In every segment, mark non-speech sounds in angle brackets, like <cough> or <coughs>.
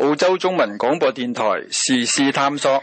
澳洲中文廣播電台時事探索。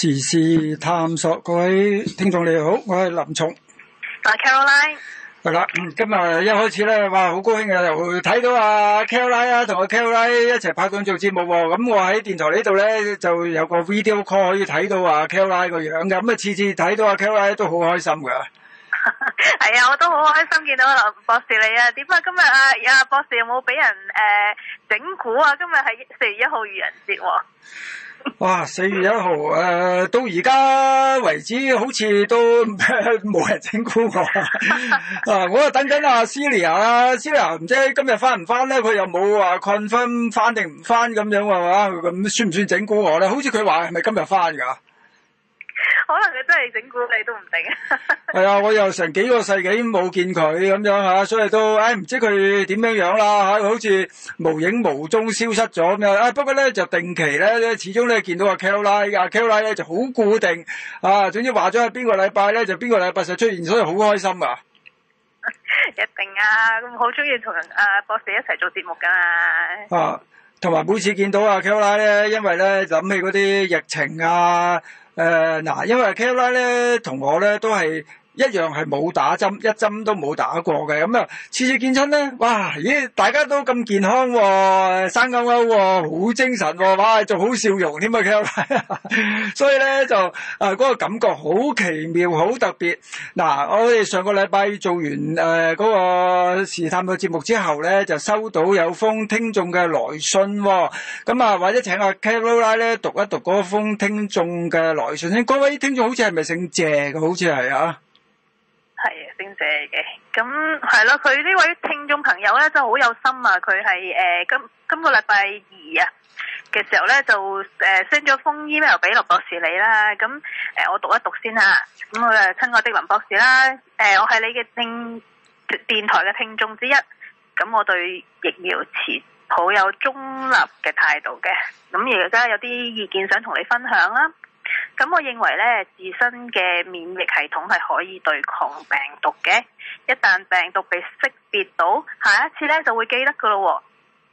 時事探索，各位聽眾你好，我係林松。係、啊、Caroline。係啦，今日一開始咧，哇，好高興嘅、啊，又睇到阿、啊、Caroline 啊，同阿、啊、Caroline 一齊拍檔做節目、啊。咁、嗯、我喺電台呢度咧，就有個 video call 可以睇到阿、啊、Caroline 個樣嘅。咁、嗯、啊，次次睇到阿 Caroline 都好開心噶。係啊， <laughs> 我都好開心見到林博士你啊。點啊，今日啊，有、啊啊、博士有冇俾人誒、呃、整蠱啊？今日係四月一號愚人節、啊。哇！四月一號誒，到而家為止好似都冇 <laughs> 人整蠱我啊！我就等啊等緊阿 Celia 阿 Celia 唔知今日翻唔翻咧？佢又冇話 confirm 翻定唔翻咁樣啊嘛？咁算唔算整蠱我咧？好似佢話係咪今日翻噶。可能佢真係整蠱你都唔定啊！係啊，我又成幾個世紀冇見佢咁樣嚇，所以都誒唔知佢點樣樣啦嚇，好似無影無蹤消失咗咁樣。誒，不過咧就定期咧，始終咧見到阿 Kela，阿 Kela 咧就好固定啊。總之話咗喺邊個禮拜咧，就邊個禮拜就出現，所以好開心噶。一定啊！咁好中意同人阿博士一齊做節目噶嘛。啊，同埋每次見到阿 Kela 咧，因為咧諗起嗰啲疫情啊～誒嗱、呃，因為 Kelly 咧同我咧都係，一樣係冇打針，一針都冇打過嘅，咁啊次次見親咧，哇咦，大家都咁健康喎，生咁好喎，好精神喎，哇仲好笑容添、哦、啊！拉 <laughs> 所以咧就誒嗰、呃那個感覺好奇妙，好特別。嗱，我哋上個禮拜做完誒嗰、呃那個時探嘅節目之後咧，就收到有封聽眾嘅來信喎，咁啊或者請阿 Capula 咧讀一讀嗰封聽眾嘅來信先。各位聽眾好似係咪姓謝嘅？好似係啊。係啊，星姐嘅，咁係咯。佢呢位聽眾朋友咧就好有心啊，佢係誒今今個禮拜二啊嘅時候咧就誒 send 咗封 email 俾林博士你啦。咁誒我讀一讀先吓。咁佢誒親愛的林博士啦，誒我係你嘅聽電台嘅聽眾之一。咁我對疫苗持好有中立嘅態度嘅。咁而家有啲意見想同你分享啦。咁我認為咧，自身嘅免疫系統係可以對抗病毒嘅。一旦病毒被識別到，下一次咧就會記得噶咯、哦。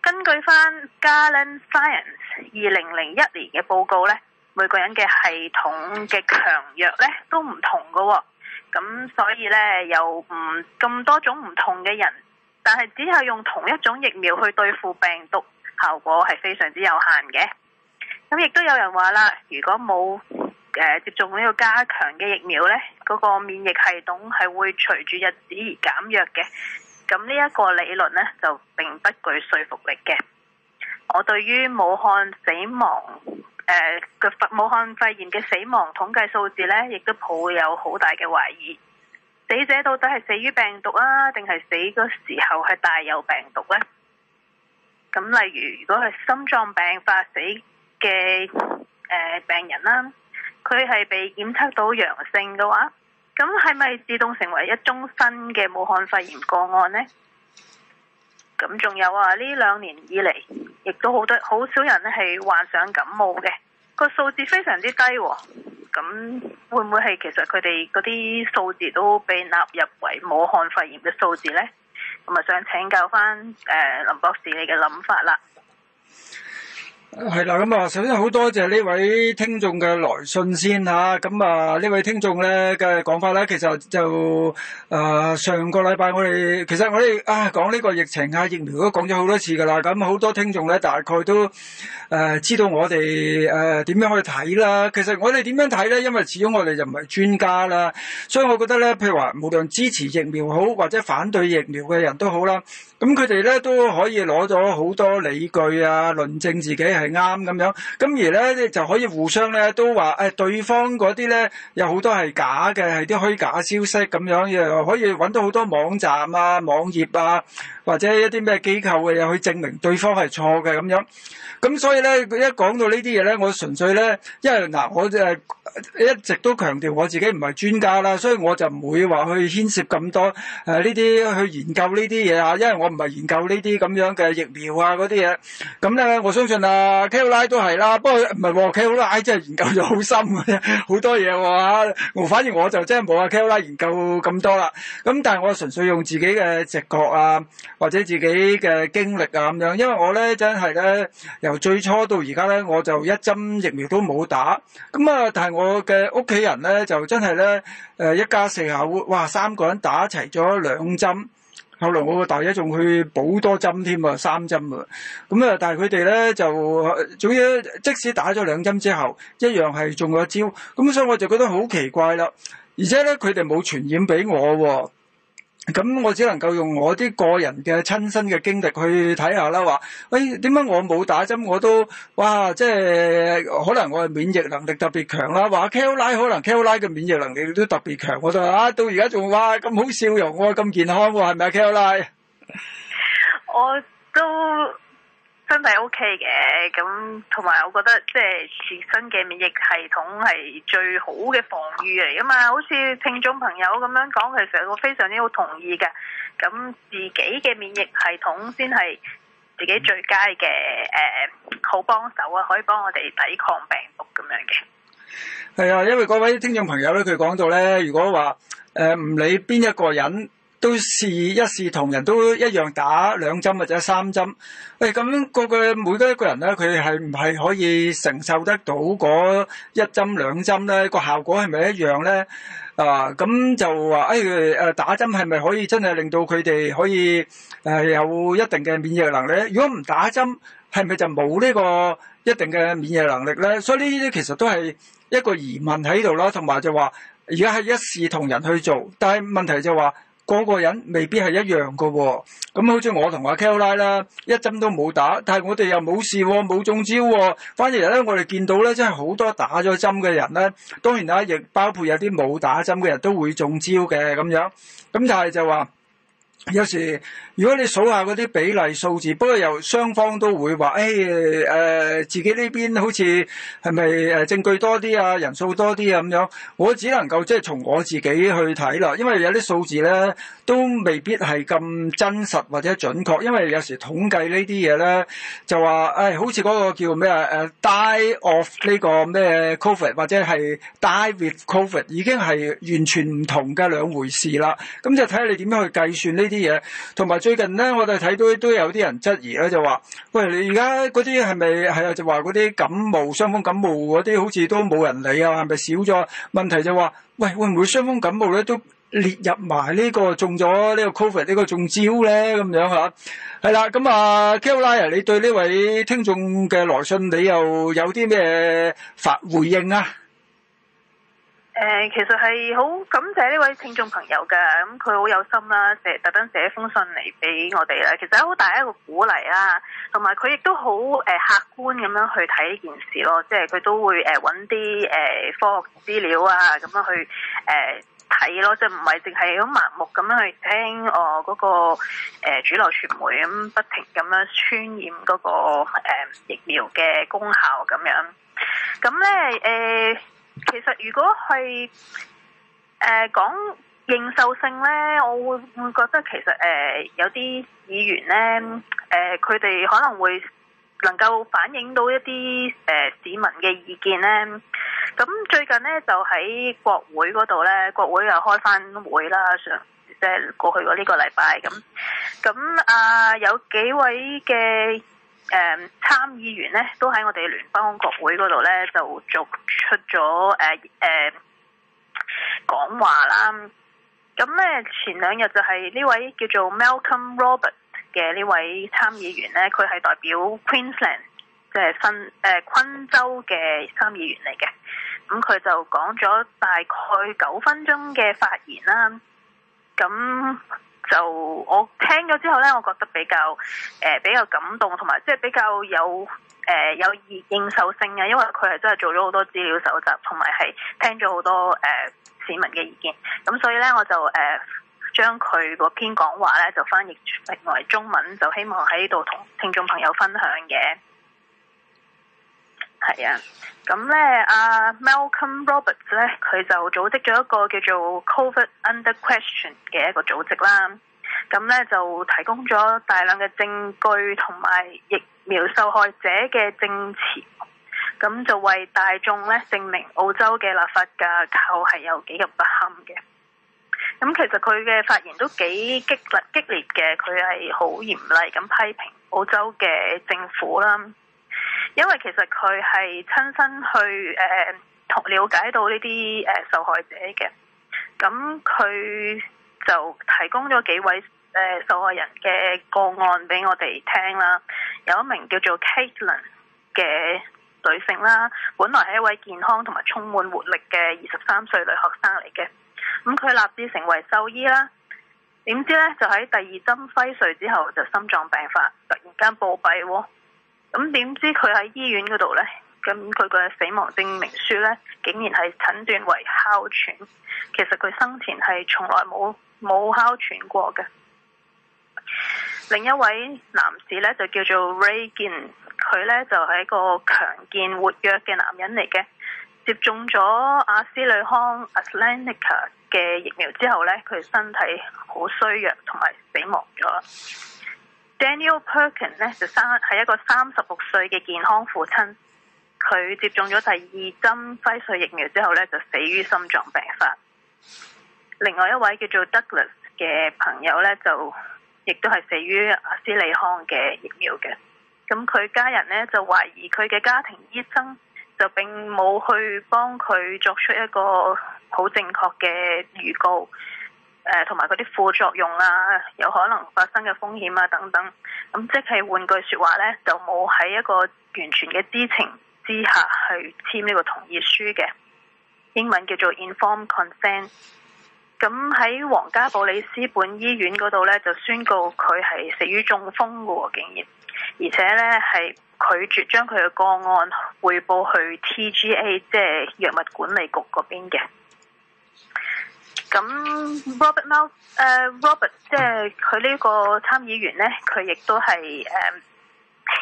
根據翻《Garland Science》二零零一年嘅報告咧，每個人嘅系統嘅強弱咧都唔同噶、哦。咁所以咧又唔咁多種唔同嘅人，但係只係用同一種疫苗去對付病毒，效果係非常之有限嘅。咁亦都有人話啦，如果冇誒、呃、接種呢個加強嘅疫苗咧，嗰、嗰個免疫系統係會隨住日子而減弱嘅。咁呢一個理論咧就並不具說服力嘅。我對於武漢死亡誒個、呃、武漢肺炎嘅死亡統計數字咧，亦都抱有好大嘅懷疑。死者到底係死於病毒啊，定係死嘅時候係帶有病毒咧？咁例如如果係心臟病發死嘅誒、呃、病人啦、啊，佢係被檢測到陽性嘅話，咁係咪自動成為一宗新嘅武漢肺炎個案咧？咁仲有啊，呢兩年以嚟，亦都好多好少人係患上感冒嘅，個數字非常之低、哦。咁會唔會係其實佢哋嗰啲數字都被納入為武漢肺炎嘅數字咧？咁啊，想請教翻誒、呃、林博士你嘅諗法啦。係啦，咁啊，首先好多謝呢位聽眾嘅來信先吓，咁啊呢位聽眾咧嘅講法咧，其實就誒、呃、上個禮拜我哋，其實我哋啊講呢個疫情啊疫苗，都講咗好多次噶啦，咁、啊、好多聽眾咧大概都誒、呃、知道我哋誒點樣去睇啦。其實我哋點樣睇咧？因為始終我哋就唔係專家啦，所以我覺得咧，譬如話無論支持疫苗好，或者反對疫苗嘅人都好啦。咁佢哋咧都可以攞咗好多理據啊，論證自己係啱咁樣。咁而咧就可以互相咧都話，誒、哎、對方嗰啲咧有好多係假嘅，係啲虛假消息咁樣，樣又可以揾到好多網站啊、網頁啊，或者一啲咩機構嘅嘢去證明對方係錯嘅咁樣。咁所以咧，佢一講到呢啲嘢咧，我純粹咧，因為嗱我誒。呃一直都強調我自己唔係專家啦，所以我就唔會話去牽涉咁多誒呢啲去研究呢啲嘢啊，因為我唔係研究呢啲咁樣嘅疫苗啊嗰啲嘢。咁咧，我相信啊 Kella 都係啦，不過唔係 Kella 真係研究咗好深嘅，好 <laughs> 多嘢喎，我反而我就真係冇阿 Kella 研究咁多啦。咁、嗯、但係我純粹用自己嘅直覺啊，或者自己嘅經歷啊咁樣，因為我咧真係咧由最初到而家咧，我就一針疫苗都冇打。咁、嗯、啊，但係我。我嘅屋企人咧就真係咧，誒一家四口，哇三個人打齊咗兩針，後來我個大姨仲去補多針添啊，三針啊，咁啊但係佢哋咧就，總之即使打咗兩針之後，一樣係中咗招，咁所以我就覺得好奇怪啦，而且咧佢哋冇傳染俾我哦。咁我只能夠用我啲個人嘅親身嘅經歷去睇下啦，話，喂、哎，點解我冇打針我都，哇！即係可能我嘅免疫能力特別強啦。話 Kelley 可能 Kelley 嘅免疫能力都特別強，我就話啊，到而家仲哇咁好笑容，啊，我咁健康喎，啊，係咪啊 Kelley？我都身體 OK 嘅，咁同埋我覺得即係自身嘅免疫系統係最好嘅防禦嚟啊嘛！好似聽眾朋友咁樣講，其實我非常之好同意嘅。咁自己嘅免疫系統先係自己最佳嘅誒、呃、好幫手啊，可以幫我哋抵抗病毒咁樣嘅。係啊，因為嗰位聽眾朋友咧，佢講到咧，如果話誒唔理邊一個人。都係一視同仁，都一樣打兩針或者三針。喂、哎，咁個嘅每一個人咧，佢係唔係可以承受得到嗰一針兩針咧？個效果係咪一樣咧？啊，咁就話誒誒打針係咪可以真係令到佢哋可以誒、呃、有一定嘅免疫能力？如果唔打針，係咪就冇呢個一定嘅免疫能力咧？所以呢啲其實都係一個疑問喺度啦，同埋就話而家係一視同仁去做，但係問題就話。嗰個人未必係一樣嘅喎、哦，咁好似我同阿 Kel 拉啦，一針都冇打，但係我哋又冇事、哦，冇中招、哦。反而咧，我哋見到咧，真係好多打咗針嘅人咧，當然啦，亦包括有啲冇打針嘅人都會中招嘅咁樣。咁但係就話，有時。如果你數下嗰啲比例數字，不過由雙方都會話誒誒，自己呢邊好似係咪誒證據多啲啊，人數多啲啊，咁樣，我只能夠即係從我自己去睇啦，因為有啲數字咧都未必係咁真實或者準確，因為有時統計呢啲嘢咧就話誒、哎、好似個叫咩啊誒、uh, die of 呢個咩 covid 或者係 die with covid 已經係完全唔同嘅兩回事啦。咁就睇下你點樣去計算呢啲嘢，同埋。最近咧，我哋睇到都有啲人質疑咧，就話：喂，你而家嗰啲係咪係啊？就話嗰啲感冒、傷風感冒嗰啲，好似都冇人理啊？係咪少咗？問題就話、是：喂，會唔會傷風感冒咧都列入埋呢、這個中咗呢個 Covid 呢個中招咧？咁樣嚇係啦。咁啊，啊，Koila，你對呢位聽眾嘅來信，你又有啲咩發回應啊？誒，其實係好感謝呢位聽眾朋友㗎，咁佢好有心啦，寫特登寫封信嚟俾我哋啦，其實好大一個鼓勵啦，同埋佢亦都好誒客觀咁樣去睇呢件事咯，即係佢都會誒揾啲誒科學資料啊咁樣去誒睇咯，即係唔係淨係好盲目咁樣去聽哦嗰、呃嗰個、呃、主流傳媒咁不停咁樣渲染嗰、嗰個、呃、疫苗嘅功效咁樣，咁咧誒。其實如果係誒講認受性咧，我會會覺得其實誒、呃、有啲議員咧，誒佢哋可能會能夠反映到一啲誒、呃、市民嘅意見咧。咁最近咧就喺國會嗰度咧，國會又開返會啦，上即係過去咗呢個禮拜咁。咁啊有幾位嘅。誒，參、um, 議員咧都喺我哋聯邦國會嗰度咧，就作出咗誒誒講話啦。咁咧前兩日就係呢位叫做 Malcolm Roberts 嘅呢位參議員咧，佢係代表 Queensland 即係昆誒昆州嘅參議員嚟嘅。咁佢就講咗大概九分鐘嘅發言啦。咁就我聽咗之後呢，我覺得比較誒、呃、比較感動，同埋即係比較有誒、呃、有意應受性嘅，因為佢係真係做咗好多資料搜集，同埋係聽咗好多誒、呃、市民嘅意見，咁所以呢，我就誒將佢嗰篇講話呢，就翻譯成為中文，就希望喺呢度同聽眾朋友分享嘅。係啊，咁咧，阿 Malcolm Roberts 咧，佢就組織咗一個叫做 Covid Under Question 嘅一個組織啦。咁咧就提供咗大量嘅證據同埋疫苗受害者嘅證詞，咁就為大眾咧證明澳洲嘅立法架構係有幾咁不堪嘅。咁其實佢嘅發言都幾激烈激烈嘅，佢係好嚴厲咁批評澳洲嘅政府啦。因為其實佢係親身去誒同、呃、了解到呢啲誒受害者嘅，咁佢就提供咗幾位誒、呃、受害人嘅個案俾我哋聽啦。有一名叫做 Kaitlyn 嘅女性啦，本來係一位健康同埋充滿活力嘅二十三歲女學生嚟嘅，咁佢立志成為獸醫啦，點知咧就喺第二針輝瑞之後就心臟病發，突然間暴斃喎、哦。咁點知佢喺醫院嗰度呢？咁佢嘅死亡證明書呢，竟然係診斷為哮喘，其實佢生前係從來冇冇哮喘過嘅。另一位男士呢，就叫做 Rayan，佢呢，就係一個強健活躍嘅男人嚟嘅，接種咗阿斯利康 Atlantica 嘅疫苗之後呢，佢身體好衰弱同埋死亡咗。Daniel Perkin 咧，就生，係一個三十六歲嘅健康父親，佢接種咗第二針輝瑞疫苗之後咧，就死於心臟病發。另外一位叫做 Douglas 嘅朋友咧，就亦都係死於阿斯利康嘅疫苗嘅。咁佢家人咧，就懷疑佢嘅家庭醫生就並冇去幫佢作出一個好正確嘅預告。誒，同埋嗰啲副作用啊，有可能發生嘅風險啊等等，咁即係換句説話咧，就冇喺一個完全嘅知情之下去簽呢個同意書嘅，英文叫做 informed consent。咁喺皇家布里斯本醫院嗰度咧，就宣告佢係死於中風嘅喎，竟然，而且咧係拒絕將佢嘅個案匯報去 TGA，即係藥物管理局嗰邊嘅。咁 Robert Mount，誒 Robert 即係佢呢個參議員咧，佢亦都係誒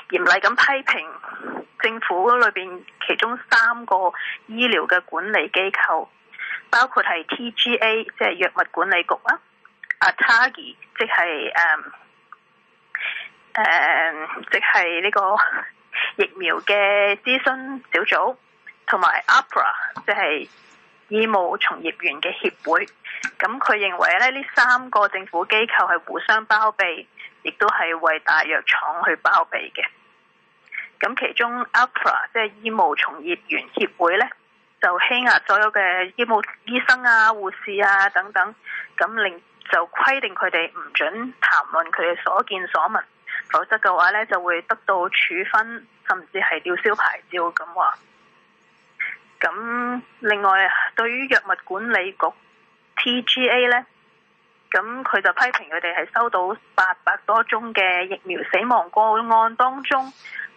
嚴厲咁批評政府裏邊其中三個醫療嘅管理機構，包括係 TGA，即係藥物管理局啦，ATAGI 即係誒誒即係呢個疫苗嘅諮詢小組同埋 APRA 即係，醫務從業員嘅協會，咁佢認為咧，呢三個政府機構係互相包庇，亦都係為大藥廠去包庇嘅。咁其中，APRA 即係醫務從業員協會咧，就欺壓所有嘅醫務醫生啊、護士啊等等，咁令就規定佢哋唔准談論佢哋所見所聞，否則嘅話咧就會得到處分，甚至係吊銷牌照咁話。咁另外，對於藥物管理局 TGA 呢，咁佢就批評佢哋係收到八百多宗嘅疫苗死亡個案當中，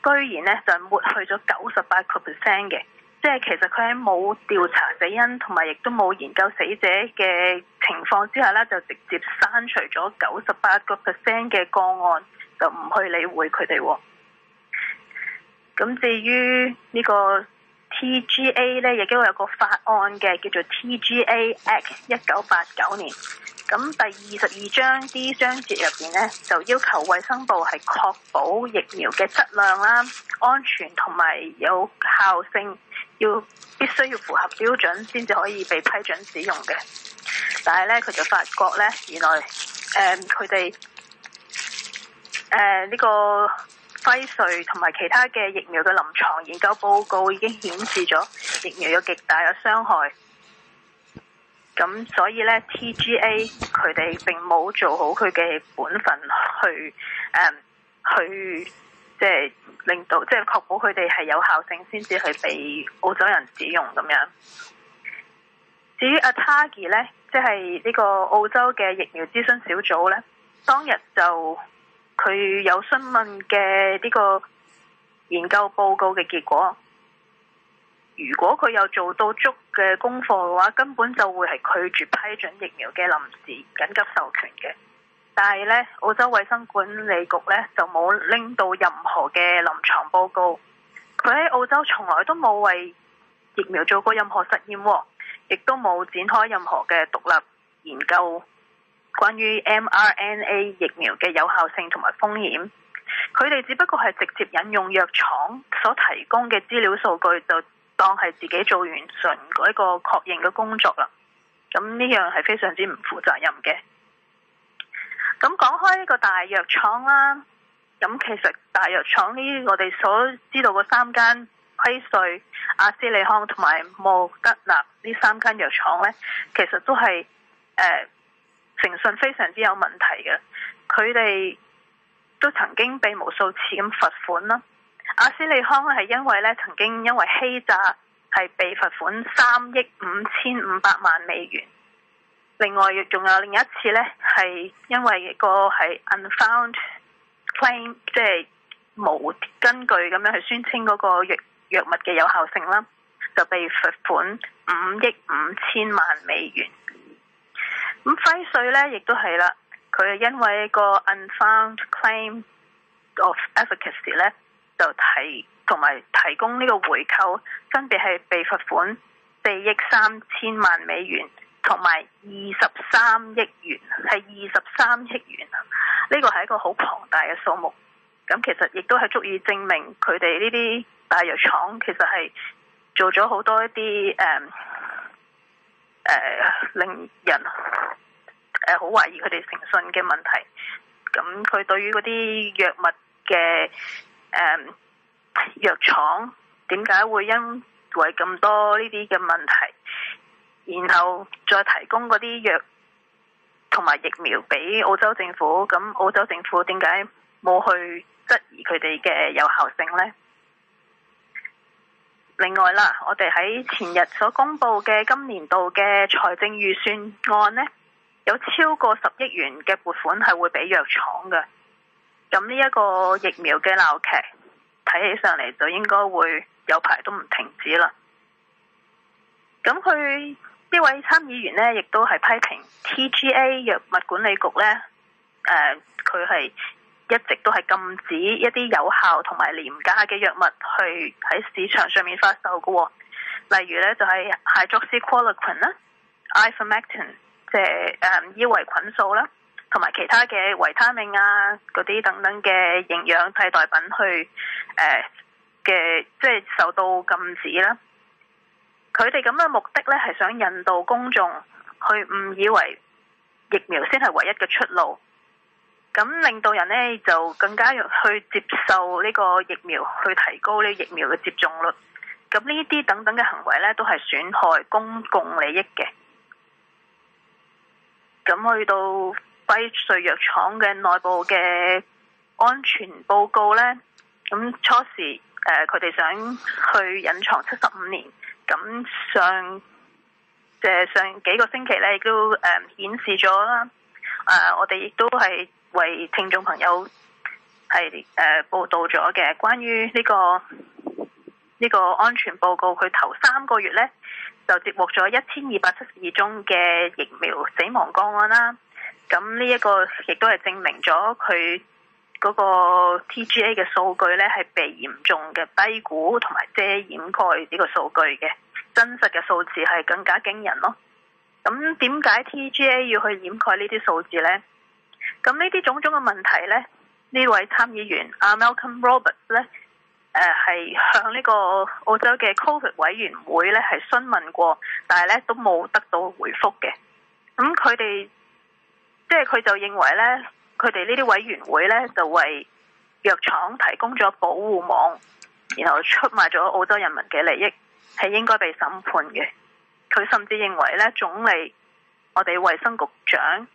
居然呢就抹去咗九十八個 percent 嘅，即係其實佢喺冇調查死因同埋亦都冇研究死者嘅情況之下呢就直接刪除咗九十八個 percent 嘅個案，就唔去理會佢哋。咁至於呢個。TGA 咧亦都有個法案嘅，叫做 TGA Act 一九八九年。咁第二十二章啲章節入邊咧，就要求衛生部係確保疫苗嘅質量啦、安全同埋有效性，要必須要符合標準先至可以被批准使用嘅。但係咧，佢就發覺咧，原來誒佢哋誒呢個。規稅同埋其他嘅疫苗嘅臨床研究報告已經顯示咗疫苗有極大嘅傷害，咁所以咧 TGA 佢哋並冇做好佢嘅本分去誒、嗯、去即係令到即係確保佢哋係有效性先至去俾澳洲人使用咁樣。至於阿 t a g g y 咧，即係呢個澳洲嘅疫苗諮詢小組咧，當日就。佢有詢問嘅呢個研究報告嘅結果，如果佢有做到足嘅功課嘅話，根本就會係拒絕批准疫苗嘅臨時緊急授權嘅。但係呢，澳洲衛生管理局呢就冇拎到任何嘅臨床報告，佢喺澳洲從來都冇為疫苗做過任何實驗，亦都冇展開任何嘅獨立研究。關於 mRNA 疫苗嘅有效性同埋風險，佢哋只不過係直接引用藥廠所提供嘅資料數據，就當係自己做完純嗰一個確認嘅工作啦。咁呢樣係非常之唔負責任嘅。咁講開呢個大藥廠啦，咁其實大藥廠呢，我哋所知道嘅三間輝瑞、阿斯利康同埋莫德納呢三間藥廠呢，其實都係誒，呃誠信非常之有問題嘅，佢哋都曾經被無數次咁罰款啦。阿斯利康係因為咧，曾經因為欺詐係被罰款三億五千五百萬美元。另外，仲有另一次咧，係因為個係 unfound claim，即係無根據咁樣去宣稱嗰個藥藥物嘅有效性啦，就被罰款五億五千萬美元。咁輝瑞咧，亦都係啦。佢係因為個 unfound claim of efficacy 咧，就提同埋提供呢個回扣，分別係被罰款四億三千萬美元，同埋二十三億元，係二十三億元，呢個係一個好龐大嘅數目。咁其實亦都係足以證明佢哋呢啲大藥廠其實係做咗好多一啲誒。Um, 誒、呃、令人誒好、呃、懷疑佢哋誠信嘅問題，咁佢對於嗰啲藥物嘅誒藥廠點解會因為咁多呢啲嘅問題，然後再提供嗰啲藥同埋疫苗俾澳洲政府，咁澳洲政府點解冇去質疑佢哋嘅有效性呢？另外啦，我哋喺前日所公布嘅今年度嘅財政預算案呢，有超過十億元嘅撥款係會俾藥廠嘅。咁呢一個疫苗嘅鬧劇，睇起上嚟就應該會有排都唔停止啦。咁佢呢位參議員呢，亦都係批評 TGA 藥物管理局呢，誒佢係。一直都係禁止一啲有效同埋廉價嘅藥物去喺市場上面發售嘅喎。哦，例如咧就係 Hydroxychloroquine 啦、Ivermectin 即係誒依維菌素啦，同埋其他嘅維他命啊嗰啲等等嘅營養替代品去誒嘅，即、呃、係、就是、受到禁止啦。佢哋咁嘅目的咧，係想引導公眾去誤以為疫苗先係唯一嘅出路。咁令到人呢，就更加要去接受呢個疫苗，去提高呢疫苗嘅接種率。咁呢啲等等嘅行為呢，都係損害公共利益嘅。咁去到輝瑞藥廠嘅內部嘅安全報告呢，咁初時誒佢哋想去隱藏七十五年，咁上即係、就是、上幾個星期呢，亦都誒顯、呃、示咗啦。誒、呃、我哋亦都係。為聽眾朋友係誒、呃、報道咗嘅關於呢、呢個呢、呢個安全報告，佢頭三個月咧就接獲咗一千二百七十二宗嘅疫苗死亡個案啦。咁呢一個亦都係證明咗佢嗰個 TGA 嘅數據咧係被嚴重嘅低估同埋遮掩蓋呢個數據嘅真實嘅數字係更加驚人咯、哦。咁點解 TGA 要去掩蓋呢啲數字咧？咁呢啲種種嘅問題咧，呢位參議員阿 Malcolm Roberts 咧，誒、呃、係向呢個澳洲嘅 COVID 委員會咧係詢問過，但係咧都冇得到回覆嘅。咁佢哋即係佢就認為咧，佢哋呢啲委員會咧就為藥廠提供咗保護網，然後出賣咗澳洲人民嘅利益，係應該被審判嘅。佢甚至認為咧，總理、我哋衛生局長。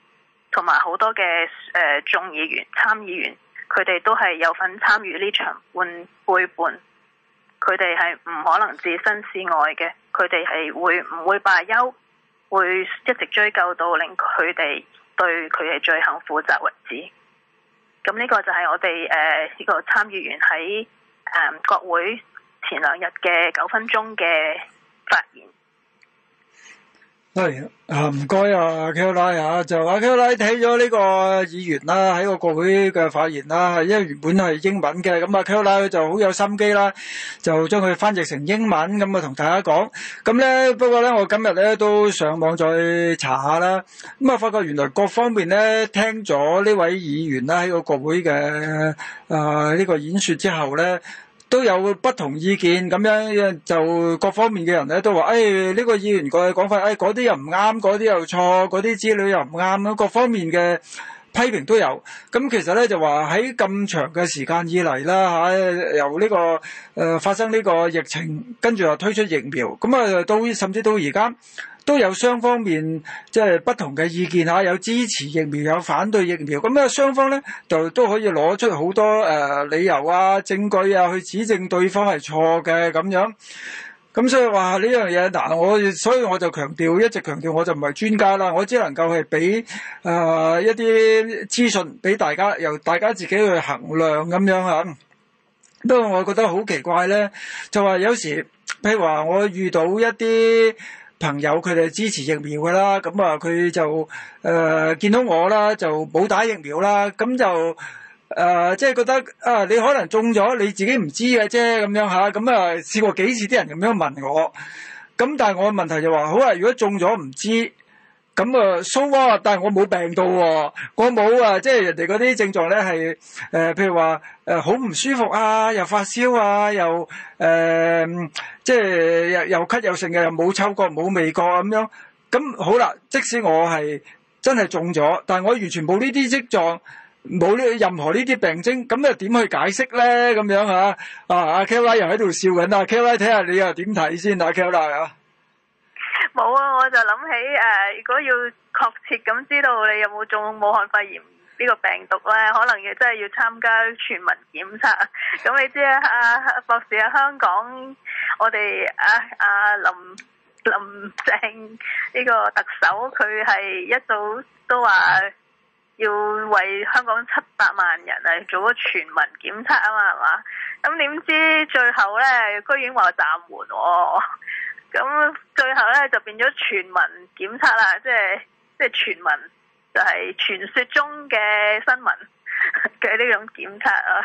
同埋好多嘅誒眾議員參議員，佢哋都係有份參與呢場換背叛，佢哋係唔可能置身事外嘅，佢哋係會唔會罷休，會一直追究到令佢哋對佢嘅罪行負責為止。咁呢個就係我哋誒呢個參議員喺誒、呃、國會前兩日嘅九分鐘嘅發言。係啊，唔該啊，Kelly 啊，就阿 Kelly 睇咗呢個議員啦，啊，喺個國會嘅發言啦，啊，因為原本係英文嘅，咁阿 Kelly 就好有心機啦，就將佢翻譯成英文咁啊，同大家講。咁咧，不過咧，我今日咧都上網再查下啦，咁啊，發覺原來各方面咧，聽咗呢位議員啦喺個國會嘅誒呢個演說之後咧。都有不同意見咁樣，就各方面嘅人咧都話，誒呢個議員個講法，誒嗰啲又唔啱，嗰啲又錯，嗰啲資料又唔啱，各方面嘅、哎呢個哎、批評都有。咁其實咧就話喺咁長嘅時間以嚟啦，嚇、啊、由呢、呢個誒、呃、發生呢個疫情，跟住又推出疫苗，咁啊都甚至到而家。都有雙方面即係、就是、不同嘅意見嚇，有支持疫苗，有反對疫苗。咁咧雙方咧就都,都可以攞出好多誒、呃、理由啊、證據啊去指證對方係錯嘅咁樣。咁所以話呢樣嘢嗱，我所以我就強調一直強調，我就唔係專家啦，我只能夠係俾誒一啲資訊俾大家，由大家自己去衡量咁樣嚇。不過我覺得好奇怪咧，就話有時譬如話我遇到一啲。朋友佢哋支持疫苗噶啦，咁啊佢就誒、呃、見到我啦，就冇打疫苗啦，咁就誒即係覺得啊，你可能中咗你自己唔知嘅啫咁樣吓。咁啊試過幾次啲人咁樣問我，咁但係我嘅問題就話：好啊，如果中咗唔知。咁啊，show、嗯 so，但係我冇病到喎，哦，我冇啊，即係人哋嗰啲症狀咧，係誒、呃，譬如話誒好唔舒服啊，又發燒啊，又誒、呃，即係又又咳又剩嘅，又冇抽過，冇味覺咁，啊、樣。咁、嗯、好啦，即使我係真係中咗，但我完全冇呢啲症狀，冇呢任何呢啲病徵，咁又點去解釋咧？咁樣吓、啊，啊，K Y 又喺度笑緊啊。K Y 睇下你又點睇先啊 K Y 啊。冇啊！我就諗起誒、呃，如果要確切咁知道你有冇中武漢肺炎呢個病毒咧，可能真要真係要參加全民檢測。咁你知啊，阿、啊、博士啊，香港我哋阿阿林林鄭呢個特首，佢係一早都話要為香港七百萬人係做咗全民檢測啊嘛，係嘛？咁點知最後咧，居然話暫緩。咁最後咧就變咗全民檢測啦，即係即係全民就係、是、傳説中嘅新聞嘅呢 <laughs> 種檢測啊。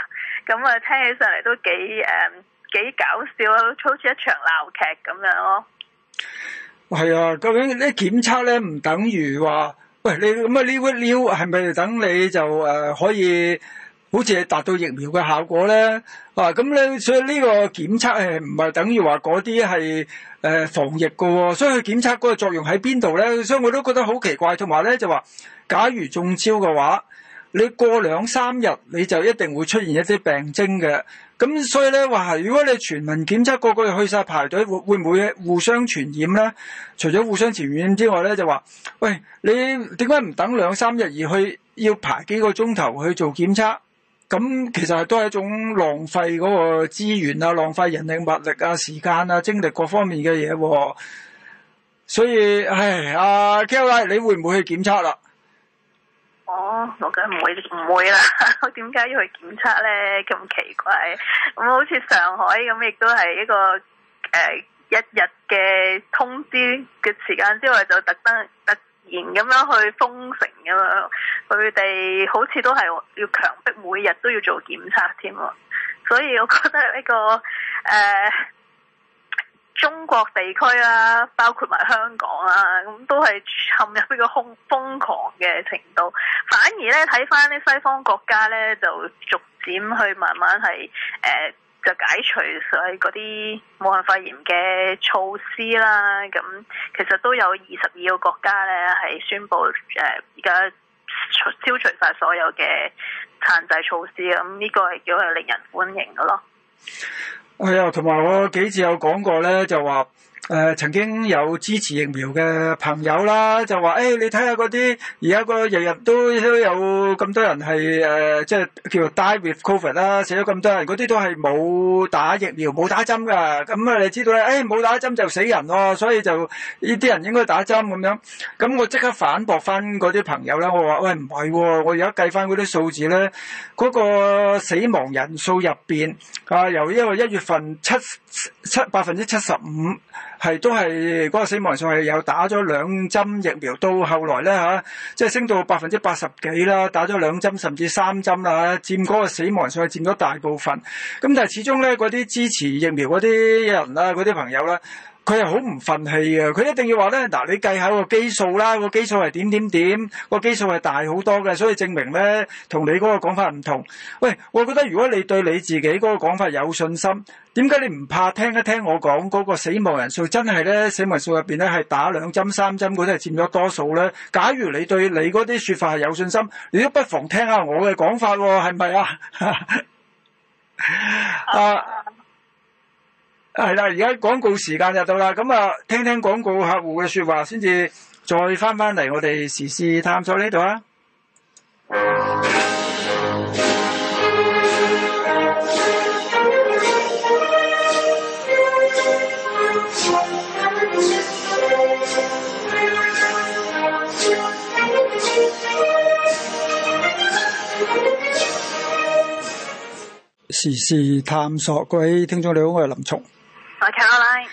咁啊，聽起上嚟都幾誒、嗯、幾搞笑啊，好似一場鬧劇咁樣咯。係啊，究竟呢檢測咧唔等於話喂你咁啊？呢個料係咪等你就誒可以？好似係達到疫苗嘅效果咧，啊咁咧，所以呢個檢測係唔係等於話嗰啲係誒防疫嘅喎、哦？所以佢檢測嗰個作用喺邊度咧？所以我都覺得好奇怪。同埋咧就話，假如中招嘅話，你過兩三日你就一定會出現一啲病徵嘅。咁所以咧話，如果你全民檢測過，個、個個去晒排隊，會會唔會互相傳染咧？除咗互相傳染之外咧，就話，喂，你點解唔等兩三日而去要排幾個鐘頭去做檢測？咁其實都係一種浪費嗰個資源啊，浪費人力物力啊、時間啊、精力各方面嘅嘢喎。所以，係阿、啊、Kel，你會唔會去檢測啦、啊？哦，我梗唔會唔會啦。點解要去檢測咧？咁奇怪。咁、嗯、好似上海咁，亦都係一個誒、呃、一日嘅通知嘅時間之外，就特登特嚴咁樣去封城咁樣，佢哋好似都係要強迫每日都要做檢測添，所以我覺得呢、呢個誒、呃、中國地區啦、啊，包括埋香港啦、啊，咁都係陷入呢個瘋瘋狂嘅程度，反而咧睇翻啲西方國家咧，就逐漸去慢慢係誒，呃就解除所係嗰啲武漢肺炎嘅措施啦，咁其實都有二十二個國家咧係宣佈誒而家消除晒所有嘅限制措施，咁呢個係叫係令人歡迎嘅咯。係啊，同埋我幾次有講過咧，就話。誒、呃、曾經有支持疫苗嘅朋友啦，就話：誒、哎、你睇下嗰啲而家個日日都都有咁多人係誒、呃，即係叫做 die with COVID 啦，死咗咁多人，嗰啲都係冇打疫苗、冇打針㗎。咁、嗯、啊，你知道咧，誒、哎、冇打針就死人咯，所以就呢啲人應該打針咁樣。咁、嗯、我即刻反駁翻嗰啲朋友啦，我話：喂，唔係喎，我而家計翻嗰啲數字咧，嗰、那個死亡人數入邊啊，由因為一月份七七百分之七十五。係都係嗰、那個死亡數係有打咗兩針疫苗，到後來咧嚇、啊，即係升到百分之八十幾啦，打咗兩針甚至三針啦，佔嗰個死亡數係佔咗大部分。咁但係始終咧，嗰啲支持疫苗嗰啲人啦，嗰啲朋友啦。佢係好唔憤氣嘅，佢一定要話咧，嗱，你計下個基數啦，個基數係點點點，個基數係大好多嘅，所以證明咧，同你嗰個講法唔同。喂，我覺得如果你對你自己嗰個講法有信心，點解你唔怕聽一聽我講嗰個死亡人數，真係咧，死亡人數入邊咧，係打兩針三針嗰啲係佔咗多數咧？假如你對你嗰啲説法係有信心，你都不妨聽下我嘅講法喎，係咪啊？啊！係啦，而家廣告時間就到啦，咁啊，聽聽廣告客戶嘅說話先至，再翻返嚟我哋時事探索呢度啊！時事探索，各位聽眾你好，我係林松。我 c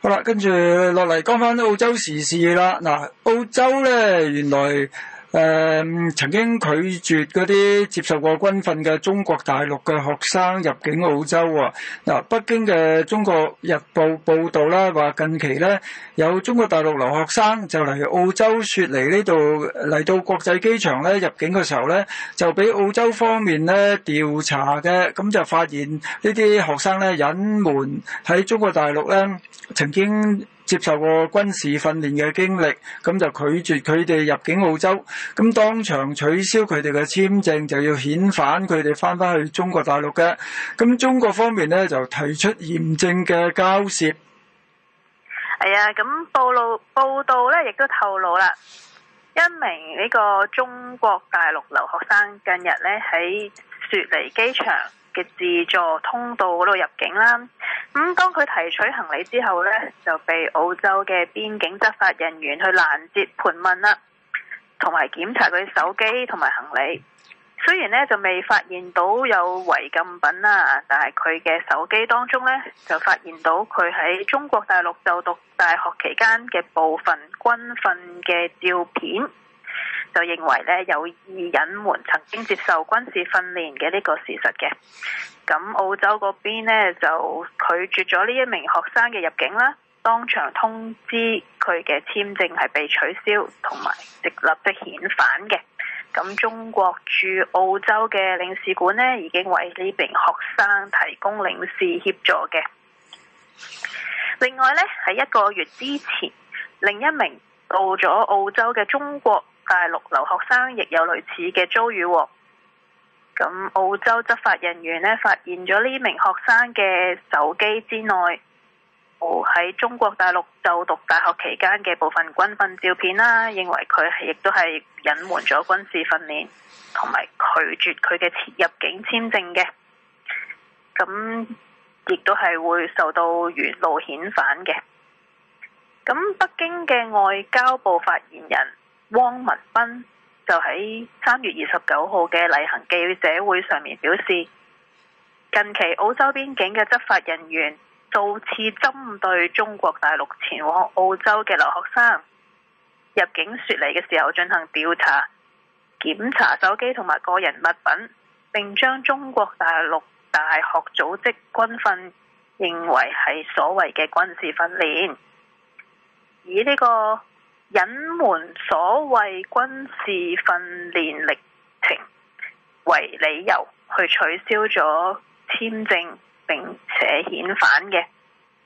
好啦，跟住落嚟講翻澳洲時事啦。嗱，澳洲呢，原來。誒、嗯、曾經拒絕嗰啲接受過軍訓嘅中國大陸嘅學生入境澳洲喎。嗱，北京嘅《中國日報》報道啦，話近期咧有中國大陸留學生就嚟澳洲雪梨，雪嚟呢度嚟到國際機場咧入境嘅時候咧，就俾澳洲方面咧調查嘅，咁就發現呢啲學生咧隱瞞喺中國大陸咧曾經。接受過軍事訓練嘅經歷，咁就拒絕佢哋入境澳洲，咁當場取消佢哋嘅簽證，就要遣返佢哋翻返去中國大陸嘅。咁中國方面咧就提出嚴正嘅交涉。係啊、哎，咁報路報道咧，亦都透露啦，一名呢個中國大陸留學生近日咧喺雪梨機場。嘅自助通道嗰度、那個、入境啦，咁當佢提取行李之後咧，就被澳洲嘅邊境執法人員去攔截盤問啦，同埋檢查佢手機同埋行李。雖然咧就未發現到有違禁品啦，但係佢嘅手機當中咧就發現到佢喺中國大陸就讀大學期間嘅部分軍訓嘅照片。就認為呢有意隱瞞曾經接受軍事訓練嘅呢個事實嘅，咁澳洲嗰邊呢就拒絕咗呢一名學生嘅入境啦，當場通知佢嘅簽證係被取消，同埋直立的遣返嘅。咁中國駐澳洲嘅領事館呢，已經為呢名學生提供領事協助嘅。另外呢，喺一個月之前，另一名到咗澳洲嘅中國。大陸留學生亦有類似嘅遭遇，咁澳洲執法人員呢，發現咗呢名學生嘅手機之內，喺中國大陸就讀大學期間嘅部分軍訓照片啦，認為佢係亦都係隱瞞咗軍事訓練，同埋拒絕佢嘅入境簽證嘅，咁亦都係會受到原路遣返嘅。咁北京嘅外交部發言人。汪文斌就喺三月二十九號嘅例行記者會上面表示，近期澳洲邊境嘅執法人員數次針對中國大陸前往澳洲嘅留學生入境雪梨嘅時候進行調查、檢查手機同埋個人物品，並將中國大陸大學組織軍訓認為係所謂嘅軍事訓練，以呢、這個。隱瞞所謂軍事訓練歷程為理由去取消咗簽證，並且遣返嘅，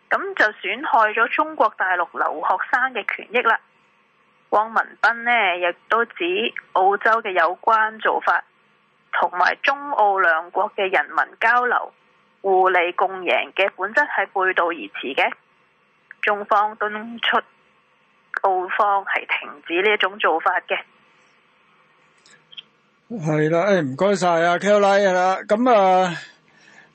咁就損害咗中國大陸留學生嘅權益啦。汪文斌呢亦都指澳洲嘅有關做法同埋中澳兩國嘅人民交流互利共贏嘅本質係背道而馳嘅，中方敦促。澳方係停止呢一種做法嘅，係啦，誒，唔該晒阿 Kelly 啦，咁啊，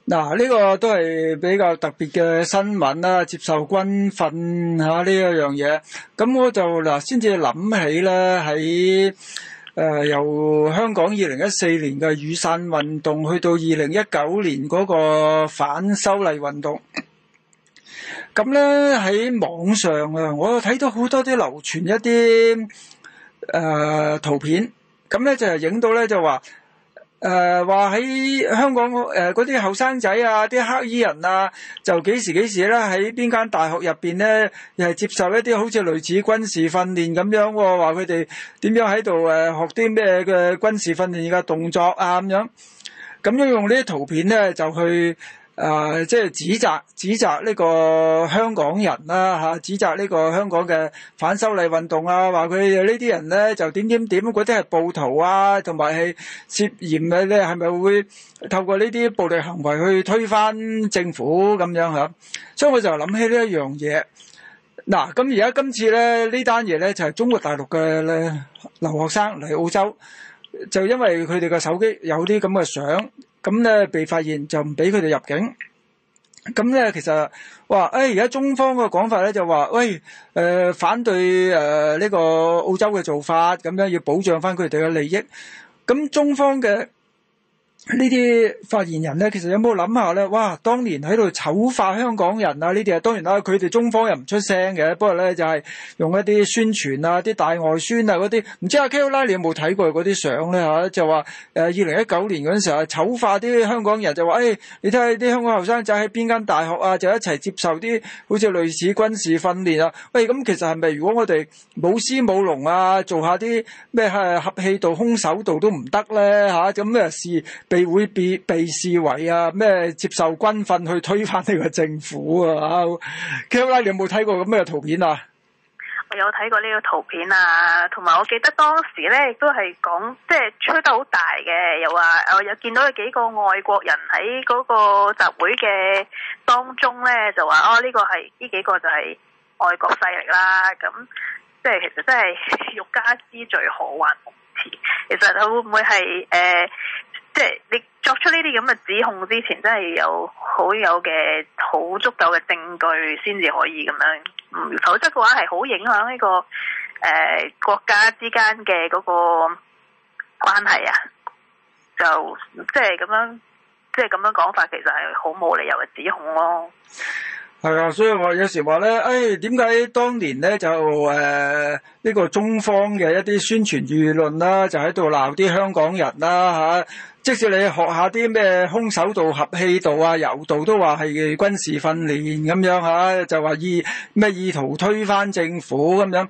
嗱，呢個都係比較特別嘅新聞啦，接受軍訓吓呢一樣嘢，咁我就嗱先至諗起咧，喺誒由香港二零一四年嘅雨傘運動去到二零一九年嗰個反修例運動。咁咧喺網上啊，我睇到好多啲流傳一啲誒、呃、圖片，咁咧就係影到咧就話誒話喺香港誒嗰啲後生仔啊，啲黑衣人啊，就幾時幾時咧喺邊間大學入邊咧，又係接受一啲好似類似軍事訓練咁樣，哦，話佢哋點樣喺度誒學啲咩嘅軍事訓練嘅動作啊咁樣，咁樣用呢啲圖片咧就去。誒，即係、呃就是、指責指責呢個香港人啦嚇、啊，指責呢個香港嘅反修例運動啊，話佢呢啲人咧就點點點，嗰啲係暴徒啊，同埋係涉嫌嘅咧，你係咪會透過呢啲暴力行為去推翻政府咁樣嚇、啊？所以我就諗起呢一樣嘢。嗱、啊，咁而家今次咧呢單嘢咧就係、是、中國大陸嘅留學生嚟澳洲，就因為佢哋嘅手機有啲咁嘅相。咁咧、嗯、被發現就唔俾佢哋入境。咁、嗯、咧其實，哇！誒而家中方個講法咧就話，喂，誒、呃、反對誒呢、呃呢個澳洲嘅做法，咁樣要保障翻佢哋嘅利益。咁、嗯、中方嘅。呢啲發言人咧，其實有冇諗下咧？哇！當年喺度醜化香港人啊！呢啲啊，當然啦，佢哋中方又唔出聲嘅。不過咧，就係、是、用一啲宣傳啊、啲大外宣啊嗰啲。唔知阿 Khalil 你有冇睇過嗰啲相咧嚇？就話誒，二零一九年嗰陣時候醜化啲香港人，就話誒、哎，你睇下啲香港後生仔喺邊間大學啊，就一齊接受啲好似類似軍事訓練啊。喂、哎，咁、嗯、其實係咪如果我哋舞獅舞龍啊，做下啲咩係合氣道、空手道都唔得咧嚇？咁咩事？你會被被視為啊咩接受軍訓去推翻呢個政府啊，啊 k a 你有冇睇過咁嘅圖片啊？我有睇過呢個圖片啊，同埋我記得當時咧亦都係講，即係吹得好大嘅，又話我有見到有幾個外國人喺嗰個集會嘅當中咧，就話哦呢、呢個係呢幾個就係外國勢力啦，咁即係其實真係欲加之罪何患無辭？其實佢會唔會係誒？呃即係你作出呢啲咁嘅指控之前，真係有好有嘅好足夠嘅證據先至可以咁樣，否則嘅話係好影響呢、這個誒、呃、國家之間嘅嗰個關係啊，就即係咁樣，即係咁樣講法，其實係好冇理由嘅指控咯。係啊，所以話有時話咧，誒、哎，點解當年咧就誒呢、呃這個中方嘅一啲宣傳輿論啦，就喺度鬧啲香港人啦、啊、吓。啊即使你學下啲咩空手道、合氣道啊、柔道，都話係軍事訓練咁樣嚇、啊，就話意咩意圖推翻政府咁樣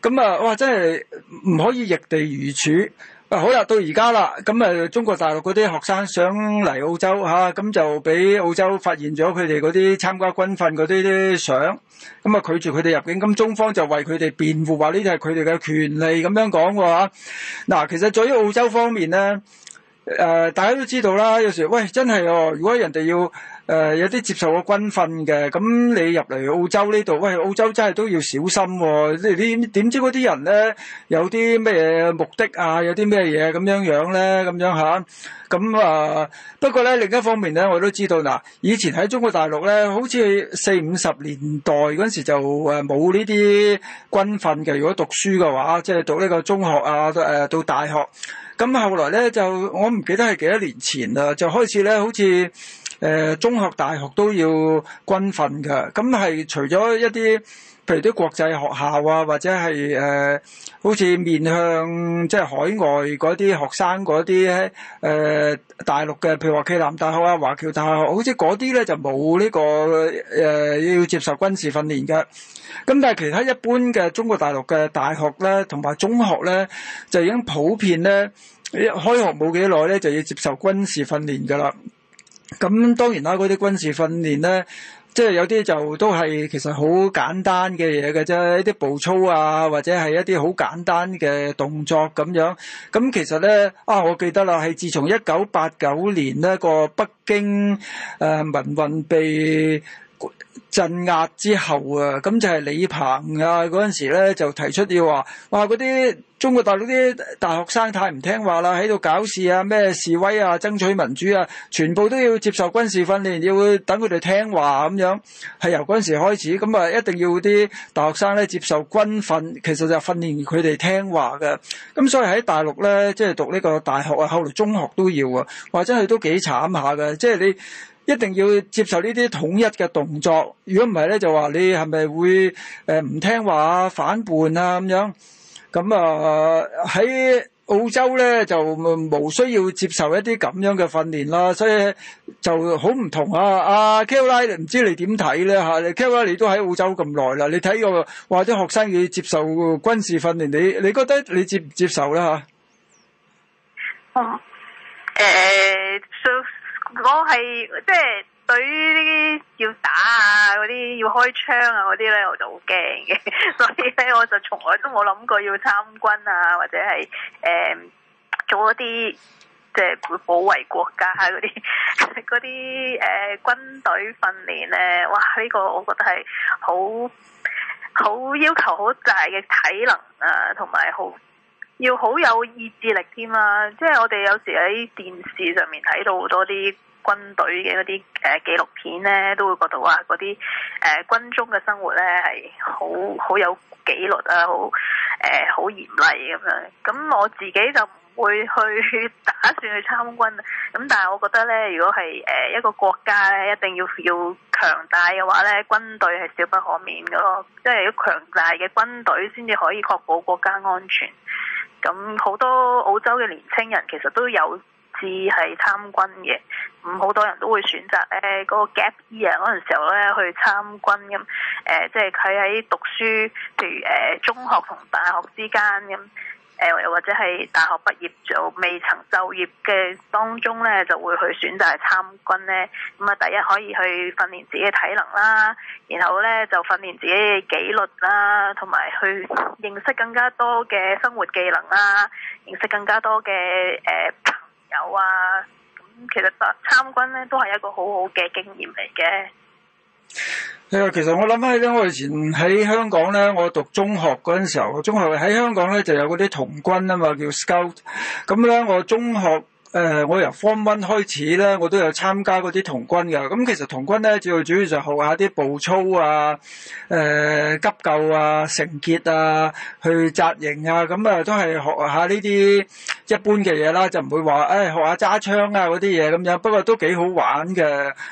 咁啊！哇，真係唔可以易地而處、啊。好啦、啊，到而家啦，咁啊，中國大陸嗰啲學生想嚟澳洲嚇，咁、啊、就俾澳洲發現咗佢哋嗰啲參加軍訓嗰啲啲相，咁啊拒絕佢哋入境，咁中方就為佢哋辯護話呢，啲係佢哋嘅權利咁樣講喎，嗱，其實在於澳洲方面咧。誒、呃，大家都知道啦。有時，喂，真係哦，如果人哋要。誒、呃、有啲接受過軍訓嘅，咁、嗯、你入嚟澳洲呢度，喂，澳洲真係都要小心喎、哦。呢啲點知嗰啲人咧有啲咩目的啊？有啲咩嘢咁樣呢樣咧？咁樣嚇咁啊。不過咧，另一方面咧，我都知道嗱，以前喺中國大陸咧，好似四五十年代嗰陣時就誒冇呢啲軍訓嘅。如果讀書嘅話，即、就、係、是、讀呢個中學啊，誒、呃、到大學。咁、嗯、後來咧就我唔記得係幾多年前啦，就開始咧好似。誒、呃、中學、大學都要軍訓㗎，咁係除咗一啲譬如啲國際學校啊，或者係誒、呃、好似面向即係、就是、海外嗰啲學生嗰啲誒大陸嘅，譬如話暨南大學啊、華僑大學，好似嗰啲咧就冇呢、這個誒、呃、要接受軍事訓練嘅。咁但係其他一般嘅中國大陸嘅大學咧，同埋中學咧，就已經普遍咧一開學冇幾耐咧，就要接受軍事訓練㗎啦。咁當然啦，嗰啲軍事訓練呢，即係有啲就都係其實好簡單嘅嘢嘅啫，一啲步操啊，或者係一啲好簡單嘅動作咁樣。咁其實呢，啊，我記得啦，係自從一九八九年呢、個北京誒、呃、民運被鎮壓之後啊，咁就係李鵬啊嗰陣時咧，就提出要話，哇嗰啲中國大陸啲大學生太唔聽話啦，喺度搞事啊，咩示威啊，爭取民主啊，全部都要接受軍事訓練，要等佢哋聽話咁、啊、樣。係由嗰陣時開始，咁、嗯、啊一定要啲大學生咧接受軍訓，其實就訓練佢哋聽話嘅。咁、嗯、所以喺大陸咧，即係讀呢個大學啊，後來中學都要啊，或者佢都幾慘下嘅，即係你。一定要接受呢啲統一嘅動作，如果唔係咧，就話你係咪會誒唔聽話啊、反叛啊咁樣？咁啊喺澳洲咧就冇需要接受一啲咁樣嘅訓練啦，所以就好唔同啊！阿、啊、Kelvin 唔知你點睇咧嚇 Kelvin 你都喺澳洲咁耐啦，你睇我話啲學生要接受軍事訓練，你你覺得你接唔接受啦吓。嗯、啊，誒、uh,，so。我係即係對於呢啲要打啊、啲要開槍啊啲咧，我就好驚嘅。 <laughs> 所以咧我就從來都冇諗過要參軍啊，或者係誒、呃、做一啲即係保衛國家啲啲誒軍隊訓練咧。哇！呢個我覺得係好好要求好大嘅體能啊，同埋好要好有意志力添啊！即係我哋有時喺電視上面睇到好多啲。軍隊嘅嗰啲誒紀錄片咧，都會覺得話嗰啲誒軍中嘅生活咧係好好有紀律啊，好誒好嚴厲咁樣。咁我自己就唔會去打算去參軍啊。咁但係我覺得咧，如果係誒、呃、一個國家咧一定要要強大嘅話咧，軍隊係少不可免㗎咯。即係要強大嘅軍隊先至可以確保國家安全。咁好多澳洲嘅年青人其實都有至係參軍嘅，咁好多人都會選擇咧嗰、呃那個 gap year 嗰陣時候咧去參軍咁，誒即係佢喺讀書，譬如誒、呃、中學同大學之間咁，誒、呃、又或者係大學畢業就未曾就業嘅當中咧，就會去選擇係參軍咧。咁、呃、啊，第一可以去訓練自己嘅體能啦，然後咧就訓練自己嘅紀律啦，同埋去認識更加多嘅生活技能啦，認識更加多嘅誒。呃有啊，咁其實參軍咧都係一個好好嘅經驗嚟嘅。誒，其實我諗翻起咧，我以前喺香港咧，我讀中學嗰陣時候，中學喺香港咧就有嗰啲童軍啊嘛，叫 Scout。咁咧，我中學。誒、呃、我由 Form One 開始咧，我都有參加啲童軍嘅。咁、嗯、其實童軍咧，主要主要就學一下啲步操啊、誒、呃、急救啊、成結啊、去紮營啊，咁、嗯、啊都係學下呢啲一般嘅嘢啦，就唔會話誒、哎、學下揸槍啊啲嘢咁樣，不過都幾好玩嘅。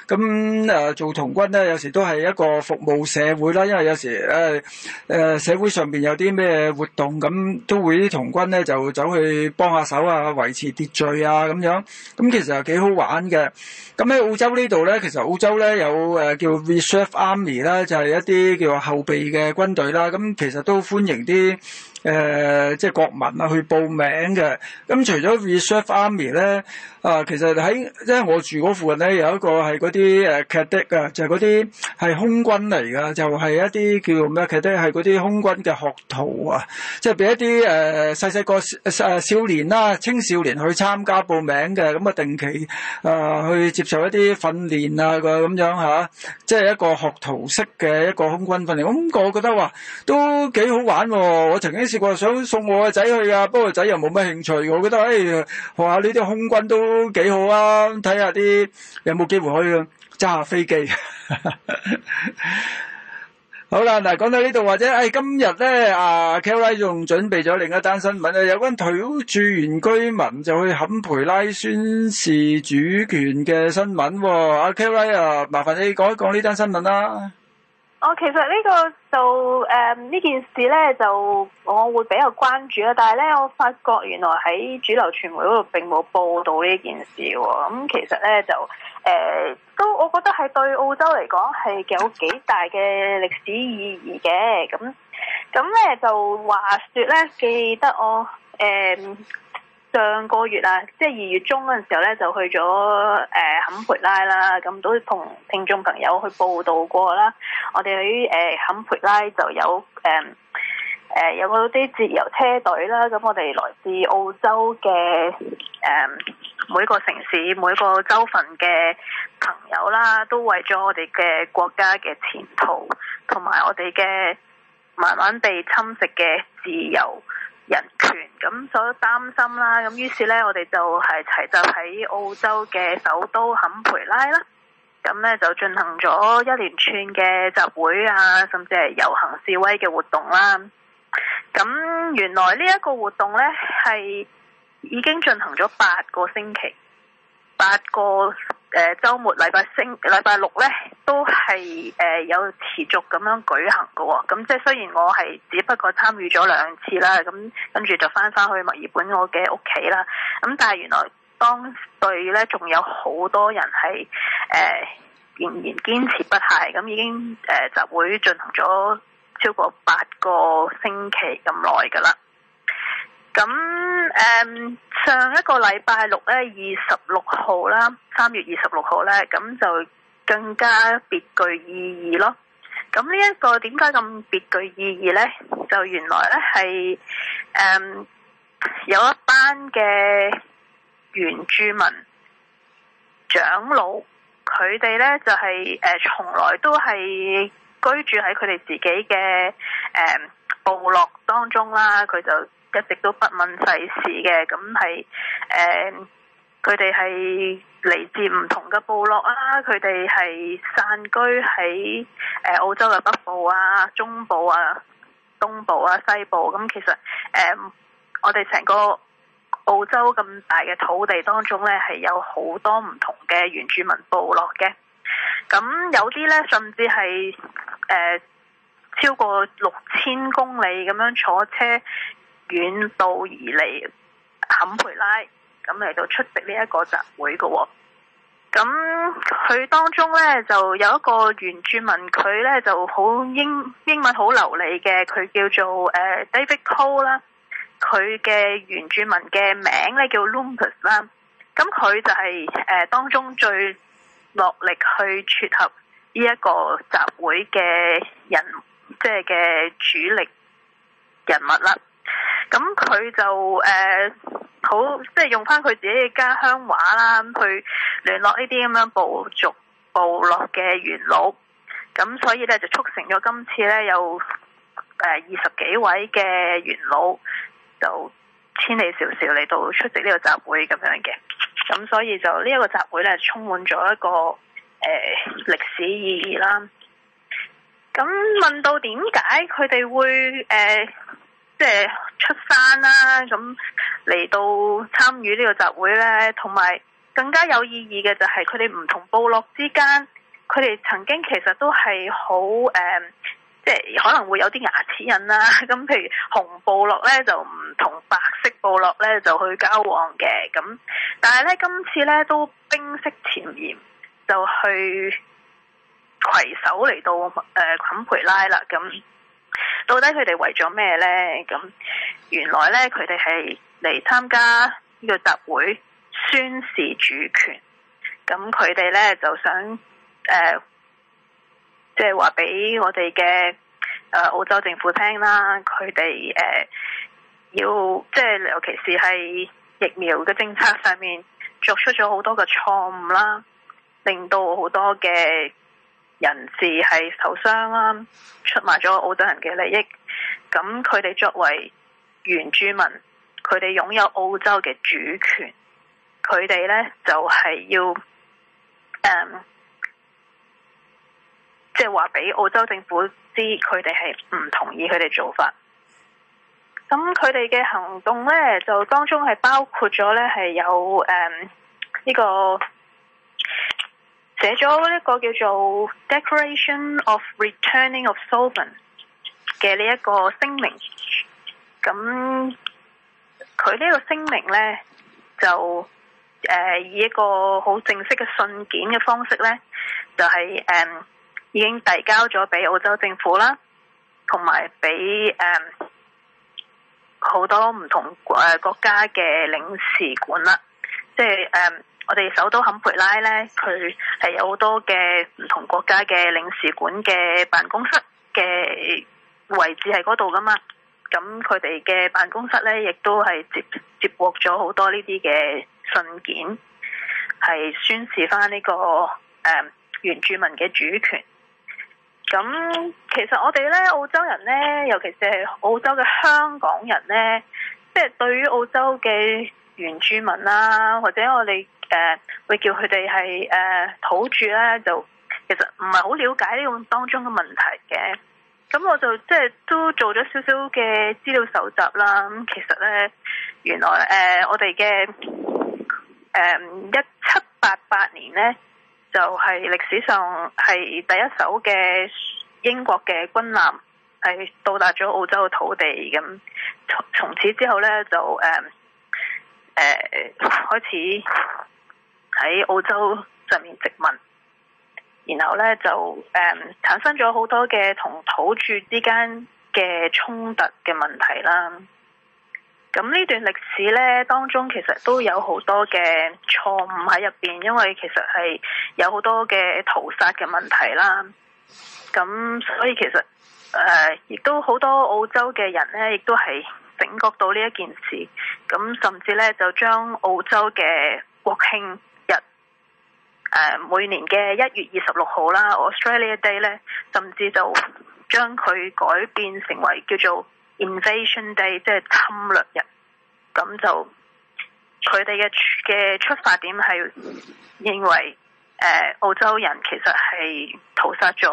咁、嗯、誒、呃、做童軍咧，有時都係一個服務社會啦，因為有時誒誒、呃、社會上邊有啲咩活動，咁、嗯、都會啲童軍咧就走去幫下手啊，維持秩序啊。咁樣咁其實又幾好玩嘅。咁喺澳洲呢度咧，其實澳洲咧有誒叫 reserve army 啦，就係一啲叫後備嘅軍隊啦。咁其實都歡迎啲誒即係國民啦去報名嘅。咁除咗 reserve army 咧。啊，其實喺即係我住嗰附近咧，有一個係嗰啲誒 cadet 啊，就係嗰啲係空軍嚟噶，就係一啲叫咩 cadet，係嗰啲空軍嘅學徒啊，即係俾一啲誒細細個誒少年啦、青少年去參加報名嘅咁啊，定期啊去接受一啲訓練啊咁樣嚇，即係一個學徒式嘅一個空軍訓練。咁我覺得話都幾好玩喎，我曾經試過想送我個仔去噶，不過個仔又冇乜興趣，我覺得誒學下呢啲空軍都～都幾好啊！睇下啲有冇機會可以揸下飛機。 <laughs> 好啦，嗱，講到呢度或者誒、哎，今日咧啊，Kelley 仲準備咗另一單新聞啊，有關土著原居民就去堪培拉宣示主權嘅新聞，阿 Kelley 啊，麻煩你講一講呢單新聞啦、啊。我其實呢個就誒呢、呃、件事呢，就我會比較關注啊。但係呢，我發覺原來喺主流傳媒嗰度並冇報道呢件事喎。咁、嗯、其實呢，就誒、呃，都我覺得係對澳洲嚟講係有幾大嘅歷史意義嘅。咁咁呢就話説呢，記得我誒。呃上個月啊，即係二月中嗰陣時候咧，就去咗誒肯培拉啦，咁都同聽眾朋友去報道過啦。我哋喺誒坎培拉就有誒誒、呃、有嗰啲自由車隊啦，咁我哋來自澳洲嘅誒、呃、每個城市每個州份嘅朋友啦，都為咗我哋嘅國家嘅前途同埋我哋嘅慢慢被侵蝕嘅自由，人權咁所擔心啦，咁於是呢，我哋就係齊集喺澳洲嘅首都堪培拉啦，咁呢，就進行咗一連串嘅集會啊，甚至係遊行示威嘅活動啦。咁原來呢一個活動呢，係已經進行咗八個星期，八個。誒週末禮拜星禮拜六咧，都係誒有持續咁樣舉行嘅喎、哦，咁、嗯、即係雖然我係只不過參與咗兩次啦，咁、嗯、跟住就翻返去墨爾本我嘅屋企啦，咁、嗯、但係原來當對咧仲有好多人係誒、呃、仍然堅持不懈，咁、嗯、已經誒集、呃、會進行咗超過八個星期咁耐㗎啦。咁誒，上一個禮拜六咧，二十六號啦，三月二十六號咧，咁就更加別具意義咯。咁呢一個點解咁別具意義咧？就原來咧係誒有一班嘅原住民長老，佢哋咧就係、是、誒、呃、從來都係居住喺佢哋自己嘅誒、呃、部落當中啦，佢就，一直都不問世事嘅，咁係誒，佢哋係嚟自唔同嘅部落啊，佢哋係散居喺誒、呃、澳洲嘅北部啊、中部啊、東部啊、西部，咁其實誒、呃、我哋成個澳洲咁大嘅土地當中咧，係有好多唔同嘅原住民部落嘅，咁有啲咧甚至係誒、呃、超過六千公里咁樣坐車。遠道而嚟，坎培拉咁嚟到出席呢一個集會嘅、哦，咁佢當中咧就有一個原住民，佢咧就好英英文好流利嘅，佢叫做誒、呃、David Cole 啦，佢嘅原住民嘅名咧叫 Lumpus 啦，咁佢就係、是、誒、呃、當中最落力去撮合呢一個集會嘅人，即係嘅主力人物啦。咁佢就誒、呃、好，即係用翻佢自己嘅家鄉話啦，咁去聯絡呢啲咁樣部族部落嘅元老，咁所以咧就促成咗今次咧有誒二十幾位嘅元老就千里迢迢嚟到出席呢個集會咁樣嘅，咁所以就呢一個集會咧充滿咗一個誒歷、呃、史意義啦。咁問到點解佢哋會誒、呃即係出山啦，咁嚟到參與呢個集會咧，同埋更加有意義嘅就係佢哋唔同部落之間，佢哋曾經其實都係好誒，即係可能會有啲牙齒印啦。咁譬如紅部落咧就唔同白色部落咧就去交往嘅，咁但係咧今次咧都冰釋前嫌，就去攜手嚟到誒坎、呃、培拉啦，咁。到底佢哋為咗咩咧？咁原來咧，佢哋係嚟參加呢個集會宣示主權。咁佢哋咧就想誒，即係話俾我哋嘅誒澳洲政府聽啦，佢哋誒要即係尤其是係疫苗嘅政策上面作出咗好多嘅錯誤啦，令到好多嘅。人士係受傷啦，出賣咗澳洲人嘅利益。咁佢哋作為原住民，佢哋擁有澳洲嘅主權，佢哋呢，就係要，即係話俾澳洲政府知，佢哋係唔同意佢哋做法。咁佢哋嘅行動呢，就當中係包括咗呢，係有誒呢個。寫咗一個叫做《Declaration of Returning of Sovereign》嘅呢一個聲明，咁佢呢個聲明呢，就誒、呃、以一個好正式嘅信件嘅方式呢，就係、是、誒、嗯、已經遞交咗俾澳洲政府啦，嗯、同埋俾誒好多唔同誒國家嘅領事館啦，即、就、係、是嗯我哋首都堪培拉咧，佢係有好多嘅唔同國家嘅領事館嘅辦公室嘅位置喺嗰度噶嘛。咁佢哋嘅辦公室咧，亦都係接接獲咗好多呢啲嘅信件，係宣示翻、這、呢個誒、呃、原住民嘅主權。咁其實我哋咧澳洲人咧，尤其是係澳洲嘅香港人咧，即、就、係、是、對於澳洲嘅原住民啦、啊，或者我哋。誒會、uh, 叫佢哋係誒土著咧、啊，就其實唔係好了解呢個當中嘅問題嘅。咁我就即係都做咗少少嘅資料搜集啦。咁其實咧，原來誒、uh, 我哋嘅誒一七八八年咧，就係、是、歷史上係第一艘嘅英國嘅軍艦係到達咗澳洲嘅土地。咁從從此之後咧，就誒誒、uh, uh, 開始。喺澳洲上面殖民，然後咧就誒、um, 產生咗好多嘅同土著之間嘅衝突嘅問題啦。咁呢段歷史咧當中，其實都有好多嘅錯誤喺入邊，因為其實係有好多嘅屠殺嘅問題啦。咁所以其實誒亦、呃、都好多澳洲嘅人咧，亦都係醒覺到呢一件事，咁甚至咧就將澳洲嘅國慶。誒，每年嘅一月二十六號啦，Australia Day 咧，甚至就將佢改變成為叫做 Invasion Day，即係侵略日。咁就佢哋嘅嘅出發點係認為，誒、呃，澳洲人其實係屠殺咗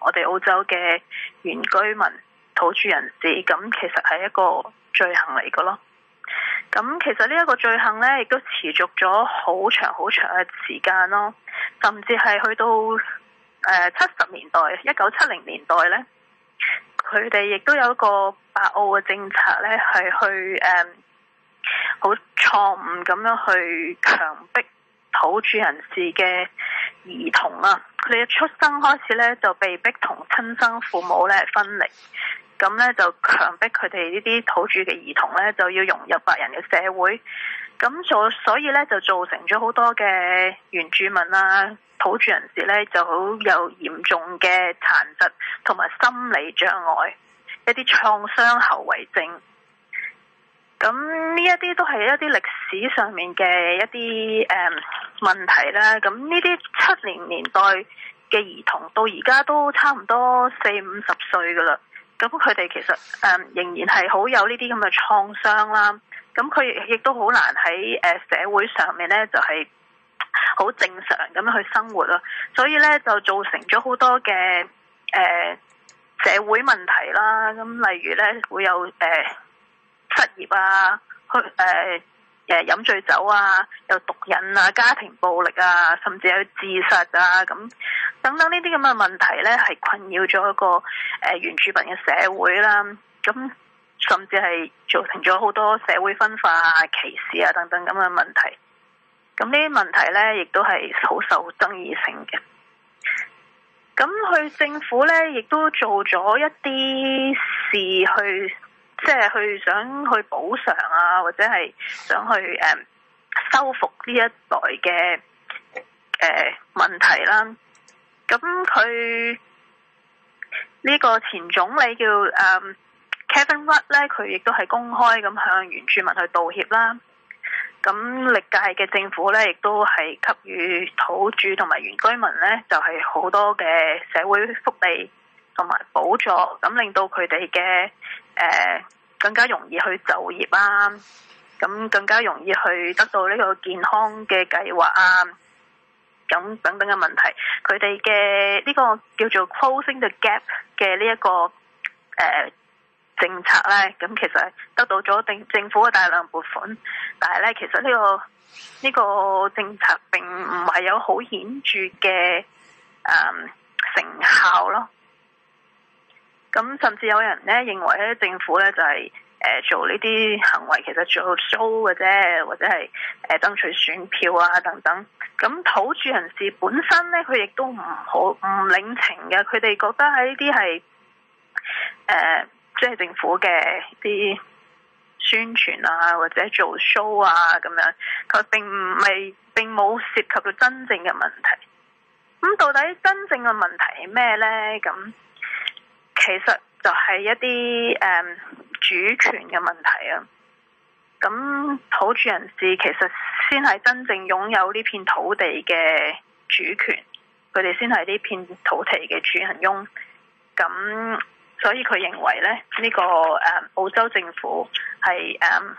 我哋澳洲嘅原居民、土著人士，咁其實係一個罪行嚟噶咯。咁其實呢一個罪行呢，亦都持續咗好長好長嘅時間咯，甚至係去到誒七十年代，一九七零年代呢，佢哋亦都有一個白澳嘅政策呢，係去誒好錯誤咁樣去強迫土著人士嘅兒童啊，佢哋一出生開始呢，就被逼同親生父母呢分離。咁咧就強迫佢哋呢啲土著嘅兒童咧，就要融入白人嘅社會，咁做所以咧就造成咗好多嘅原住民啦、啊、土著人士咧就好有嚴重嘅殘疾同埋心理障礙一啲創傷後遺症。咁呢一啲都係一啲歷史上面嘅一啲誒、嗯、問題啦。咁呢啲七零年，年代嘅兒童到而家都差唔多四五十歲㗎喇。咁佢哋其實誒、嗯、仍然係好有呢啲咁嘅創傷啦，咁佢亦都好難喺誒、呃、社會上面咧，就係、是、好正常咁樣去生活咯。所以咧就造成咗好多嘅誒、呃、社會問題啦。咁、呃、例如咧會有誒、呃、失業啊，去、呃、誒。誒，飲醉酒啊，有毒癮啊，家庭暴力啊，甚至有自殺啊，咁等等呢啲咁嘅問題呢，係困擾咗一個原住民嘅社會啦。咁甚至係造成咗好多社會分化啊、歧視啊等等咁嘅問題。咁呢啲問題呢，亦都係好受爭議性嘅。咁去政府呢，亦都做咗一啲事去。即係去想去補償啊，或者係想去誒修、嗯、復呢一代嘅誒、呃、問題啦。咁佢呢個前總理叫誒、嗯、Kevin Rudd 咧，佢亦都係公開咁向原住民去道歉啦。咁歷屆嘅政府咧，亦都係給予土著同埋原居民咧，就係、是、好多嘅社會福利同埋補助，咁令到佢哋嘅。誒，uh, 更加容易去就業啊，咁更加容易去得到呢個健康嘅計劃啊，咁等等嘅問題，佢哋嘅呢個叫做 closing the gap 嘅呢一個誒、uh, 政策咧，咁其實係得到咗政政府嘅大量撥款，但係咧其實呢、呢個呢、呢個政策並唔係有好顯著嘅誒、um, 成效咯。咁甚至有人咧認為咧，政府咧就係、是、誒、呃、做呢啲行為，其實做 show 嘅啫，或者係誒、呃、爭取選票啊等等。咁土著人士本身咧，佢亦都唔好唔領情嘅，佢哋覺得喺呢啲係誒即係政府嘅啲宣傳啊，或者做 show 啊咁樣，佢並唔係並冇涉及到真正嘅問題。咁到底真正嘅問題係咩咧？咁，其實就係一啲誒、um，主權嘅問題啊，咁土著人士其實先係真正擁有呢片土地嘅主權，佢哋先係呢片土地嘅主人翁。咁所以佢認為咧，呢、這個誒、um，澳洲政府係誒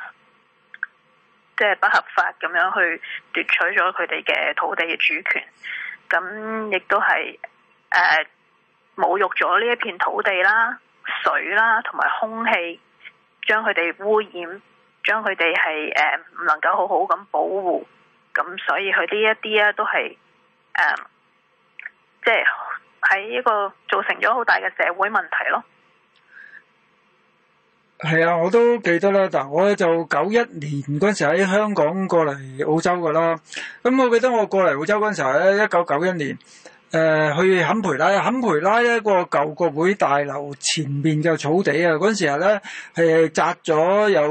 即係不合法咁樣去奪取咗佢哋嘅土地嘅主權。咁亦都係誒。Uh, 侮辱咗呢一片土地啦、水啦同埋空氣，將佢哋污染，將佢哋係誒唔能夠好好咁保護，咁所以佢呢一啲咧都係誒、呃，即係喺一個造成咗好大嘅社會問題咯。係啊，我都記得啦。但我呢，就九一年嗰陣時喺香港過嚟澳洲噶啦。咁我記得我過嚟澳洲嗰陣時咧，一九九一年。誒、呃、去坎培拉，坎培拉咧、個舊國會大樓前面嘅草地啊！嗰陣時候咧係紮咗有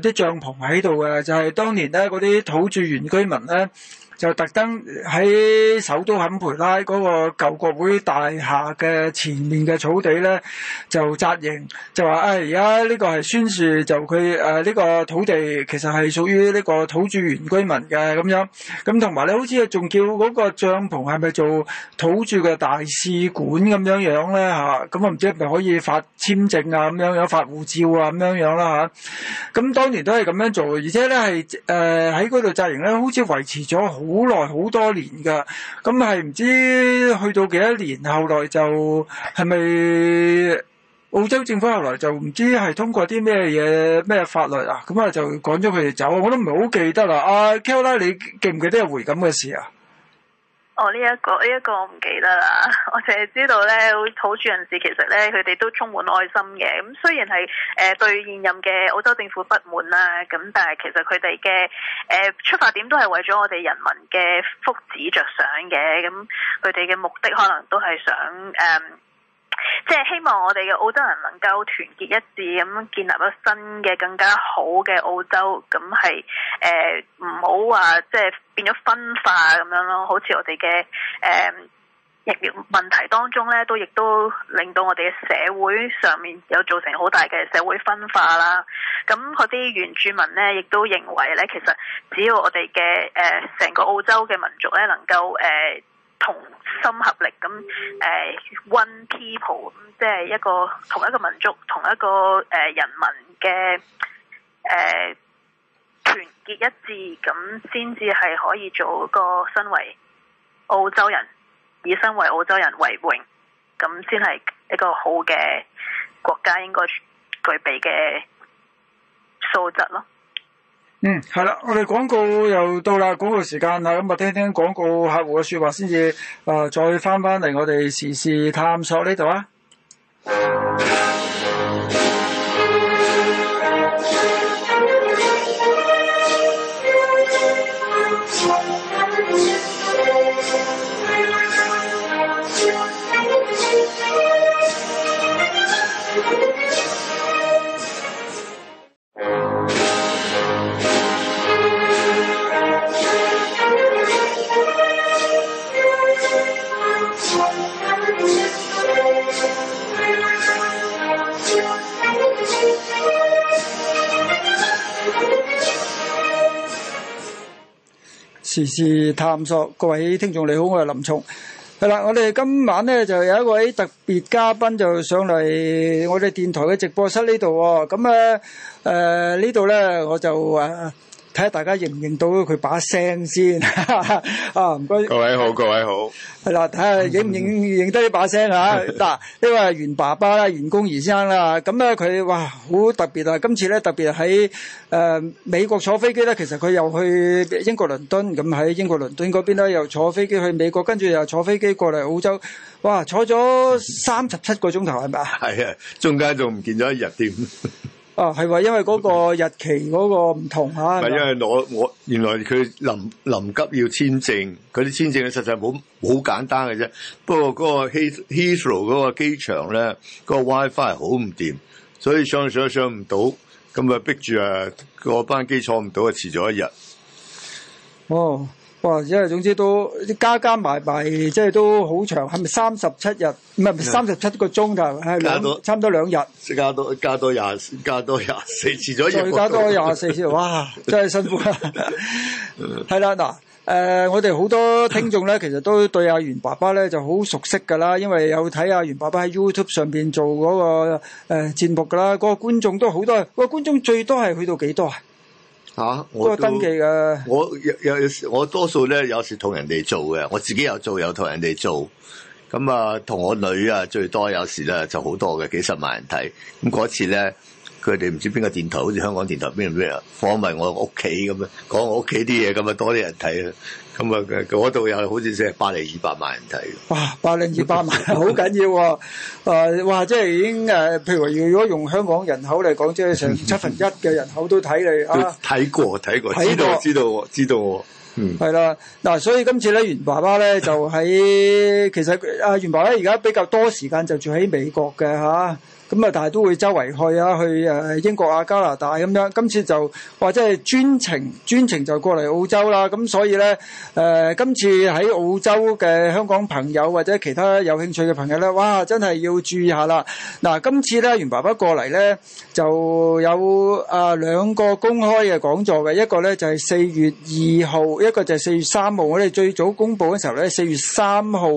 啲帳篷喺度嘅，就係、是、當年咧嗰啲土著原居民咧。就特登喺首都堪培拉個舊國會大廈嘅前面嘅草地咧，就紮營，就話誒而家呢個係宣示，就佢誒呢個土地其實係屬於呢個土著原居民嘅咁樣，咁同埋你好似仲叫個帳篷係咪做土著嘅大使館咁樣樣咧？吓咁，我唔知係咪可以發簽證發啊，咁樣樣發護照啊咁樣樣啦，吓咁當然都係咁樣做，而且咧係誒喺度紮營咧，好似維持咗好。好耐好多年噶，咁係唔知去到幾多年，後來就係咪澳洲政府後來就唔知係通過啲咩嘢咩法律啊？咁啊就趕咗佢哋走，我都唔係好記得啦。阿、啊、Kelly，你記唔記得有回咁嘅事啊？哦，呢、這、一個呢一、這個我唔記得啦，我淨係知道咧，土著人士其實咧佢哋都充滿愛心嘅。咁雖然係誒、呃、對現任嘅澳洲政府不滿啦，咁但係其實佢哋嘅誒出發點都係為咗我哋人民嘅福祉着想嘅。咁佢哋嘅目的可能都係想誒。呃即係希望我哋嘅澳洲人能夠團結一致，咁建立咗新嘅更加好嘅澳洲。咁係誒，唔好話即係變咗分化咁樣咯。好似我哋嘅誒疫苗問題當中咧，都亦都令到我哋嘅社會上面有造成好大嘅社會分化啦。咁嗰啲原住民咧，亦都認為咧，其實只要我哋嘅誒成個澳洲嘅民族咧，能夠誒。呃同心合力咁，誒 one people，即係一個同一個民族，同一個誒人民嘅誒團結一致，咁先至係可以做個身為澳洲人，以身為澳洲人為榮，咁先係一個好嘅國家應該具備嘅素質咯。嗯，係啦， <noise> 我哋廣告又到啦，廣告時間啦，咁啊聽聽廣告客戶嘅說話先至，啊、呃、再翻返嚟我哋時事探索呢度啊。時事探索，各位聽眾，你好，我係林聰。係啦，我哋今晚呢，就有一位特別嘉賓就上嚟我哋電台嘅直播室呢度喎。咁啊，誒呢度呢，我就啊～睇下大家認唔認到佢把聲先 <laughs> 啊！唔該，各位好，各位好。係啦，睇下認唔認 <laughs> 認得呢把聲嚇。嗱、啊，呢位係袁爸爸啦，袁公袁先生袁弓夷先生啦。咁咧佢哇好特別啊！今次咧特別喺誒、呃、美國坐飛機咧，其實佢又去英國倫敦，咁喺英國倫敦嗰邊咧又坐飛機去美國，跟住又坐飛機過嚟澳洲。哇！坐咗三十七個鐘頭係咪啊？係啊， <laughs> 中間仲唔見咗一日添。啊，係話因為嗰個日期嗰個唔同吓，係、啊、係咪？因為我我原來佢臨臨急要簽證，嗰啲簽證咧實際好好簡單嘅啫。不過嗰個希斯羅嗰個機場咧，嗰個 WiFi 係好唔掂，所以上去上去上唔到，咁啊逼住啊個班機坐唔到啊，遲咗一日。哦。因為總之都加加埋埋，即係都好長，係咪三十七日？唔係三十七個鐘頭，係多差唔多兩日。加多加多廿加多廿四次，再加多廿四次， <laughs> 哇！真係辛苦啊！係 <laughs> 啦， <laughs> 嗱，誒、呃，我哋好多聽眾咧，其實都對阿袁爸爸咧就好熟悉㗎啦，因為有睇阿袁爸爸喺 YouTube 上邊做嗰、嗰個誒、呃、節目㗎啦，嗰、嗰個觀眾都好多，嗰個觀眾最多係去到幾多啊？吓、啊，我都，都有登記㗎，我有有，有我多數咧有時同人哋做嘅，我自己有做有同人哋做，咁啊同我女啊最多有時咧就好多嘅，幾十萬人睇。咁嗰次咧，佢哋唔知邊個電台，好似香港電台邊定咩啊？訪問我屋企咁啊，講我屋企啲嘢咁啊，多啲人睇啊。咁啊，嗰度又好似只係百零二百萬人睇嘅。哇！百零二百萬好緊要啊！啊、呃，哇！即係已經誒、呃，譬如話，如果用香港人口嚟講，即係成七分一嘅人口都睇你 <laughs> 啊！睇道過，睇過，知道，知道，知道。嗯。係啦，嗱、啊，所以今次咧，袁爸爸咧就喺、是、 <laughs> 其實啊，袁爸爸而家比較多時間就住喺美國嘅嚇。啊咁啊，但係都會周圍去啊，去誒英國啊、加拿大咁樣。今次就哇，即係專程專程就過嚟澳洲啦。咁所以呢，誒今次喺澳洲嘅香港朋友或者其他有興趣嘅朋友呢，哇，真係要注意下啦！嗱，今次呢，袁爸爸過嚟呢就有啊兩個公開嘅講座嘅，一個呢就係四月二號，一個就係四月三號。我哋最早公佈嘅時候呢，四月三號。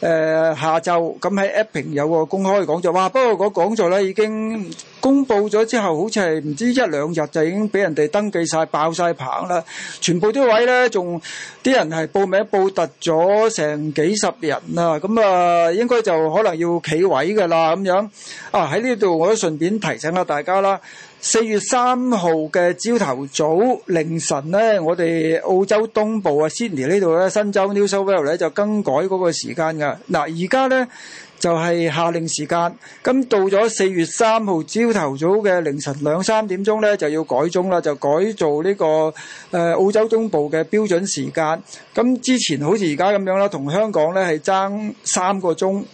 誒、呃、下晝咁喺 app，有個公開講座，哇！不過個講座咧已經公佈咗之後，好似係唔知一兩日就已經俾人哋登記晒爆晒棚啦，全部啲位咧仲啲人係報名報突咗成幾十人啦，咁啊應該就可能要企位噶啦咁樣。啊喺呢度我都順便提醒下大家啦。四月三號嘅朝頭早凌晨呢，我哋澳洲東部啊 Sydney 呢度咧，新州 New South Wales 咧就更改嗰個時間㗎。嗱，而家呢，就係、是、夏令時間，咁到咗四月三號朝頭早嘅凌晨兩三點鐘呢，就要改鐘啦，就改做呢、這個誒、呃、澳洲東部嘅標準時間。咁之前好似而家咁樣啦，同香港呢係爭三個鐘。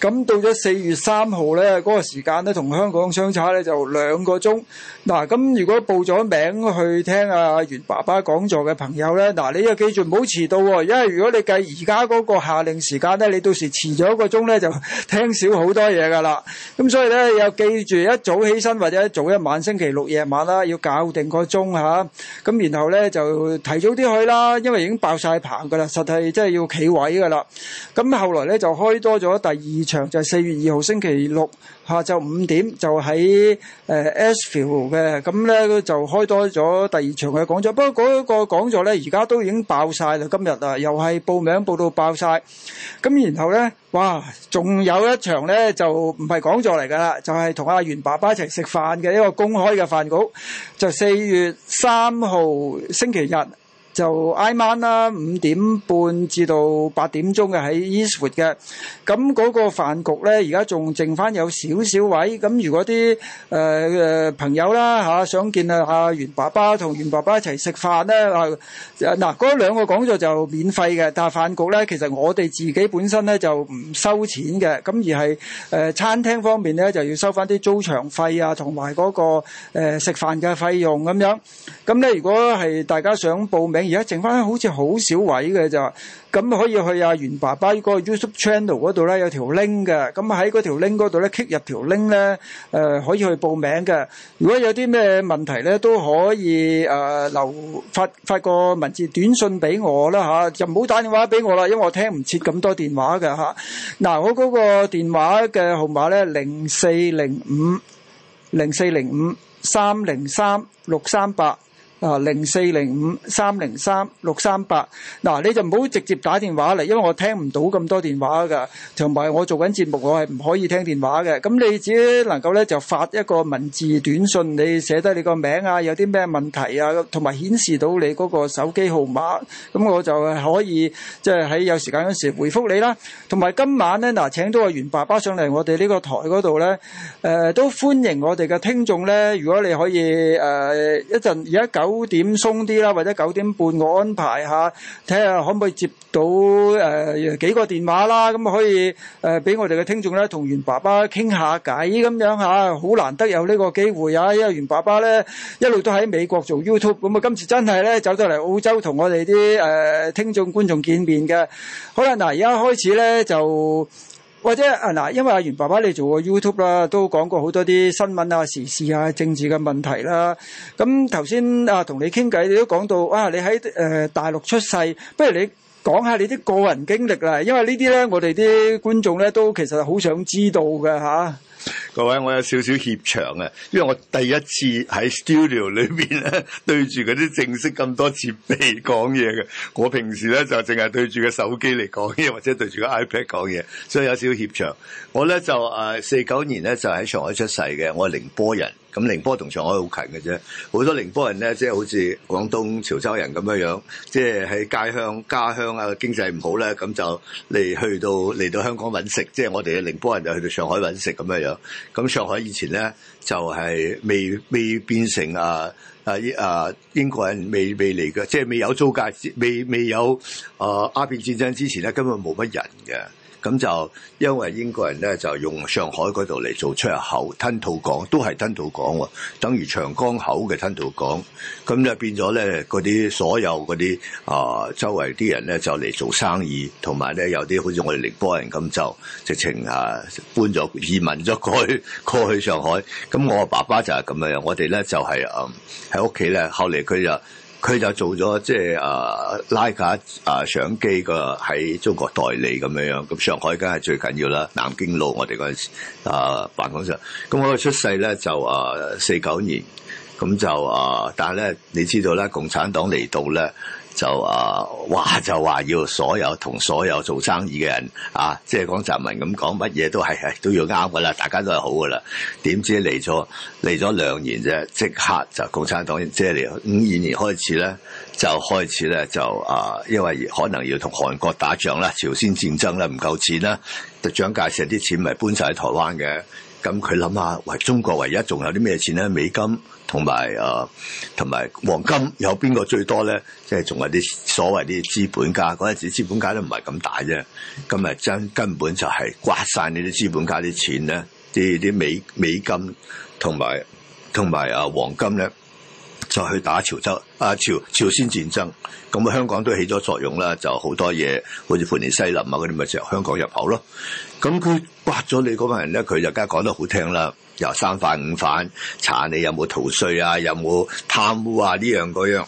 咁到咗四月三號呢，嗰個時間呢同香港相差呢就兩個鐘。嗱，咁如果報咗名去聽阿袁爸爸講座嘅朋友呢，嗱，你又記住唔好遲到喎，因為如果你計而家嗰個夏令時間呢，你到時遲咗一個鐘呢，就聽少好多嘢噶啦。咁所以呢，又記住一早起身或者早一晚星期六夜晚啦，要搞定個鐘吓。咁然後呢就提早啲去啦，因為已經爆晒棚噶啦，實際真係要企位噶啦。咁後來呢就開多咗第二場就係四月二號星期六下晝五點，就喺誒 Ashfield 嘅咁咧就開多咗第二場嘅講座，不過嗰個講座咧而家都已經爆晒啦。今日啊，又係報名報到爆晒咁，然後咧哇，仲有一場咧就唔係講座嚟噶啦，就係同阿袁爸爸一齊食飯嘅一個公開嘅飯局，就四月三號星期日。就挨晚啦，五點半至到八、e、點鐘嘅喺 Eastwood 嘅。咁個飯局咧，而家仲剩翻有少少位。咁如果啲誒誒朋友啦吓、啊、想見啊阿袁爸爸同袁爸爸一齊食飯咧，啊嗱兩個講座就免費嘅，但係飯局咧其實我哋自己本身咧就唔收錢嘅，咁而係誒、呃、餐廳方面咧就要收翻啲租場費啊，同埋、嗰個誒、呃、食飯嘅費用咁樣。咁咧如果係大家想報名，而家剩翻好似好少位嘅就，咁可以去阿袁爸爸嗰個 YouTube channel 嗰度咧，有條 link 嘅，咁喺嗰條 link 嗰度咧，click 入條 link 咧，誒可以去報名嘅。如果有啲咩問題咧，都可以誒留發發個文字短信俾我啦吓，就唔好打電話俾我啦，因為我聽唔切咁多電話嘅吓。嗱，我嗰個電話嘅號碼咧，零四零五零四零五三零三六三八。啊，零四零五三零三六三八，嗱你就唔好直接打電話嚟，因為我聽唔到咁多電話㗎，同埋我做緊節目，我係唔可以聽電話嘅。咁你只能夠咧就發一個文字短信，你寫低你個名啊，有啲咩問題啊，同埋顯示到你嗰個手機號碼，咁我就可以即係喺有時間嗰時回覆你啦。同埋今晚咧，嗱請到阿袁爸爸上嚟我哋呢個台度咧，誒、呃、都歡迎我哋嘅聽眾咧。如果你可以誒、呃、一陣而家九。九點鬆啲啦，或者九點半我安排下，睇下可唔可以接到誒、呃、幾個電話啦，咁啊可以誒俾、呃、我哋嘅聽眾咧同袁爸爸傾下偈咁樣吓，好、啊、難得有呢個機會啊！因為袁爸爸咧一路都喺美國做 YouTube，咁啊今次真係咧走到嚟澳洲同我哋啲誒聽眾觀眾見面嘅。好啦，嗱而家開始咧就。或者啊嗱，因為阿袁爸爸你做過 YouTube 啦，都講過好多啲新聞啊、時事啊、政治嘅問題啦。咁頭先啊，同你傾偈，你都講到啊，你喺誒大陸出世，不如你講下你啲個人經歷啦。因為呢啲咧，我哋啲觀眾咧都其實好想知道㗎吓。各位，我有少少怯場啊，因為我第一次喺 studio 裏面咧 <laughs> 對住嗰啲正式咁多設備講嘢嘅，我平時咧就淨係對住個手機嚟講嘢，或者對住個 ipad 講嘢，所以有少少怯場。我咧就誒四九年咧就喺上海出世嘅，我係寧波人，咁寧波同上海好近嘅啫。好多寧波人咧，即係好似廣東潮州人咁樣樣，即係喺街鄉家鄉啊，經濟唔好咧，咁就嚟去到嚟到香港揾食，即係我哋嘅寧波人就去到上海揾食咁樣樣。咁上海以前咧就係、是、未未變成啊啊英啊英國人未未嚟嘅，即、就、係、是、未有租界未未有啊鴉片戰爭之前咧，根本冇乜人嘅。咁就因為英國人咧就用上海嗰度嚟做出入口，吞吐港都係吞吐港喎，等於長江口嘅吞吐港。咁就變咗咧，嗰啲所有嗰啲啊，周圍啲人咧就嚟做生意，同埋咧有啲好似我哋寧波人咁就直情啊搬咗移民咗過去過去上海。咁我爸爸就係咁樣，我哋咧就係誒喺屋企咧，後嚟佢就。佢就做咗即係啊，拉架啊，相機個喺中國代理咁樣樣，咁上海梗係最緊要啦。南京路我哋嗰陣啊辦公室，咁我個出世咧就啊四九年，咁就啊，但係咧你知道咧，共產黨嚟到咧。就啊，話就話要所有同所有做生意嘅人啊，即係講習文咁講，乜嘢都係係都要啱嘅啦，大家都係好嘅啦。點知嚟咗嚟咗兩年啫，即刻就共產黨即係嚟五二年開始咧，就開始咧就啊，因為可能要同韓國打仗啦、朝鮮戰爭啦，唔夠錢啦，就蔣介石啲錢咪搬晒喺台灣嘅。咁佢諗下，喂，中國唯一仲有啲咩錢咧？美金。同埋啊，同埋黃金有邊個最多咧？即係仲有啲所謂啲資本家嗰陣時，資本家都唔係咁大啫。今日真根本就係刮晒你啲資本家啲錢咧，啲啲美美金同埋同埋啊黃金咧，就去打潮州、啊朝朝鮮戰爭。咁啊，香港都起咗作用啦，就好多嘢，好似盤尼西林啊嗰啲咪由香港入口咯。咁佢刮咗你嗰個人咧，佢就梗係講得好聽啦，由三反五反查你有冇逃稅啊，有冇貪污啊呢樣嗰樣，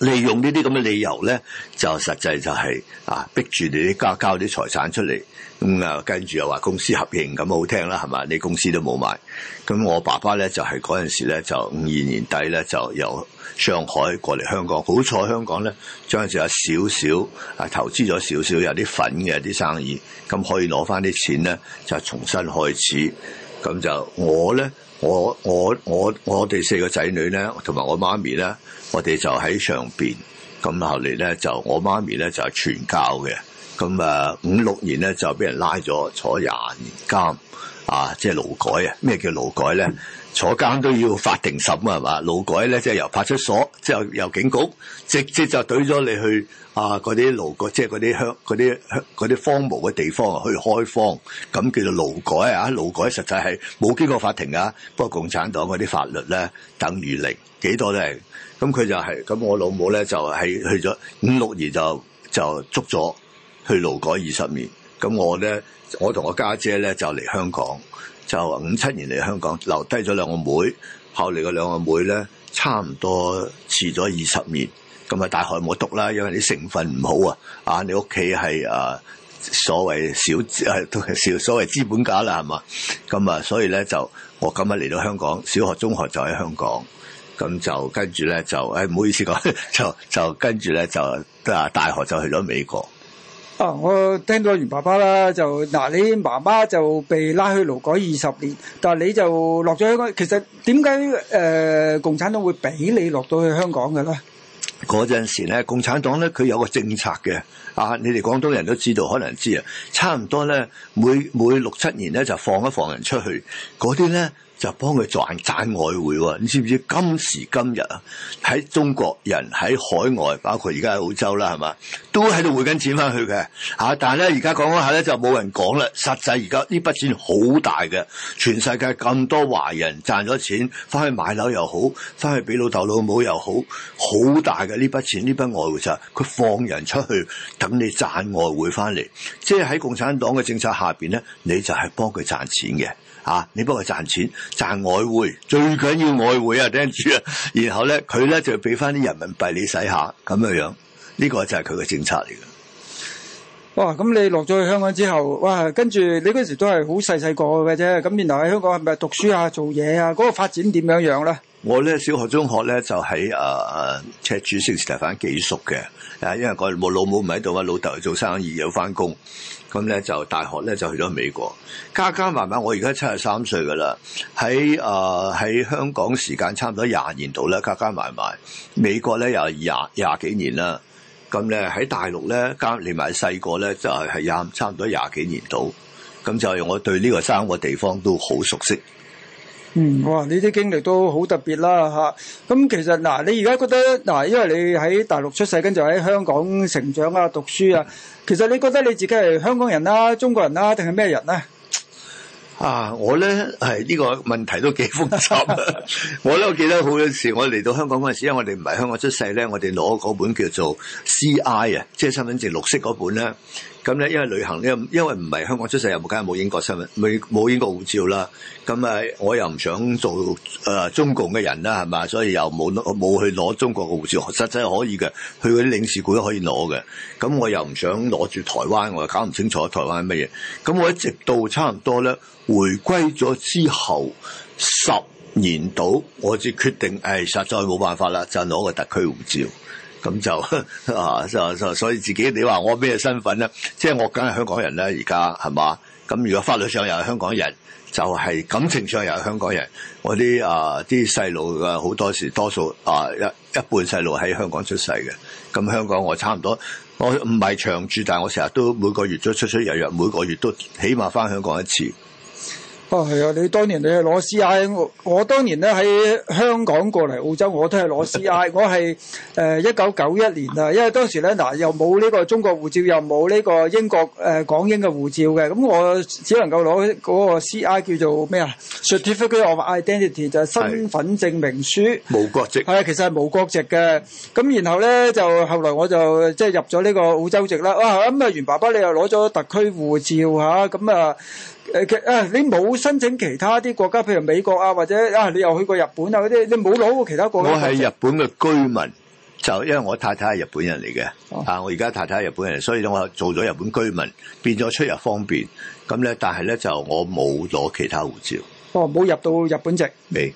利用呢啲咁嘅理由咧，就實際就係啊逼住你交交啲財產出嚟。咁啊，跟住、嗯、又話公司合營咁好聽啦，係嘛？你公司都冇買，咁我爸爸咧就係嗰陣時咧就五二年底咧就由上海過嚟香港，好彩香港咧，嗰陣時有少少啊投資咗少少有啲粉嘅啲生意，咁可以攞翻啲錢咧就重新開始。咁就我咧，我我我我哋四個仔女咧，同埋我媽咪咧，我哋就喺上邊。咁後嚟咧就我媽咪咧就係傳教嘅。咁啊，五六年咧就俾人拉咗坐廿年監啊！即係勞改啊！咩叫勞改咧？坐監都要法庭審啊，係嘛？勞改咧即係由派出所，即係由警局直接就懟咗你去啊嗰啲勞改，即係嗰啲鄉、啲鄉、啲荒蕪嘅地方啊，去開荒咁叫做勞改啊！喺勞改實際係冇經過法庭噶。不過共產黨嗰啲法律咧等於零幾多都係咁，佢就係、是、咁。我老母咧就係去咗五六年就就捉咗，去勞改二十年，咁我咧，我同我家姐咧就嚟香港，就五七年嚟香港，留低咗兩個妹，後嚟個兩個妹咧，差唔多遲咗二十年，咁啊大學冇讀啦，因為你成分唔好啊，你啊你屋企係啊所謂小誒都係小所謂資本家啦，係嘛？咁啊所以咧就我今日嚟到香港，小學、中學就喺香港，咁就跟住咧就誒唔好意思講， <laughs> 就就跟住咧就啊大學就去咗美國。啊！我聽到袁爸爸啦，就嗱、啊，你媽媽就被拉去勞改二十年，但係你就落咗香港。其實點解誒共產黨會俾你落到去香港嘅咧？嗰陣時咧，共產黨咧佢有個政策嘅，啊，你哋廣東人都知道，可能知啊，差唔多咧，每每六七年咧就放一放人出去，嗰啲咧。就幫佢賺賺外匯喎、哦，你知唔知？今時今日啊，喺中國人喺海外，包括而家喺澳洲啦，係嘛，都喺度匯緊錢翻去嘅嚇、啊。但係咧，而家講嗰下咧就冇人講啦。實際而家呢筆錢好大嘅，全世界咁多華人賺咗錢，翻去買樓又好，翻去俾老豆老母又好，好大嘅呢筆錢，呢筆外匯就係佢、是、放人出去等你賺外匯翻嚟，即係喺共產黨嘅政策下邊咧，你就係幫佢賺錢嘅。吓、啊！你幫佢賺錢，賺外匯，最緊要外匯啊，聽住啊。然後咧，佢咧就要俾翻啲人民幣你使下，咁樣樣。呢、這個就係佢嘅政策嚟嘅。哇！咁你落咗去香港之後，哇！跟住你嗰時都係好細細個嘅啫。咁、啊、然後喺香港係咪讀書啊、做嘢啊？嗰、那個發展點樣樣咧？我咧小學、中學咧就喺誒、呃、赤柱聖士提反寄宿嘅。誒，因為我老母唔喺度啊，老豆做生意要翻工。咁咧就大學咧就去咗美國，加加埋埋我而家七十三歲㗎啦，喺啊喺香港時間差唔多廿年度啦，加加埋埋美國咧又廿廿幾年啦，咁咧喺大陸咧加連埋細個咧就係係廿差唔多廿幾年度。咁就係我對呢個三個地方都好熟悉。嗯，哇！呢啲經歷都好特別啦，吓、啊、咁、嗯、其實嗱、啊，你而家覺得嗱、啊，因為你喺大陸出世，跟住喺香港成長啊、讀書啊，其實你覺得你自己係香港人啦、啊、中國人啦、啊，定係咩人咧、啊？啊，我咧係呢、這個問題都幾複雜、啊 <laughs> 我呢。我咧記得好多時，我嚟到香港嗰陣時，因為我哋唔係香港出世咧，我哋攞嗰本叫做 C.I. 啊，即係身份證綠色嗰本咧。咁咧，因為旅行咧，因為唔係香港出世，又冇梗係冇英國身份，冇冇英國護照啦。咁啊，我又唔想做誒、呃、中共嘅人啦，係嘛？所以又冇冇去攞中國嘅護照，實際係可以嘅，去嗰啲領事館都可以攞嘅。咁我又唔想攞住台灣，我又搞唔清楚台灣係乜嘢。咁我一直到差唔多咧，回歸咗之後十年度，我至決定誒、哎，實在冇辦法啦，就攞個特區護照。咁就啊，就就所以自己，你話我咩身份咧？即係我梗係香港人啦，而家係嘛？咁如果法律上又係香港人，就係感情上又係香港人。我啲啊啲細路嘅好多時多數啊一一半細路喺香港出世嘅。咁香港我差唔多，我唔係長住，但係我成日都每個月都出出入入，每個月都起碼返香港一次。哦，係啊！你當年你係攞 C.I. 我我當年咧喺香港過嚟澳洲，我都係攞 C.I. 我係誒一九九一年啊，因為當時咧嗱、呃、又冇呢個中國護照，又冇呢個英國誒、呃、港英嘅護照嘅，咁、嗯、我只能夠攞嗰個 C.I. 叫做咩啊？Certificate of Identity 就係身份證明書，無國籍係啊，其實係冇國籍嘅。咁、嗯、然後咧就後來我就即係入咗呢個澳洲籍啦。啊，咁、嗯、啊，袁爸爸你又攞咗特區護照嚇咁啊！嗯啊誒嘅你冇申請其他啲國家，譬如美國啊，或者啊，你又去過日本啊嗰啲，你冇攞過其他國家？我係日本嘅居民，就因為我太太係日本人嚟嘅，啊、哦，我而家太太係日本人，所以咧我做咗日本居民，變咗出入方便，咁咧，但係咧就我冇攞其他護照，哦，冇入到日本籍，未。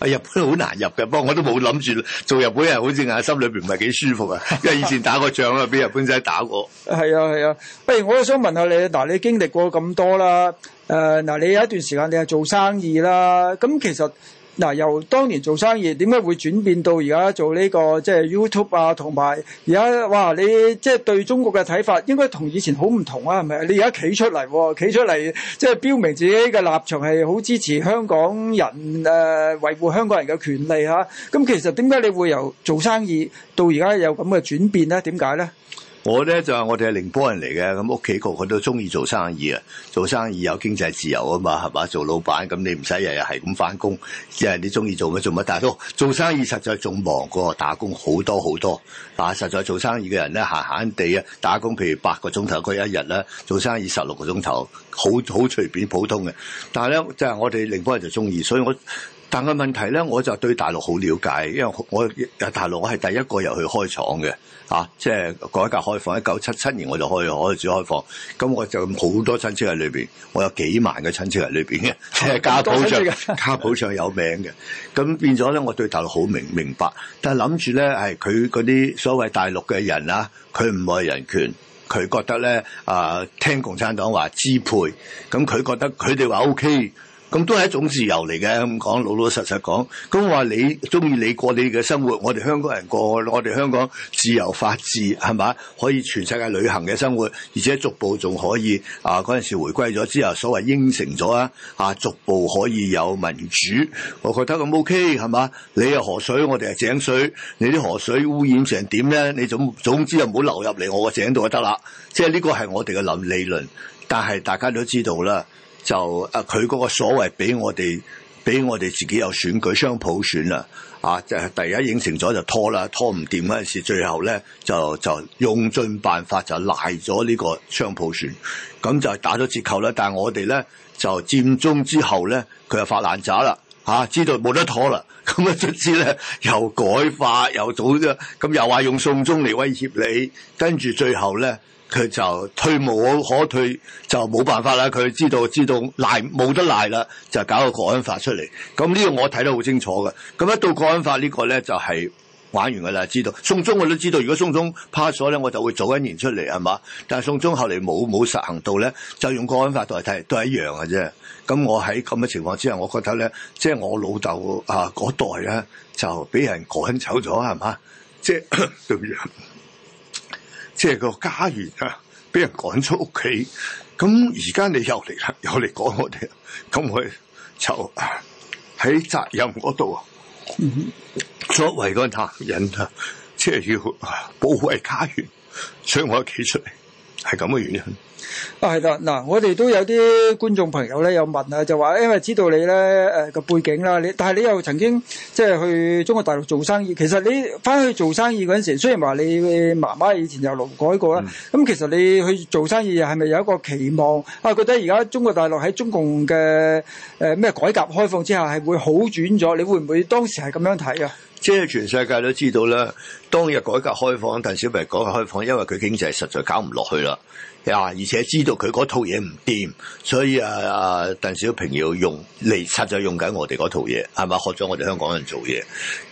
喺日本好難入嘅，不過我都冇諗住做日本人，好似眼心裏邊唔係幾舒服啊，因為以前打過仗啊，俾 <laughs> 日本仔打過。係啊係啊，不如我都想問下你，嗱，你經歷過咁多啦，誒，嗱，你有一段時間你係做生意啦，咁其實。嗱，由當年做生意點解會轉變到而家做呢、這個即係、就是、YouTube 啊，同埋而家哇，你即係對中國嘅睇法應該同以前好唔同啊，係咪？你而家企出嚟、哦，企出嚟即係標明自己嘅立場係好支持香港人誒維護香港人嘅權利嚇、啊。咁、嗯、其實點解你會由做生意到而家有咁嘅轉變咧？點解咧？我咧就話、是、我哋係寧波人嚟嘅，咁屋企個個都中意做生意啊。做生意有經濟自由啊嘛，係嘛，做老闆，咁你唔使日日係咁翻工，誒，你中意做乜做乜。但係都做生意實在仲忙過打工好多好多。但係實在做生意嘅人咧閒閒地啊，打工譬如八個鐘頭佢一日啦，做生意十六個鐘頭，好好隨便普通嘅。但係咧就係、是、我哋寧波人就中意，所以我。但個問題咧，我就對大陸好了解，因為我大陸，我係第一個入去開廠嘅，啊，即係改革開放，一九七七年我就開開始開放，咁我就好多親戚喺裏邊，我有幾萬個親戚喺裏邊嘅，即係、哦、 <laughs> 家譜上爵家譜上有名嘅，咁變咗咧，我對大陸好明明白，但係諗住咧，係佢嗰啲所謂大陸嘅人啊，佢唔愛人權，佢覺得咧啊，聽共產黨話支配，咁佢覺得佢哋話 O K。咁都係一種自由嚟嘅咁講，老老實實講。咁我話你中意你過你嘅生活，我哋香港人過我哋香港自由法治係嘛？可以全世界旅行嘅生活，而且逐步仲可以啊！嗰陣時回歸咗之後，所謂應承咗啊，啊逐步可以有民主，我覺得咁 OK 係嘛？你係河水，我哋係井水，你啲河水污染成點咧？你總總之又唔好流入嚟我個井度就得啦。即係呢個係我哋嘅諗理論，但係大家都知道啦。就啊，佢嗰個所謂俾我哋，俾我哋自己有選舉雙普選啦，啊，就係第一應承咗就拖啦，拖唔掂嗰陣時，最後咧就就用盡辦法就賴咗呢個雙普選，咁、嗯、就打咗折扣啦。但係我哋咧就佔中之後咧，佢又發爛渣啦，嚇、啊、知道冇得拖啦，咁一出事咧又改法又倒咗，咁、嗯、又話用送中嚟威脅你，跟住最後咧。佢就退無可退，就冇辦法啦。佢知道知道賴冇得賴啦，就搞個國安法出嚟。咁呢個我睇得好清楚嘅。咁一到國安法呢個咧，就係玩完噶啦。知道送中，我都知道，如果送中趴咗咧，我就會早一年出嚟係嘛。但係送中後嚟冇冇實行到咧，就用國安法代替，都係一樣嘅啫。咁我喺咁嘅情況之下，我覺得咧，即係我老豆啊嗰代咧，就俾人趕走咗係嘛，即係咁樣。就是 <coughs> 即係個家園啊，俾人趕出屋企。咁而家你又嚟啦，又嚟講我哋。咁我就喺責任嗰度啊。作為個男人啊，即係要保護家園，所以我企出嚟係咁嘅原因。啊，係啦，嗱，我哋都有啲觀眾朋友咧，有問啊，就話，因為知道你咧，誒、呃、個背景啦，你，但係你又曾經即係去中國大陸做生意，其實你翻去做生意嗰陣時，雖然話你媽媽以前又勞改過啦，咁、嗯嗯嗯、其實你去做生意係咪有一個期望？啊，覺得而家中國大陸喺中共嘅誒咩改革開放之下係會好轉咗？你會唔會當時係咁樣睇啊？即係全世界都知道咧，當日改革開放，鄧小平改革開放，因為佢經濟實在搞唔落去啦，呀！而且知道佢嗰套嘢唔掂，所以啊啊，鄧小平要用嚟實就用緊我哋嗰套嘢，係咪？學咗我哋香港人做嘢，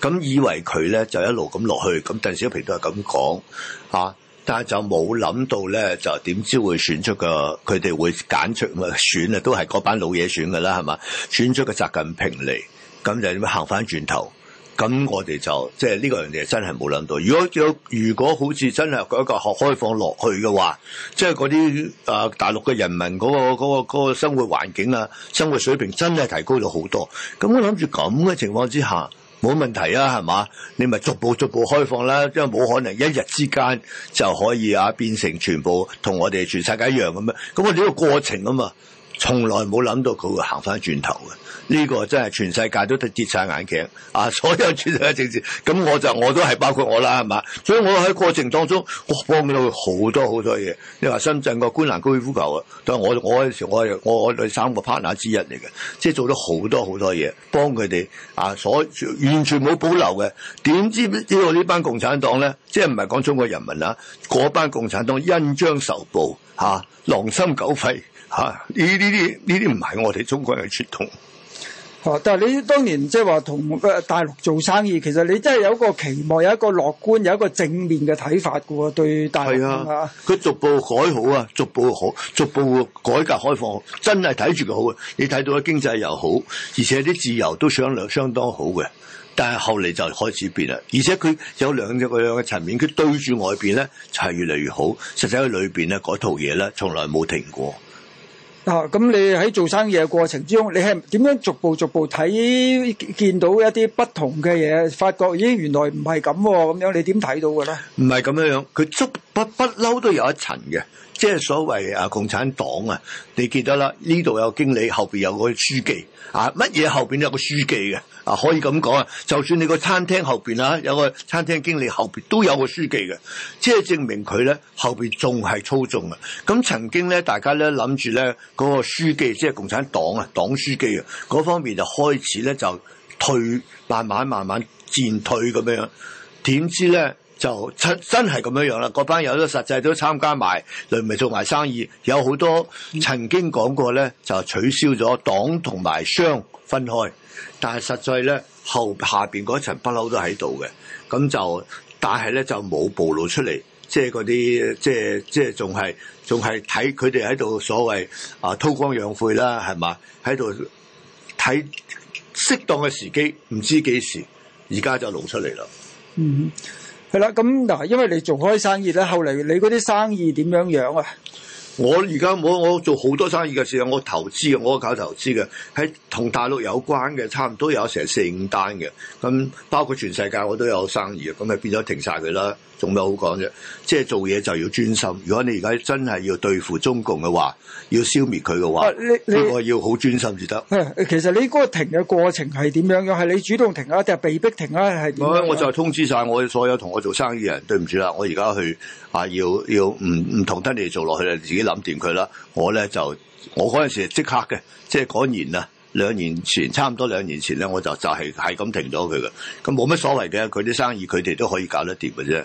咁以為佢咧就一路咁落去，咁鄧小平都係咁講啊，但係就冇諗到咧，就點知會選出個佢哋會揀出咪選啊，都係嗰班老嘢選噶啦，係嘛？選出個習近平嚟，咁就點樣行翻轉頭？咁我哋就即係呢個人哋真係冇諗到。如果如果好似真係一個開開放落去嘅話，即係嗰啲誒大陸嘅人民嗰個嗰個嗰個生活環境啊，生活水平真係提高咗好多。咁我諗住咁嘅情況之下，冇問題啊，係嘛？你咪逐步逐步開放啦，因為冇可能一日之間就可以啊變成全部同我哋全世界一樣咁樣。咁我哋呢個過程啊嘛，從來冇諗到佢會行翻轉頭嘅。呢個真係全世界都跌晒眼鏡啊！所有全世界政治咁，我就我都係包括我啦，係嘛？所以我喺過程當中我幫佢好多好多嘢。你話深圳個觀瀾高爾夫球啊，都係我我嗰時我我我哋三個 partner 之一嚟嘅，即係做咗好多好多嘢，幫佢哋啊！所完全冇保留嘅。點知呢個呢班共產黨咧，即係唔係講中國人民啦？嗰班共產黨恩將仇報嚇、啊，狼心狗肺嚇！呢呢啲呢啲唔係我哋中國人嘅傳統。哦，但係你當年即係話同誒大陸做生意，其實你真係有一個期望，有一個樂觀，有一個正面嘅睇法嘅喎，對大陸係啊，佢逐步改好啊，逐步好，逐步改革開放真係睇住佢好啊。你睇到咧經濟又好，而且啲自由都想略相當好嘅。但係後嚟就開始變啦，而且佢有兩隻個樣嘅層面，佢對住外邊咧就係越嚟越好，實際喺裏邊咧改套嘢咧從來冇停過。啊！咁你喺做生意嘅過程之中，你係點樣逐步逐步睇見到一啲不同嘅嘢，發覺咦，原來唔係咁喎咁樣，哦、你點睇到嘅咧？唔係咁樣樣，佢足不不嬲都有一層嘅。即係所謂啊，共產黨啊，你記得啦？呢度有經理，後邊有個書記啊，乜嘢後邊都有個書記嘅啊，可以咁講啊。就算你個餐廳後邊啊，有個餐廳經理後邊都有個書記嘅，即係證明佢咧後邊仲係操縱啊。咁曾經咧，大家咧諗住咧嗰個書記，即係共產黨啊，黨書記啊，嗰方面就開始咧就退，慢慢慢慢漸退咁樣。點知咧？就真真係咁樣樣啦。嗰班友都實際都參加埋，嚟咪做埋生意。有好多曾經講過咧，就取消咗黨同埋商分開，但係實際咧後下邊嗰層不嬲都喺度嘅。咁就但係咧就冇暴露出嚟，即係嗰啲即係即係仲係仲係睇佢哋喺度所謂啊，韜光養晦啦，係嘛？喺度睇適當嘅時機，唔知幾時而家就露出嚟啦。嗯。係啦，咁嗱、嗯，因為你仲開生意啦，後嚟你嗰啲生意點樣樣啊？我而家冇我做好多生意嘅時候，我投資嘅，我搞投資嘅，喺同大陸有關嘅差唔多有成四五單嘅。咁包括全世界我都有生意，咁咪變咗停晒佢啦，仲有咩好講啫？即係做嘢就要專心。如果你而家真係要對付中共嘅話，要消滅佢嘅話，呢個、啊、要好專心至得、啊。其實你嗰個停嘅過程係點樣？又係你主動停啊，定係被逼停啊？係點啊？我就通知晒我所有同我做生意嘅人，對唔住啦，我而家去啊，要要唔唔同得你哋做落去啦，自己。諗掂佢啦，我咧就我嗰陣時即刻嘅，即係嗰年啊，兩年前差唔多兩年前咧，我就就係係咁停咗佢嘅，咁冇乜所謂嘅，佢啲生意佢哋都可以搞得掂嘅啫。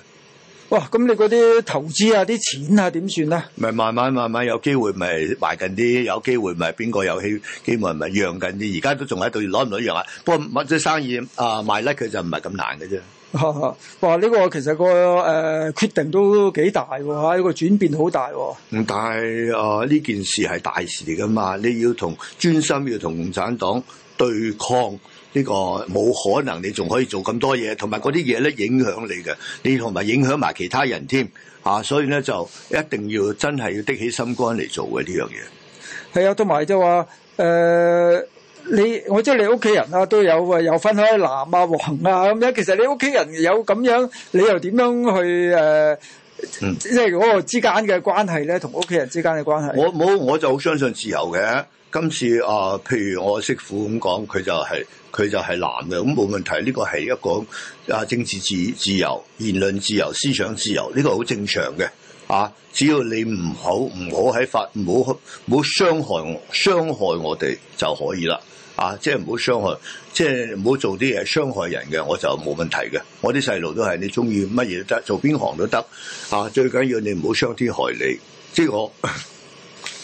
哇，咁你嗰啲投資啊、啲錢啊點算啊？咪慢慢慢慢有機會，咪賣緊啲；有機會咪邊個有希機會咪讓緊啲。而家都仲喺度攞唔攞一樣啊？不過乜啲生意啊賣甩佢就唔係咁難嘅啫。嚇、啊！哇！呢、這個其實個誒、呃、決定都幾大喎，嚇！一個轉變好大喎。但係啊，呢件事係大事嚟㗎嘛，你要同專心要同共產黨對抗呢、這個，冇可能你仲可以做咁多嘢，同埋嗰啲嘢咧影響你嘅，你同埋影響埋其他人添啊！所以咧就一定要真係要的起心肝嚟做嘅呢樣嘢。係啊，同埋即話誒。呃你我知你屋企人啊都有啊，有分開藍啊、黃啊咁樣。其實你屋企人有咁樣，你又點樣去誒、呃嗯、即係嗰個之間嘅關係咧，同屋企人之間嘅關係，我冇，我就好相信自由嘅。今次啊，譬如我媳婦咁講，佢就係、是、佢就係藍嘅，咁冇問題。呢個係一個啊政治自自由、言論自由、思想自由，呢個好正常嘅啊。只要你唔好唔好喺法，唔好唔好傷害我傷害我哋就可以啦。啊！即係唔好傷害，即係唔好做啲嘢傷害人嘅，我就冇問題嘅。我啲細路都係你中意乜嘢都得，做邊行都得。啊！最緊要你唔好傷天害理，即係我，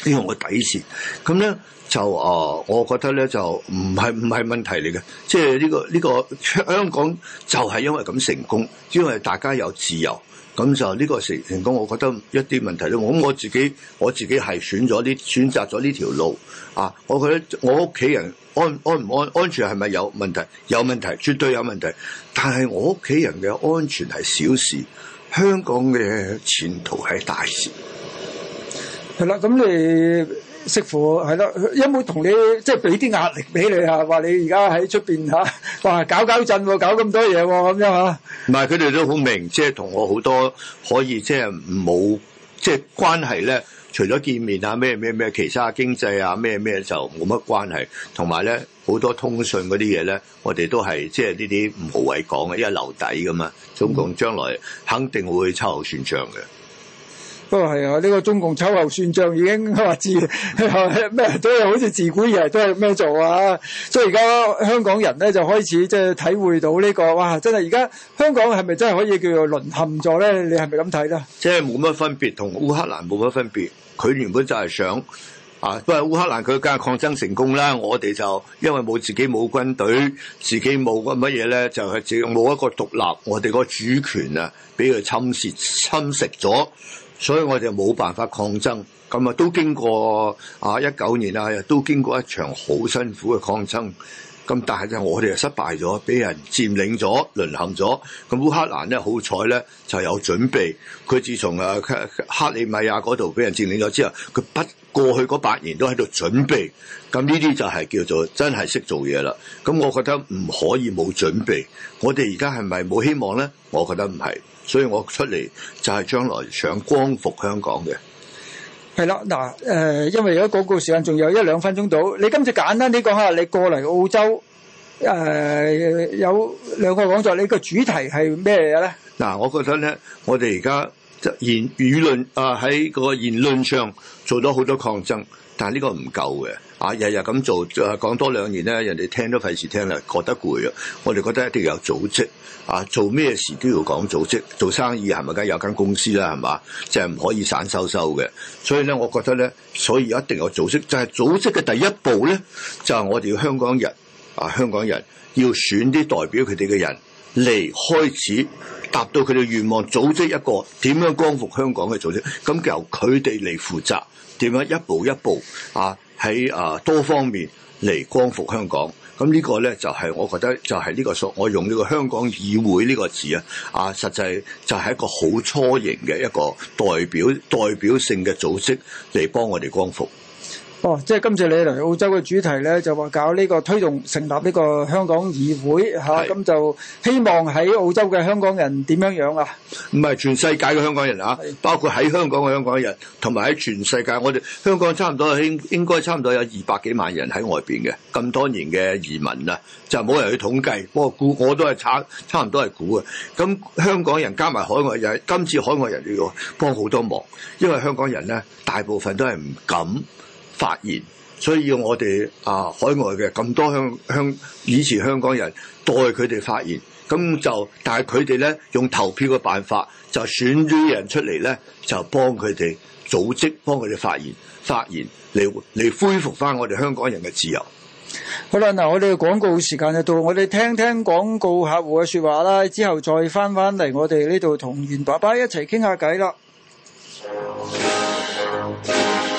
因為我底線。咁咧就啊，我覺得咧就唔係唔係問題嚟嘅，即係呢個呢個香港就係因為咁成功，因為大家有自由。咁就呢個成功，我覺得一啲問題都冇。咁我自己我自己係選咗呢選擇咗呢條路啊！我覺得我屋企人安安唔安安全係咪有問題？有問題，絕對有問題。但係我屋企人嘅安全係小事，香港嘅前途係大事。係啦，咁你。似乎係咯，有冇同你即係俾啲壓力俾你啊？話你而家喺出邊嚇，話搞搞震，搞咁多嘢咁樣嚇。唔係，佢哋都好明，即係同我好多可以即係冇即係關係咧。除咗見面啊，咩咩咩，其他經濟啊，咩咩就冇乜關係。同埋咧，好多通訊嗰啲嘢咧，我哋都係即係呢啲無謂講嘅，因為留底㗎嘛。總共將來肯定會秋後算帳嘅。不過係啊！呢、這個中共秋後算賬已經話自咩、啊、都係好似自古以來都係咩做啊！所以而家香港人咧就開始即係體會到呢、這個哇！真係而家香港係咪真係可以叫做淪陷咗咧？你係咪咁睇咧？即係冇乜分別，同烏克蘭冇乜分別。佢原本就係想啊，不過烏克蘭佢家抗爭成功啦，我哋就因為冇自己冇軍隊，啊、自己冇乜嘢咧，就係、是、自己冇一個獨立我哋個主權啊，俾佢侵蝕侵蝕咗。所以我哋就冇辦法抗爭，咁啊都經過啊一九年啊，都經過一場好辛苦嘅抗爭，咁但係就我哋就失敗咗，俾人佔領咗、淪陷咗。咁烏克蘭咧好彩咧就有準備，佢自從啊，克克里米亞嗰度俾人佔領咗之後，佢不過去嗰八年都喺度準備。咁呢啲就係叫做真係識做嘢啦。咁我覺得唔可以冇準備。我哋而家係咪冇希望咧？我覺得唔係。所以我出嚟就係將來想光復香港嘅。係啦，嗱，誒，因為而家嗰個時間仲有一兩分鐘到，你今次簡單啲講下你過嚟澳洲誒、呃、有兩個講座，你個主題係咩嘢咧？嗱、呃，我覺得咧，我哋而家言輿論啊喺、呃、個言論上做咗好多抗爭。但係呢個唔夠嘅，啊日日咁做、啊，講多兩年咧，人哋聽都費事聽啦，覺得攰啊！我哋覺得一定要有組織，啊做咩事都要講組織，做生意係咪梗有間公司啦，係嘛？即係唔可以散收收嘅。所以咧，我覺得咧，所以一定有組織，就係組織嘅第一步咧，就係我哋香港人，啊香港人要選啲代表佢哋嘅人嚟開始達到佢哋願望，組織一個點樣光復香港嘅組織，咁由佢哋嚟負責。點樣一步一步啊喺啊多方面嚟光復香港？咁呢個咧就係、是、我覺得就係呢、這個所我用呢個香港議會呢個字啊啊，實際就係一個好雛型嘅一個代表代表性嘅組織嚟幫我哋光復。哦，即係今次你嚟澳洲嘅主題咧，就話搞呢個推動成立呢個香港議會嚇，咁是、啊、就希望喺澳洲嘅香港人點樣樣啊？唔係全世界嘅香港人啊，是包括喺香港嘅香港人，同埋喺全世界我哋香港差唔多應應該差唔多有二百幾萬人喺外邊嘅咁多年嘅移民啊，就冇人去統計，不過估我都係差差唔多係估嘅。咁香港人加埋海外人，今次海外人要幫好多忙，因為香港人咧大部分都係唔敢發言，所以要我哋啊海外嘅咁多香香以前香港人代佢哋發言，咁就但係佢哋咧用投票嘅辦法就選咗啲人出嚟咧，就幫佢哋組織幫佢哋發言，發言嚟嚟恢復翻我哋香港人嘅自由。好啦，嗱我哋嘅廣告時間就到，我哋聽聽廣告客戶嘅說話啦，之後再翻翻嚟我哋呢度同袁爸爸一齊傾下偈啦。 <music>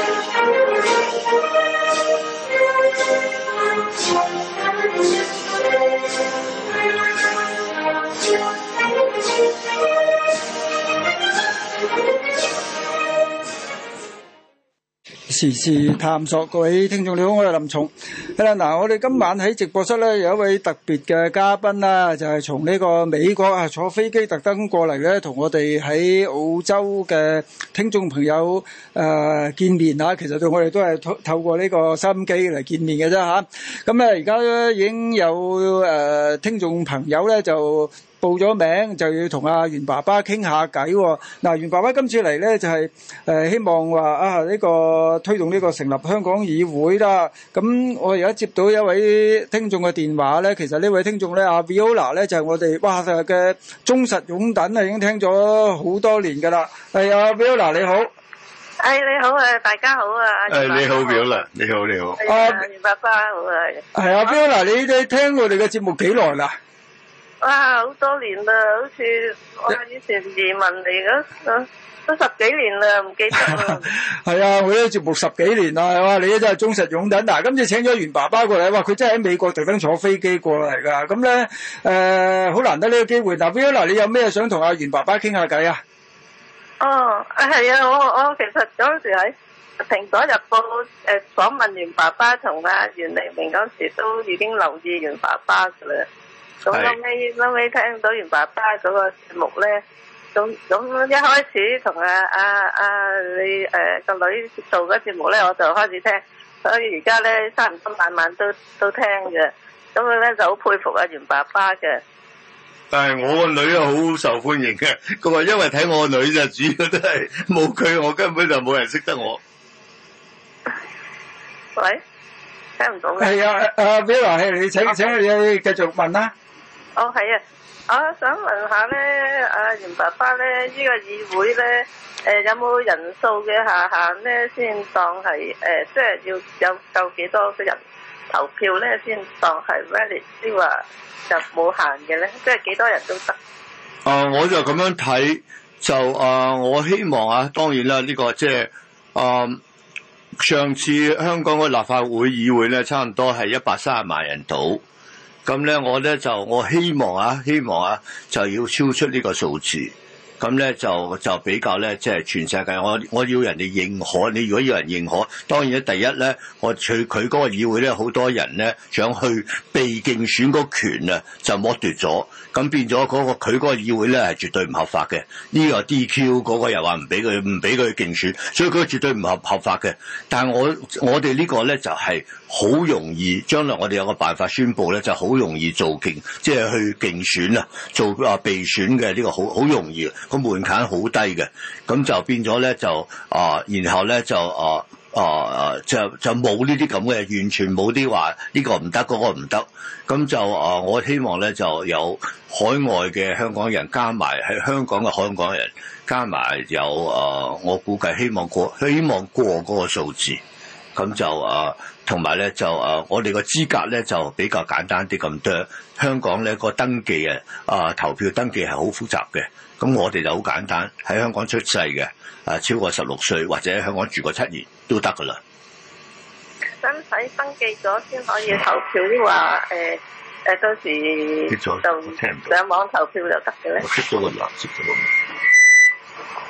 時事探索，各位聽眾你好，我係林松。係啦，嗱，我哋今晚喺直播室咧，有一位特別嘅嘉賓啦，就係從呢個美國啊坐飛機特登過嚟咧，同我哋喺澳洲嘅聽眾朋友誒見面啊。其實對我哋都係透透過呢個收音機嚟見面嘅啫嚇。咁咧，而家已經有誒聽眾朋友咧就。報咗名就要同阿袁爸爸傾下偈喎。嗱，袁爸爸今次嚟咧就係誒希望話啊呢個推動呢個成立香港議會啦。咁我而家接到一位聽眾嘅電話咧，其實呢位聽眾咧阿 Viola 咧就係我哋哇嘅忠實擁躉啦，已經聽咗好多年㗎啦。係阿 Viola 你好，誒你好啊，大家好啊。誒你好 Viola，你好你好。係啊，袁爸爸好啊。係阿 Viola，你哋聽我哋嘅節目幾耐啦？哇！好多年啦，好似我以前移民嚟嘅，都十幾年啦，唔記得啦。係 <laughs> 啊，佢咧就播十幾年啦。哇，你都真係忠實擁躉。嗱，今次請咗袁爸爸過嚟，哇，佢真係喺美國地方坐飛機過嚟㗎。咁咧，誒、呃，好難得呢個機會。嗱、呃、，Viola，你有咩想同阿袁爸爸傾下偈啊？哦，係啊，我我其實嗰陣時喺《蘋果日報》誒、呃、訪問袁爸爸同阿袁彌明嗰時，都已經留意袁爸爸㗎啦。咁後尾後尾聽到袁爸爸嗰個節目咧，咁咁一開始同阿阿阿你誒個女做嗰節目咧，我就開始聽，所以而家咧差唔多晚晚都都聽嘅。咁佢咧就好佩服阿袁爸爸嘅。但係我個女啊好受歡迎嘅，佢話因為睇我個女就主要都係冇佢，我根本就冇人識得我。喂，聽唔到。係啊，阿 Vera，係你請請你繼續問啦。哦，係、oh, 啊！我想問下咧，阿、啊、袁爸爸咧，呢、這個議會咧，誒、呃、有冇人數嘅下限咧？先當係誒，即、呃、係、就是、要有夠幾多個人投票咧，先當係 valid 咧？即係話就冇限嘅咧，即係幾多人都得。啊、呃，我就咁樣睇，就啊、呃，我希望啊，當然啦，呢、這個即係啊，上次香港嘅立法會議會咧，差唔多係一百三十萬人到。咁咧，我咧就我希望啊，希望啊，就要超出呢個數字。咁咧就就比較咧，即係全世界，我我要人哋認可。你如果要人認可，當然咧，第一咧，我佢佢嗰個議會咧，好多人咧想去被競選嗰權啊，就剝奪咗。咁變咗嗰個佢嗰個議會咧，係絕對唔合法嘅。呢個 DQ，嗰個又話唔俾佢唔俾佢競選，所以佢絕對唔合合法嘅。但係我我哋呢個咧就係。好容易，將來我哋有個辦法宣佈咧，就好容易做競，即係去競選啊，做啊備選嘅呢個好好容易，個門檻好低嘅，咁就變咗咧就啊，然後咧就啊啊啊就就冇呢啲咁嘅，完全冇啲話呢個唔得，嗰個唔得，咁就啊我希望咧就有海外嘅香港人加埋喺香港嘅香港人加埋有啊，我估計希，希望過希望過嗰個數字。咁就啊，同埋咧就啊，我哋個資格咧就比較簡單啲咁多。香港咧、個登記啊，啊投票登記係好複雜嘅，咁我哋就好簡單，喺香港出世嘅啊，超過十六歲或者喺香港住過七年都得噶啦。使唔使登記咗先可以投票話？話誒誒，到時就上網投票就得嘅咧？我 l 咗個藍色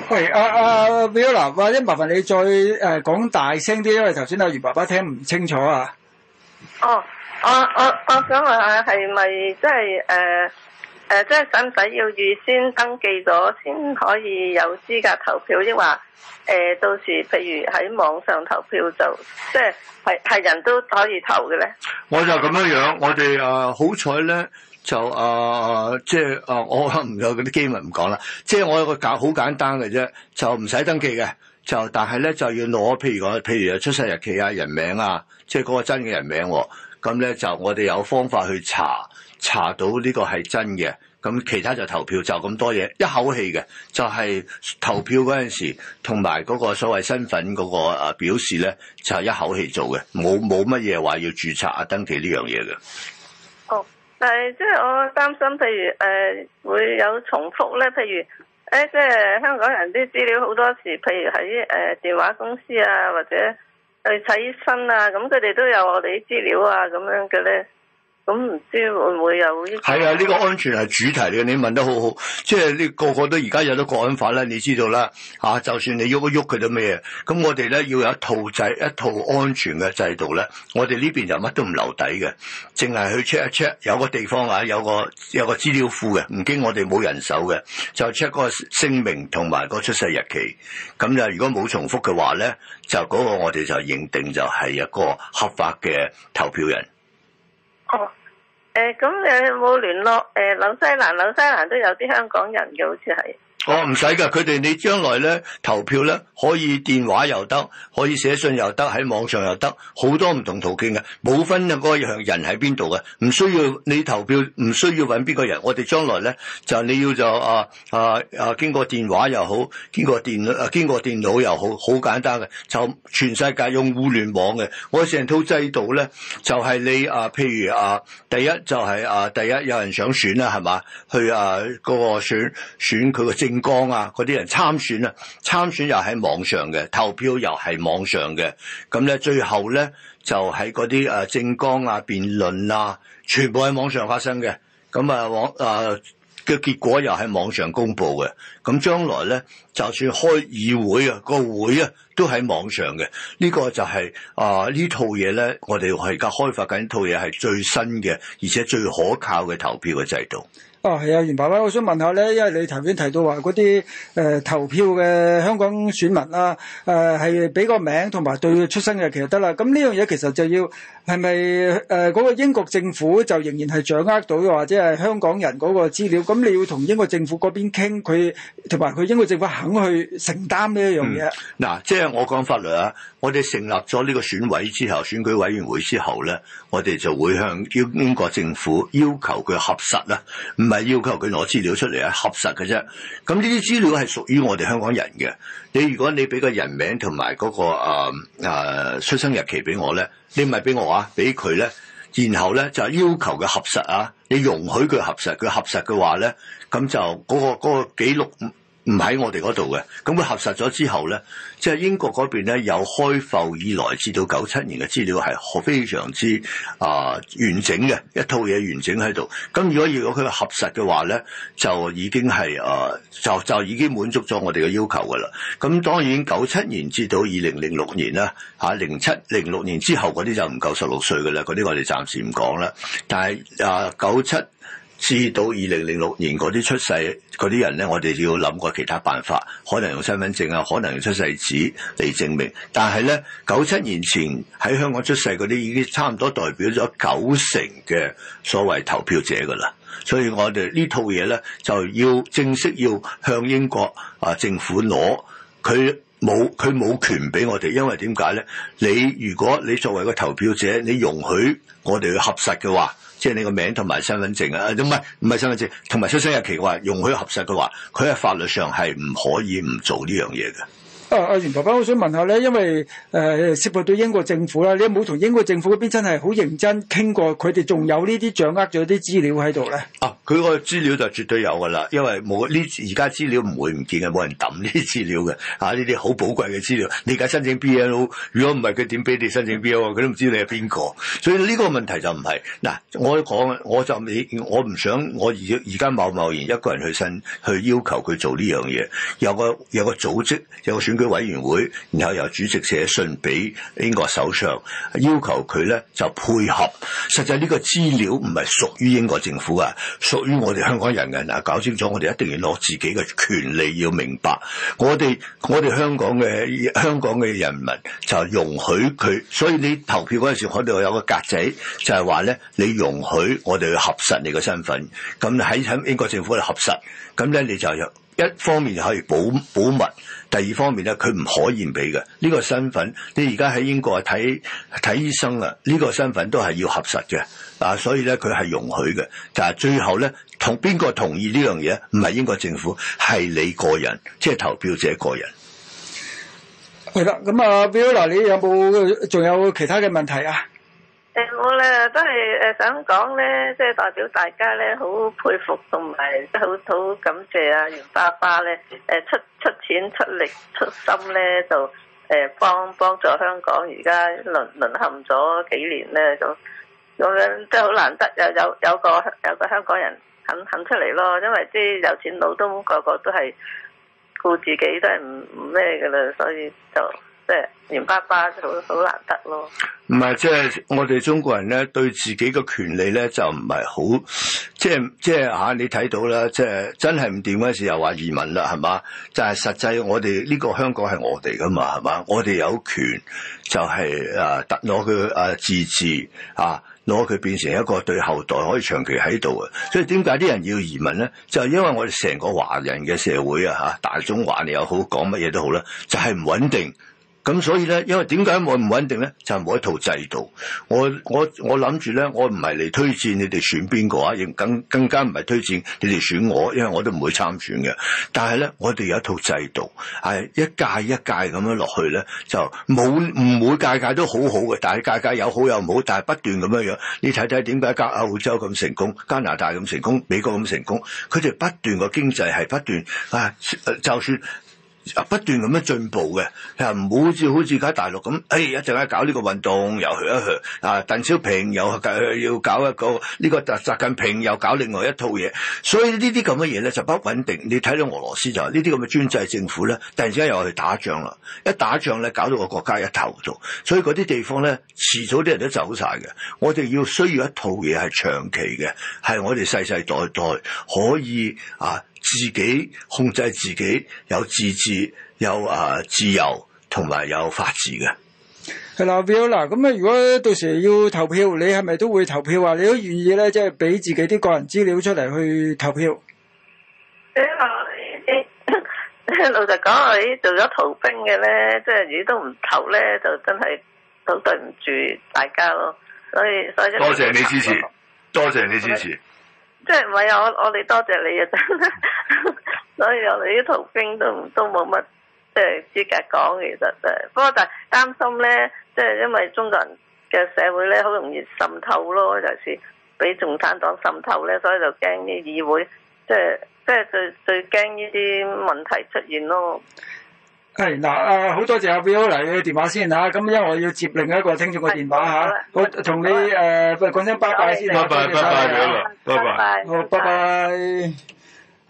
喂，阿阿 Villa，或者麻煩你再誒講、呃、大聲啲，因為頭先阿袁爸爸聽唔清楚啊。哦，我我我想問下，係咪即係誒誒，即係使唔使要預先登記咗先可以有資格投票，抑或誒到時譬如喺網上投票就即係係係人都可以投嘅咧？我就咁樣樣，我哋誒好彩咧。呃就、呃呃、就，就，就啊，即係啊，我唔有嗰啲機密唔講啦。即係我有個搞好簡單嘅啫，就唔使登記嘅，就但係咧就要攞，譬如講，譬如誒出世日期啊、人名啊，即係嗰個真嘅人名喎。咁咧就我哋有方法去查，查到呢個係真嘅。咁其他就投票就咁多嘢，一口氣嘅，就係、是、投票嗰陣時同埋嗰個所謂身份嗰個啊表示咧，就係、是、一口氣做嘅，冇冇乜嘢話要註冊啊登記呢樣嘢嘅。係，即係我擔心，譬如誒、呃、會有重複咧。譬如誒、欸、即係香港人啲資料好多時，譬如喺誒、呃、電話公司啊，或者去睇醫生啊，咁佢哋都有我哋啲資料啊，咁樣嘅咧。咁唔知會唔會有呢？係啊，呢個安全係主題嘅。你問得好好，即係呢個個都而家有咗國安法啦。你知道啦，嚇，就算你喐一喐佢都咩嘢。咁我哋咧要有一套制，一套安全嘅制度咧。我哋呢邊就乜都唔留底嘅，淨係去 check 一 check。有個地方啊，有個有個資料庫嘅。唔經我哋冇人手嘅，就 check 嗰個姓名同埋個出世日期。咁就如果冇重複嘅話咧，就嗰個我哋就認定就係一個合法嘅投票人。哦，誒、欸，咁你有冇聯絡？誒、欸，紐西蘭，紐西蘭都有啲香港人嘅，好似係。我唔使噶，佢哋你將來咧投票咧，可以電話又得，可以寫信又得，喺網上又得，好多唔同途徑嘅，冇分任何樣人喺邊度嘅，唔需要你投票，唔需要揾邊個人。我哋將來咧就你要就啊啊啊，經過電話又好，經過電啊經過電腦又好，好簡單嘅，就全世界用互聯網嘅。我成套制度咧就係、是、你啊，譬如啊，第一就係啊，第一有人想選啦，係嘛，去啊、嗰個選選佢嘅職。政綱啊，嗰啲人參選啊，參選又喺網上嘅，投票又係網上嘅，咁咧最後咧就喺嗰啲誒政綱啊辯論啊，全部喺網上發生嘅，咁啊網誒嘅結果又喺網上公布嘅，咁將來咧就算開議會啊、個會啊都喺網上嘅，呢個就係啊呢套嘢咧，我哋係而家開發緊套嘢係最新嘅，而且最可靠嘅投票嘅制度。哦，係啊，袁爸爸，我想問下咧，因為你頭先提到話嗰啲誒投票嘅香港選民啦，啊，誒係俾個名同埋對出生嘅其實得啦，咁呢樣嘢其實就要。係咪誒嗰個英國政府就仍然係掌握到或者係香港人嗰個資料？咁你要同英國政府嗰邊傾，佢同埋佢英國政府肯去承擔呢一樣嘢？嗱、嗯，即係、就是、我講法律啊，我哋成立咗呢個選委之後，選舉委員會之後咧，我哋就會向英國政府要求佢核實啦，唔係要求佢攞資料出嚟啊，核實嘅啫。咁呢啲資料係屬於我哋香港人嘅。你如果你俾個人名同埋嗰個誒、呃、出生日期俾我咧？你咪俾我啊，俾佢咧，然後咧就要求佢核實啊，你容許佢核實，佢核實嘅話咧，咁就嗰個嗰個記錄唔喺我哋嗰度嘅，咁佢核實咗之後咧，即係英國嗰邊咧有開埠以來至到九七年嘅資料係非常之啊完整嘅一套嘢完整喺度。咁如果如果佢核實嘅話咧，就已經係啊就就已經滿足咗我哋嘅要求㗎啦。咁當然九七年至到二零零六年啦，吓零七零六年之後嗰啲就唔夠十六歲㗎啦，嗰啲我哋暫時唔講啦。但係啊九七。97, 知道二零零六年嗰啲出世嗰啲人咧，我哋就要諗過其他辦法，可能用身份證啊，可能用出世紙嚟證明。但係咧，九七年前喺香港出世嗰啲已經差唔多代表咗九成嘅所謂投票者噶啦，所以我哋呢套嘢咧就要正式要向英國啊政府攞，佢冇佢冇權俾我哋，因為點解咧？你如果你作為個投票者，你容許我哋去核實嘅話。即係你個名同埋身份證啊，唔係唔係身份證，同埋出生日期嘅話，容許核實嘅話，佢喺法律上係唔可以唔做呢樣嘢嘅。啊！阿袁爸爸，我想問下咧，因為誒涉及到英國政府啦，你有冇同英國政府嗰邊真係好認真傾過？佢哋仲有呢啲掌握咗啲資料喺度咧？啊，佢個資料就絕對有㗎啦，因為冇呢而家資料唔會唔見嘅，冇人抌呢啲資料嘅嚇，呢啲好寶貴嘅資料。你而家申請 BNO，如果唔係佢點俾你申請 BNO？佢都唔知你係邊個。所以呢個問題就唔係嗱，我講，我就未，我唔想我而而家貿貿然一個人去申，去要求佢做呢樣嘢。有個有個組織，有個選舉委員會，然後由主席寫信俾英國首相，要求佢咧就配合。實際，呢個資料唔係屬於英國政府啊，屬於我哋香港人嘅嗱，嗯。搞清楚，我哋一定要攞自己嘅權利要明白。我哋我哋香港嘅香港嘅人民就容許佢，所以你投票嗰陣時，我哋有個格仔就係話咧，你容許我哋去核實你嘅身份。咁喺喺英國政府去核實，咁咧你就有一方面可以保保密。第二方面咧，佢唔可以俾嘅呢個身份。你而家喺英國睇睇醫生啦，呢個身份都係要核實嘅。啊，所以咧，佢係容許嘅。但係最後咧，同邊個同意呢樣嘢？唔係英國政府，係你個人，即係投票者個人。係啦，咁啊，Bill 嗱，你有冇仲有其他嘅問題啊？誒，我咧都係誒想講咧，即係代表大家咧，好佩服同埋好好感謝啊袁爸爸咧誒出。出錢出力出心咧，就誒幫幫助香港，而家淪淪陷咗幾年咧，咁咁樣即係好難得，又有有個有個香港人肯肯出嚟咯，因為啲有錢佬都個個都係顧自己，都係唔唔咩㗎啦，所以就。即係袁爸爸，就好難得咯。唔係即係我哋中國人咧，對自己嘅權利咧就唔係好即係即係吓，你睇到啦，即係真係唔掂嗰陣時又話移民啦係嘛？但係實際我哋呢個香港係我哋噶嘛係嘛？我哋有權就係誒攞佢誒自治啊，攞佢變成一個對後代可以長期喺度啊。所以點解啲人要移民咧？就係因為我哋成個華人嘅社會啊嚇，大中華人又好講乜嘢都好啦，就係唔穩定。咁所以咧，因為點解我唔穩定咧？就係冇一套制度。我我我諗住咧，我唔係嚟推薦你哋選邊個啊，亦更更加唔係推薦你哋選我，因為我都唔會參選嘅。但係咧，我哋有一套制度，係一屆一屆咁樣落去咧，就冇唔會屆屆都好好嘅，但係屆屆有好有唔好，但係不斷咁樣樣。你睇睇點解加澳洲咁成功，加拿大咁成功，美國咁成功，佢哋不斷個經濟係不斷啊、哎，就算。啊！不斷咁樣進步嘅，你唔好好似好似喺大陸咁，誒一陣間搞呢個運動又去一去，啊鄧小平又要搞一個呢個習習近平又搞另外一套嘢，所以呢啲咁嘅嘢咧就不穩定。你睇到俄羅斯就係呢啲咁嘅專制政府咧，突然之間又去打仗啦，一打仗咧搞到個國家一頭痛，所以嗰啲地方咧遲早啲人都走晒嘅。我哋要需要一套嘢係長期嘅，係我哋世世代代,代可以啊。自己控制自己，有自治，有啊自由，同埋有法治嘅。係啦，表嗱，咁啊，如果到時要投票，你係咪都會投票啊？你都願意咧，即係俾自己啲個人資料出嚟去投票。誒、哎哎，老實講啊，我做咗逃兵嘅咧，即、就、係、是、如果都唔投咧，就真係都對唔住大家咯。所以，所以多謝你支持，多謝你支持。即係唔係啊！我我哋多謝你啊！ <laughs> 所以我哋啲逃兵都都冇乜即係資格講，其實都係。不過就擔心咧，即係因為中國人嘅社會咧，好容易滲透咯，就係俾共產黨滲透咧，所以就驚啲議會，即係即係最最驚呢啲問題出現咯。係嗱，啊，好、呃、多謝阿、啊、Viola 嚟嘅電話先吓，咁因為我要接另一個聽眾嘅電話吓，我同你誒講聲拜拜先，拜拜拜拜，好拜拜，好拜拜，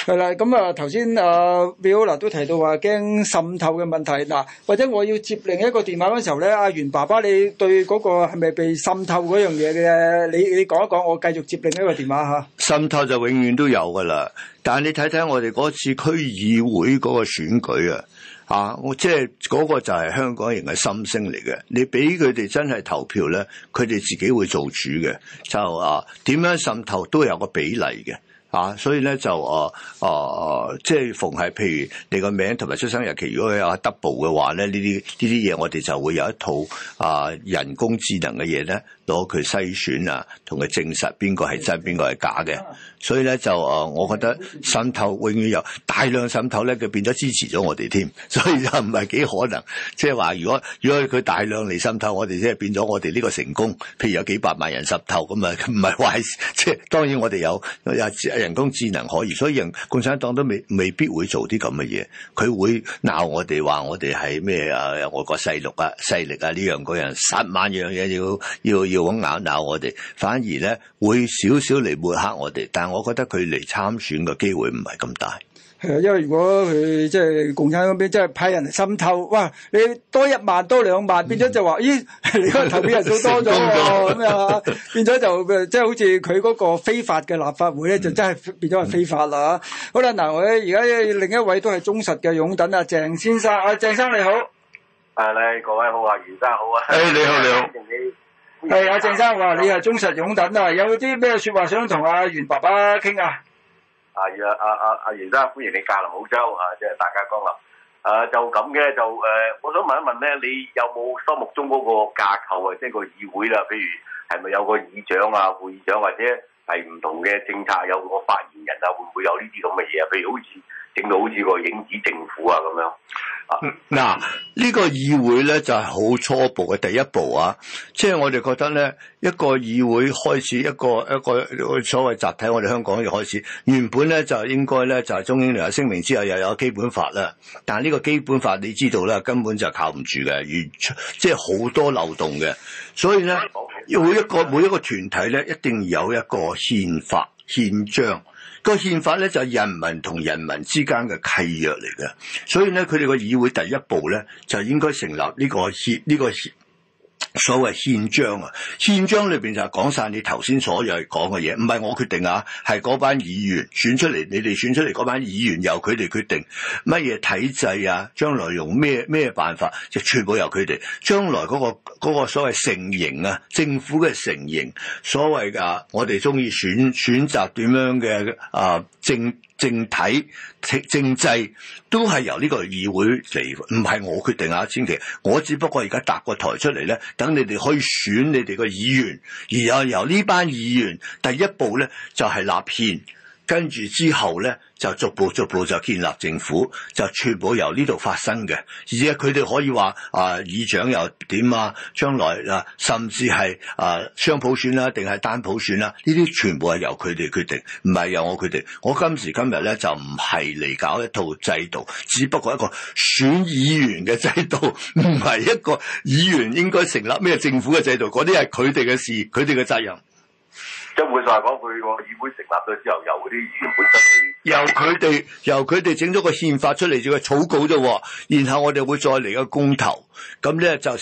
係啦，啊，咁啊頭先阿 Viola 嗱都提到話驚滲透嘅問題，嗱、呃，或者我要接另一個電話嗰時候咧，阿、呃、袁爸爸，你對嗰個係咪被滲透嗰樣嘢嘅？你你講一講，我繼續接另一個電話吓。滲透就永遠都有噶啦，但係你睇睇我哋嗰次區議會嗰個選舉啊。啊！我即係嗰個就係香港人嘅心聲嚟嘅。你俾佢哋真係投票咧，佢哋自己會做主嘅。就啊，點樣滲透都有個比例嘅。啊，所以咧就啊啊啊，即係逢係譬如你個名同埋出生日期，如果有啊 double 嘅話咧，呢啲呢啲嘢我哋就會有一套啊人工智能嘅嘢咧。攞佢篩選啊，同佢證實邊個係真，邊個係假嘅。所以咧就誒我覺得滲透永遠有大量滲透咧，佢變咗支持咗我哋添。所以就唔係幾可能，即係話如果如果佢大量嚟滲透我哋，即係變咗我哋呢個成功。譬如有幾百萬人滲透咁啊，唔係壞事，即係當然我哋有，有人工智能可以，所以人共產黨都未未必會做啲咁嘅嘢。佢會鬧我哋話我哋係咩啊外國勢力啊勢力啊呢樣樣樣十萬樣嘢要要要。要要要咁咬咬我哋，反而咧會少少嚟抹黑我哋。但係我覺得佢嚟參選嘅機會唔係咁大。誒，因為如果佢即係共產黨邊，即係派人嚟滲透，哇！你多一萬多兩萬，嗯、變咗就話，咦？你個投票人數多咗喎，咁樣 <laughs> 功了 <laughs> 變咗就即係、就係、好似佢嗰個非法嘅立法會咧，就真係變咗係非法啦。嗯、好啦，嗱，我而家另一位都係忠實嘅擁躉阿鄭先生，阿鄭生你好，、哎、你好。你好，各位好啊，袁生好啊。誒，你好你好。係啊，鄭生話、啊、你係忠實擁躉啊，有啲咩說話想同阿、啊、袁爸爸傾啊？啊，啊？啊，袁阿阿袁生，歡迎你駕臨澳洲啊，即係大家光臨。啊，就咁嘅就誒、呃，我想問一問咧，你有冇心目中嗰個架構啊？即係個議會啦，譬如係咪有個議長啊、副議長或者係唔同嘅政策有個發言人啊？會唔會有呢啲咁嘅嘢啊？譬如好似。整到好似個影子政府啊咁樣啊嗱，呢個議會咧就係好初步嘅第一步啊，即係我哋覺得咧，一個議會開始，一個一個所謂集體，我哋香港要開始。原本咧就係應該咧就係中英聯合聲明之後又有基本法啦，但係呢個基本法你知道咧根本就靠唔住嘅，原即係好多漏洞嘅，所以咧每一個每一個團體咧一定有一個憲法憲章。個憲法咧就係人民同人民之間嘅契約嚟嘅，所以咧佢哋個議會第一步咧就應該成立呢個協呢個。所謂憲章啊，憲章裏邊就係講晒你頭先所有講嘅嘢，唔係我決定啊，係嗰班議員選出嚟，你哋選出嚟嗰班議員由佢哋決定乜嘢體制啊，將來用咩咩辦法，就全部由佢哋。將來嗰個嗰個所謂成型啊，政府嘅成型，所謂噶、啊、我哋中意選選擇點樣嘅啊政。政體政制都係由呢個議會嚟，唔係我決定啊！千祈，我只不過而家搭個台出嚟咧，等你哋可以選你哋個議員，而又由呢班議員第一步咧就係立憲。跟住之後咧，就逐步逐步就建立政府，就全部由呢度發生嘅，而且佢哋可以話啊、呃，議長又點啊，將來嗱、啊，甚至係啊、呃、雙普選啦、啊，定係單普選啦、啊，呢啲全部係由佢哋決定，唔係由我決定。我今時今日咧就唔係嚟搞一套制度，只不過一個選議員嘅制度，唔係一個議員應該成立咩政府嘅制度，嗰啲係佢哋嘅事，佢哋嘅責任。即係換曬講佢立咗之後，由嗰啲議員本身去，由佢哋，由佢哋整咗個憲法出嚟，就個草稿啫。然後我哋會再嚟個公投，咁咧就。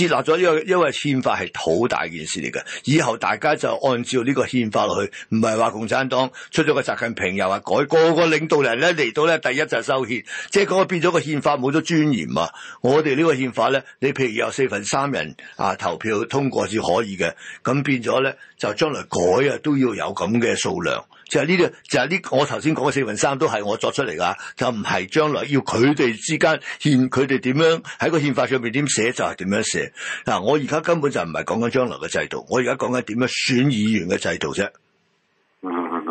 設立咗呢、這個，因為憲法係好大件事嚟嘅。以後大家就按照呢個憲法落去，唔係話共產黨出咗個習近平又話改，個個領導人咧嚟到咧，第一就修憲，即係嗰個變咗個憲法冇咗尊嚴啊！我哋呢個憲法咧，你譬如有四分三人啊投票通過至可以嘅，咁變咗咧就將來改啊都要有咁嘅數量。就係呢啲，就係呢啲，我頭先講嘅四分三都係我作出嚟噶，就唔係將來要佢哋之間憲佢哋點樣喺個憲法上邊點寫就係點樣寫。嗱、就是啊，我而家根本就唔係講緊將來嘅制度，我而家講緊點樣選議員嘅制度啫、嗯。嗯嗯嗯，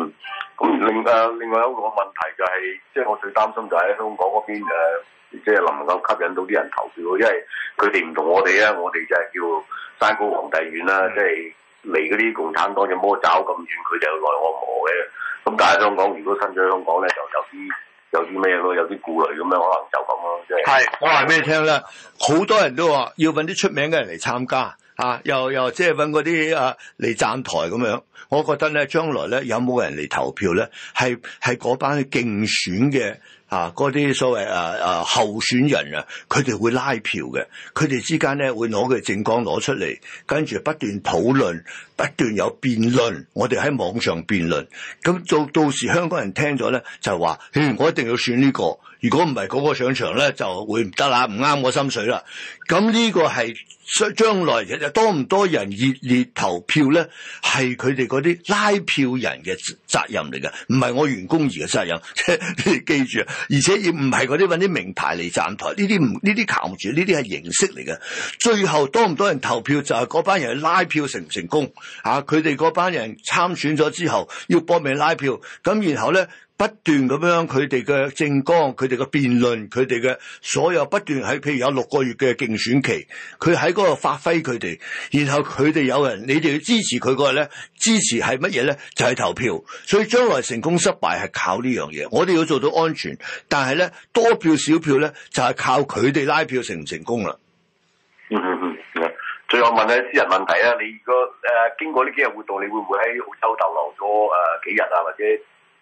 咁另外，另外一個問題就係、是，即、就、係、是、我最擔心就係香港嗰邊即係能唔能夠吸引到啲人投票，因為佢哋唔同我哋啊，我哋就係叫山高皇帝遠啦，即、就、係、是。嚟嗰啲共產黨嘅魔爪咁遠，佢哋就奈我何嘅。咁但係香港，如果伸咗喺香港咧，就有啲有啲咩咯，有啲顧慮咁樣，可能就咁、是、咯。即係係，我話俾你聽啦，好多人都話要揾啲出名嘅人嚟參加，嚇、啊，又又即係揾嗰啲啊嚟站台咁樣。我覺得咧，將來咧有冇人嚟投票咧，係係嗰班競選嘅。啊！嗰啲所謂誒誒、啊啊、候選人啊，佢哋會拉票嘅，佢哋之間咧會攞佢嘅政綱攞出嚟，跟住不斷討論，不斷有辯論。我哋喺網上辯論，咁到到時香港人聽咗咧就係話、嗯：，我一定要選呢、這個。如果唔係個個上場咧，就會唔得啦，唔啱我心水啦。咁呢個係將將來日日多唔多人熱烈投票咧，係佢哋嗰啲拉票人嘅責任嚟嘅，唔係我袁弓夷嘅責任。即 <laughs> 係記住，而且亦唔係嗰啲揾啲名牌嚟站台，呢啲唔呢啲冚住，呢啲係形式嚟嘅。最後多唔多人投票就係嗰班人拉票成唔成功嚇？佢哋嗰班人參選咗之後要搏命拉票，咁然後咧。不斷咁樣，佢哋嘅政綱，佢哋嘅辯論，佢哋嘅所有，不斷喺，譬如有六個月嘅競選期，佢喺嗰度發揮佢哋，然後佢哋有人，你哋要支持佢嗰個咧，支持係乜嘢咧？就係、是、投票。所以將來成功失敗係靠呢樣嘢。我哋要做到安全，但係咧，多票少票咧就係、是、靠佢哋拉票成唔成功啦、嗯。嗯嗯嗯，最後問下私人問題啊，你如果誒、呃、經過呢幾日活動，你會唔會喺澳洲逗留咗誒、呃、幾日啊？或者？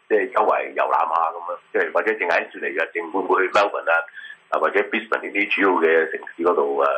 即係周圍遊覽下咁樣，即係或者淨係住嚟嘅，定會唔會去 Melbourne、啊、b、bon e、啊，啊或者 Brisbane 呢啲主要嘅城市嗰度誒誒誒。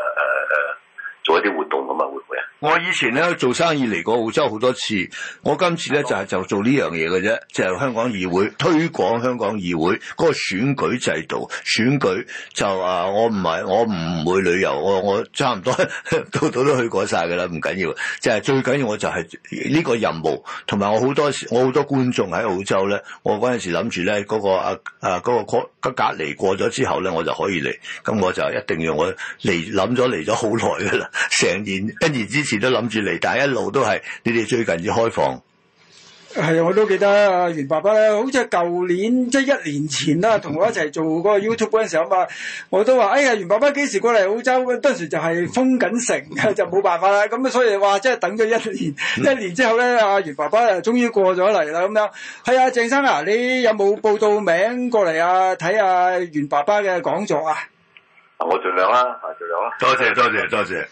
做一啲活動咁啊，會唔會啊？我以前咧做生意嚟過澳洲好多次，我今次咧就係、是、就做呢樣嘢嘅啫，就係、是、香港議會推廣香港議會嗰個選舉制度，選舉就啊，我唔係我唔會旅遊，我我差唔多 <laughs> 到到都去過晒㗎啦，唔緊要，即、就、係、是、最緊要我就係呢個任務，同埋我好多時我好多觀眾喺澳洲咧，我嗰陣時諗住咧嗰個啊啊嗰、那個隔離過咗之後咧，我就可以嚟，咁我就一定要我嚟諗咗嚟咗好耐㗎啦。成年一年之前都諗住嚟，但一路都係你哋最近要開放。係啊，我都記得阿袁爸爸啦，好似係舊年即係一年前啦，同我一齊做嗰個 YouTube 嗰陣時候啊嘛，我都話哎呀，袁爸爸幾時過嚟澳洲？當時就係封緊城， <laughs> 就冇辦法啦。咁啊，所以話，即係等咗一年，一年之後咧，阿袁爸爸啊終於過咗嚟啦。咁樣係啊，鄭生啊，你有冇報到名過嚟啊？睇下袁爸爸嘅講座啊？我盡量啦，盡量啦。多謝多謝多謝。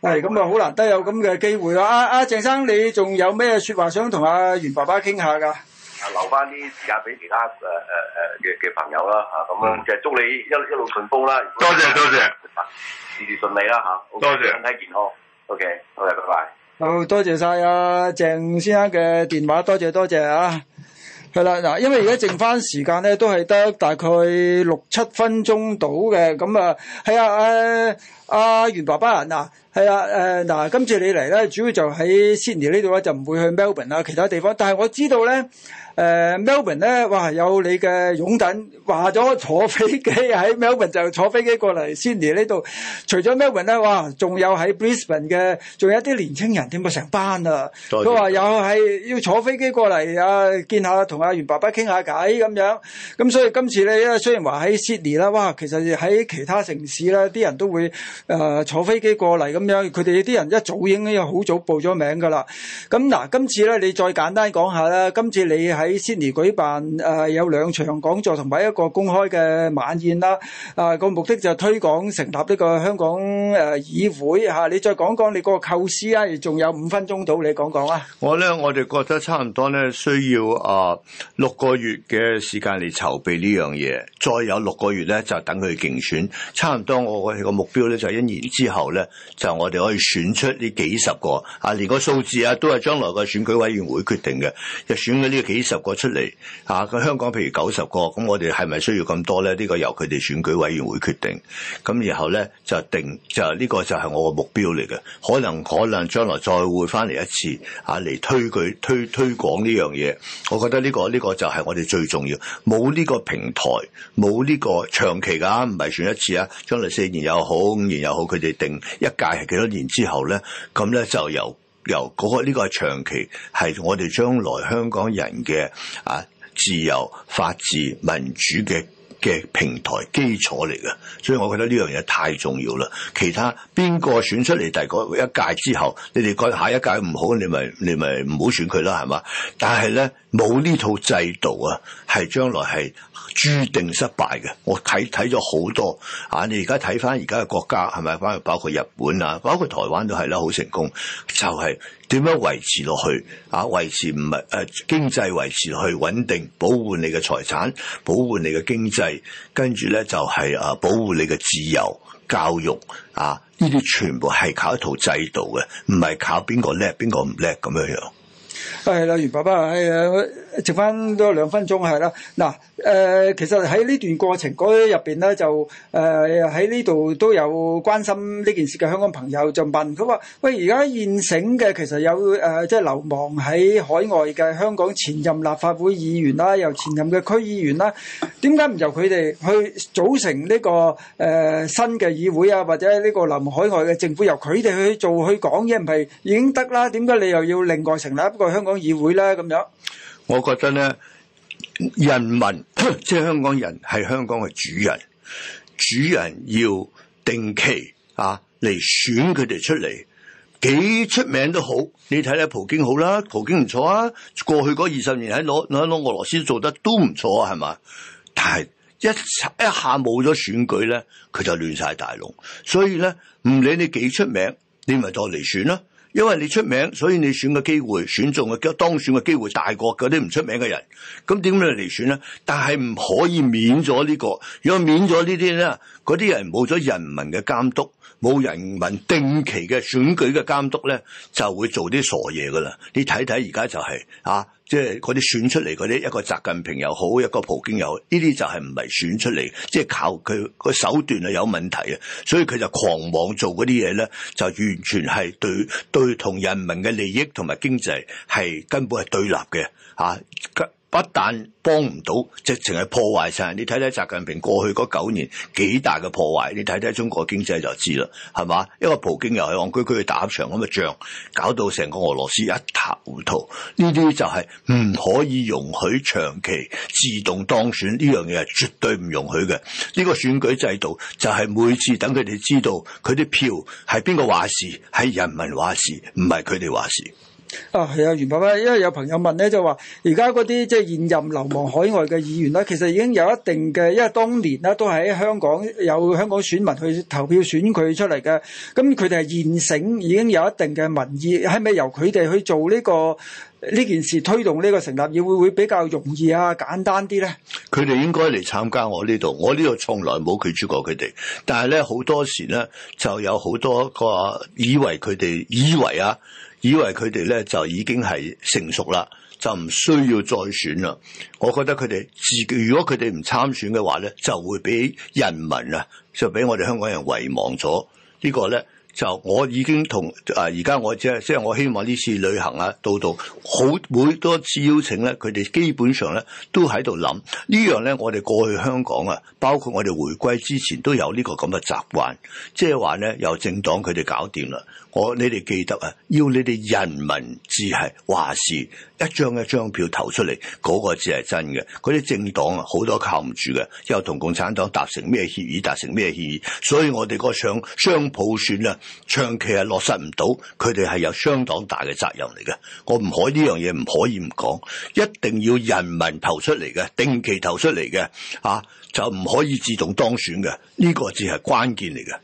係，咁啊好難得有咁嘅機會啊！阿阿鄭生，你仲有咩說話想同阿、啊、袁爸爸傾下㗎？留返啲時間俾其他誒誒誒嘅嘅朋友啦吓，咁、啊、樣就係祝你一一路順風啦多！多謝、啊啊、多謝，事事順利啦吓，好多謝，身體健康。OK，好啦，拜拜。好、哦，多謝晒阿鄭先生嘅電話，多謝多謝啊！係啦，嗱，因為而家剩翻時間咧，都係得大概六七分鐘到嘅，咁啊，係啊，誒、啊，阿袁爸爸啊，嗱，係啊，誒，嗱，今次你嚟咧，主要就喺 Sydney 呢度咧，就唔會去 Melbourne 啊，其他地方，但係我知道咧。誒、uh,，Melbourne 咧，哇，有你嘅擁躉話咗坐飛機喺 Melbourne 就坐飛機過嚟 Sydney 呢度。除咗 Melbourne 咧，哇，仲有喺 Brisbane 嘅，仲有一啲年青人添，咪成班啊？佢話次又係要坐飛機過嚟啊，見下同阿袁爸爸傾下偈咁樣。咁所以今次咧，因為雖然話喺 Sydney 啦，哇，其實喺其他城市咧，啲人都會誒、呃、坐飛機過嚟咁樣。佢哋啲人一早已經好早報咗名噶啦。咁嗱、啊，今次咧，你再簡單講下啦。今次你喺喺悉尼舉辦誒有兩場講座同埋一個公開嘅晚宴啦，啊，個目的就係推廣成立呢個香港誒議會嚇。你再講講你個構思啊，仲有五分鐘到，你講講啊！我咧，我哋覺得差唔多咧，需要啊、呃、六個月嘅時間嚟籌備呢樣嘢，再有六個月咧就等佢競選，差唔多我哋個目標咧就一年之後咧就我哋可以選出呢幾十個啊，連個數字啊都係將來個選舉委員會決定嘅，就選咗呢幾十個。啊十個出嚟啊！咁香港譬如九十個，咁我哋係咪需要咁多咧？呢個由佢哋選舉委員會決定。咁然後咧就定就呢個就係我個目標嚟嘅。可能可能將來再會翻嚟一次啊，嚟推舉推推廣呢樣嘢。我覺得呢個呢個就係我哋最重要。冇呢個平台，冇呢個長期噶，唔係選一次啊，將來四年又好，五年又好，佢哋定一屆係幾多年之後咧，咁咧就由。由嗰個呢個係長期係我哋將來香港人嘅啊自由、法治、民主嘅嘅平台基礎嚟嘅，所以我覺得呢樣嘢太重要啦。其他邊個選出嚟第嗰一屆之後，你哋覺得下一屆唔好，你咪你咪唔好選佢啦，係嘛？但係咧，冇呢套制度啊，係將來係。注定失敗嘅，我睇睇咗好多嚇、啊。你而家睇翻而家嘅國家係咪？反而包括日本啊，包括台灣都係啦，好成功。就係、是、點樣維持落去啊？維持唔係誒經濟維持去穩定，保護你嘅財產，保護你嘅經濟，跟住咧就係、是、誒保護你嘅自由、教育啊！呢啲全部係靠一套制度嘅，唔係靠邊個叻邊個唔叻咁樣樣。係，袁爸爸，係啊。剩翻多兩分鐘係啦。嗱，誒、呃，其實喺呢段過程嗰入邊咧，就誒喺呢度都有關心呢件事嘅香港朋友就問佢話：喂，而家現成嘅其實有誒，即、呃、係、就是、流亡喺海外嘅香港前任立法會議員啦，又前任嘅區議員啦，點解唔由佢哋去組成呢、個誒、呃、新嘅議會啊？或者呢個流亡海外嘅政府由佢哋去做去講嘢，唔係已經得啦？點解你又要另外成立一個香港議會咧？咁樣？我覺得咧，人民即係香港人係香港嘅主人，主人要定期啊嚟選佢哋出嚟，幾出名都好。你睇下普京好啦，普京唔錯啊，過去嗰二十年喺攞攞攞俄羅斯做得都唔錯啊，係嘛？但係一一下冇咗選舉咧，佢就亂晒大龍。所以咧，唔理你幾出名，你咪再嚟選啦啊。因為你出名，所以你選嘅機會選中嘅當當選嘅機會大過，大過嗰啲唔出名嘅人，咁點樣嚟選咧？但係唔可以免咗呢、呢個，如果免咗呢啲咧，嗰啲人冇咗人民嘅監督，冇人民定期嘅選舉嘅監督咧，就會做啲傻嘢噶啦。你睇睇而家就係、是、啊！即係嗰啲選出嚟嗰啲，一個習近平又好，一個普京又好，呢啲就係唔係選出嚟，即係靠佢個手段係有問題啊，所以佢就狂妄做嗰啲嘢咧，就完全係對對同人民嘅利益同埋經濟係根本係對立嘅啊！不但幫唔到，直情係破壞晒。你睇睇習近平過去嗰九年幾大嘅破壞，你睇睇中國經濟就知啦，係嘛？因為普京又喺戇居居打場咁嘅仗，搞到成個俄羅斯一塌糊塗。呢啲就係唔可以容許長期自動當選呢樣嘢，係絕對唔容許嘅。呢、這個選舉制度就係每次等佢哋知道佢啲票係邊個話事，係人民話事，唔係佢哋話事。啊，係啊，袁爸爸，因為有朋友問咧，就話而家嗰啲即係現任流亡海外嘅議員咧，其實已經有一定嘅，因為當年咧都係喺香港有香港選民去投票選佢出嚟嘅，咁佢哋係現成已經有一定嘅民意，係咪由佢哋去做呢個呢件事推動呢個成立議會會比較容易啊，簡單啲咧？佢哋應該嚟參加我呢度，我呢度從來冇拒絕過佢哋，但係咧好多時咧就有好多個以為佢哋以為啊。以為佢哋咧就已經係成熟啦，就唔需要再選啦。我覺得佢哋自，如果佢哋唔參選嘅話咧，就會俾人民啊，就俾我哋香港人遺忘咗。這個、呢個咧就我已經同啊，而家我即係即係我希望呢次旅行啊，到到好每多次邀請咧，佢哋基本上咧都喺度諗呢樣咧。我哋過去香港啊，包括我哋回歸之前都有呢個咁嘅習慣，即係話咧由政黨佢哋搞掂啦。我你哋記得啊，要你哋人民至係話事，一張一張票投出嚟，嗰、那個至係真嘅。嗰啲政黨啊，好多靠唔住嘅，又同共產黨達成咩協議，達成咩協議。所以我哋個上雙普選啊，長期係落實唔到，佢哋係有相當大嘅責任嚟嘅。我唔可以呢樣嘢，唔可以唔講，一定要人民投出嚟嘅，定期投出嚟嘅，啊，就唔可以自動當選嘅。呢、這個至係關鍵嚟嘅。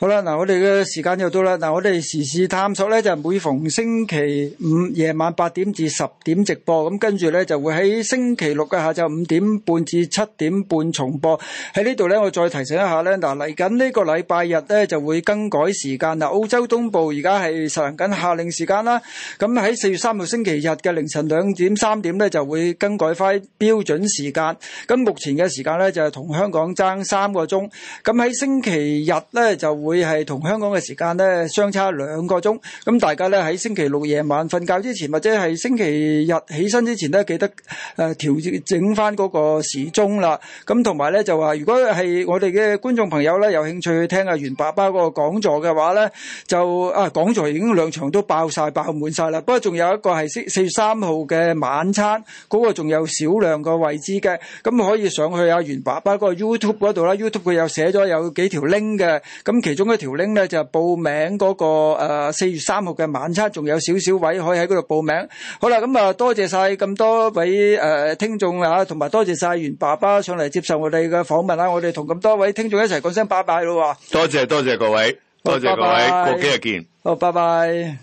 好啦，嗱，我哋嘅時間又到啦。嗱，我哋時事探索咧，就每逢星期五夜晚八點至十點直播，咁跟住咧就會喺星期六嘅下晝五點半至七點半重播。喺呢度咧，我再提醒一下咧，嗱，嚟緊呢個禮拜日咧就會更改時間。嗱，澳洲東部而家係實行緊夏令時間啦，咁喺四月三號星期日嘅凌晨兩點三點咧就會更改翻標準時間。咁目前嘅時間咧就係同香港爭三個鐘，咁喺星期日咧就會。會係同香港嘅時間呢相差兩個鐘，咁、嗯、大家呢喺星期六夜晚瞓覺之前，或者係星期日起身之前呢，記得誒、呃、調整返嗰個時鐘啦。咁同埋呢，就話，如果係我哋嘅觀眾朋友呢有興趣去聽阿、啊、袁爸爸嗰個講座嘅話呢就啊講座已經兩場都爆晒、爆滿晒啦。不過仲有一個係四四月三號嘅晚餐，嗰、那個仲有少量個位置嘅，咁、嗯、可以上去阿、啊、袁爸爸嗰個 YouTube 度啦。YouTube 佢有寫咗有幾條 link 嘅，咁、嗯、其總嘅條令咧就係報名嗰個誒四月三號嘅晚餐，仲有少少位可以喺嗰度報名。好啦，咁啊多謝晒咁多位誒聽眾啊，同埋多謝晒袁爸爸上嚟接受我哋嘅訪問啦。我哋同咁多位聽眾一齊講聲拜拜咯。哇！多謝多謝各位，多謝各位，過幾日見。好，拜拜。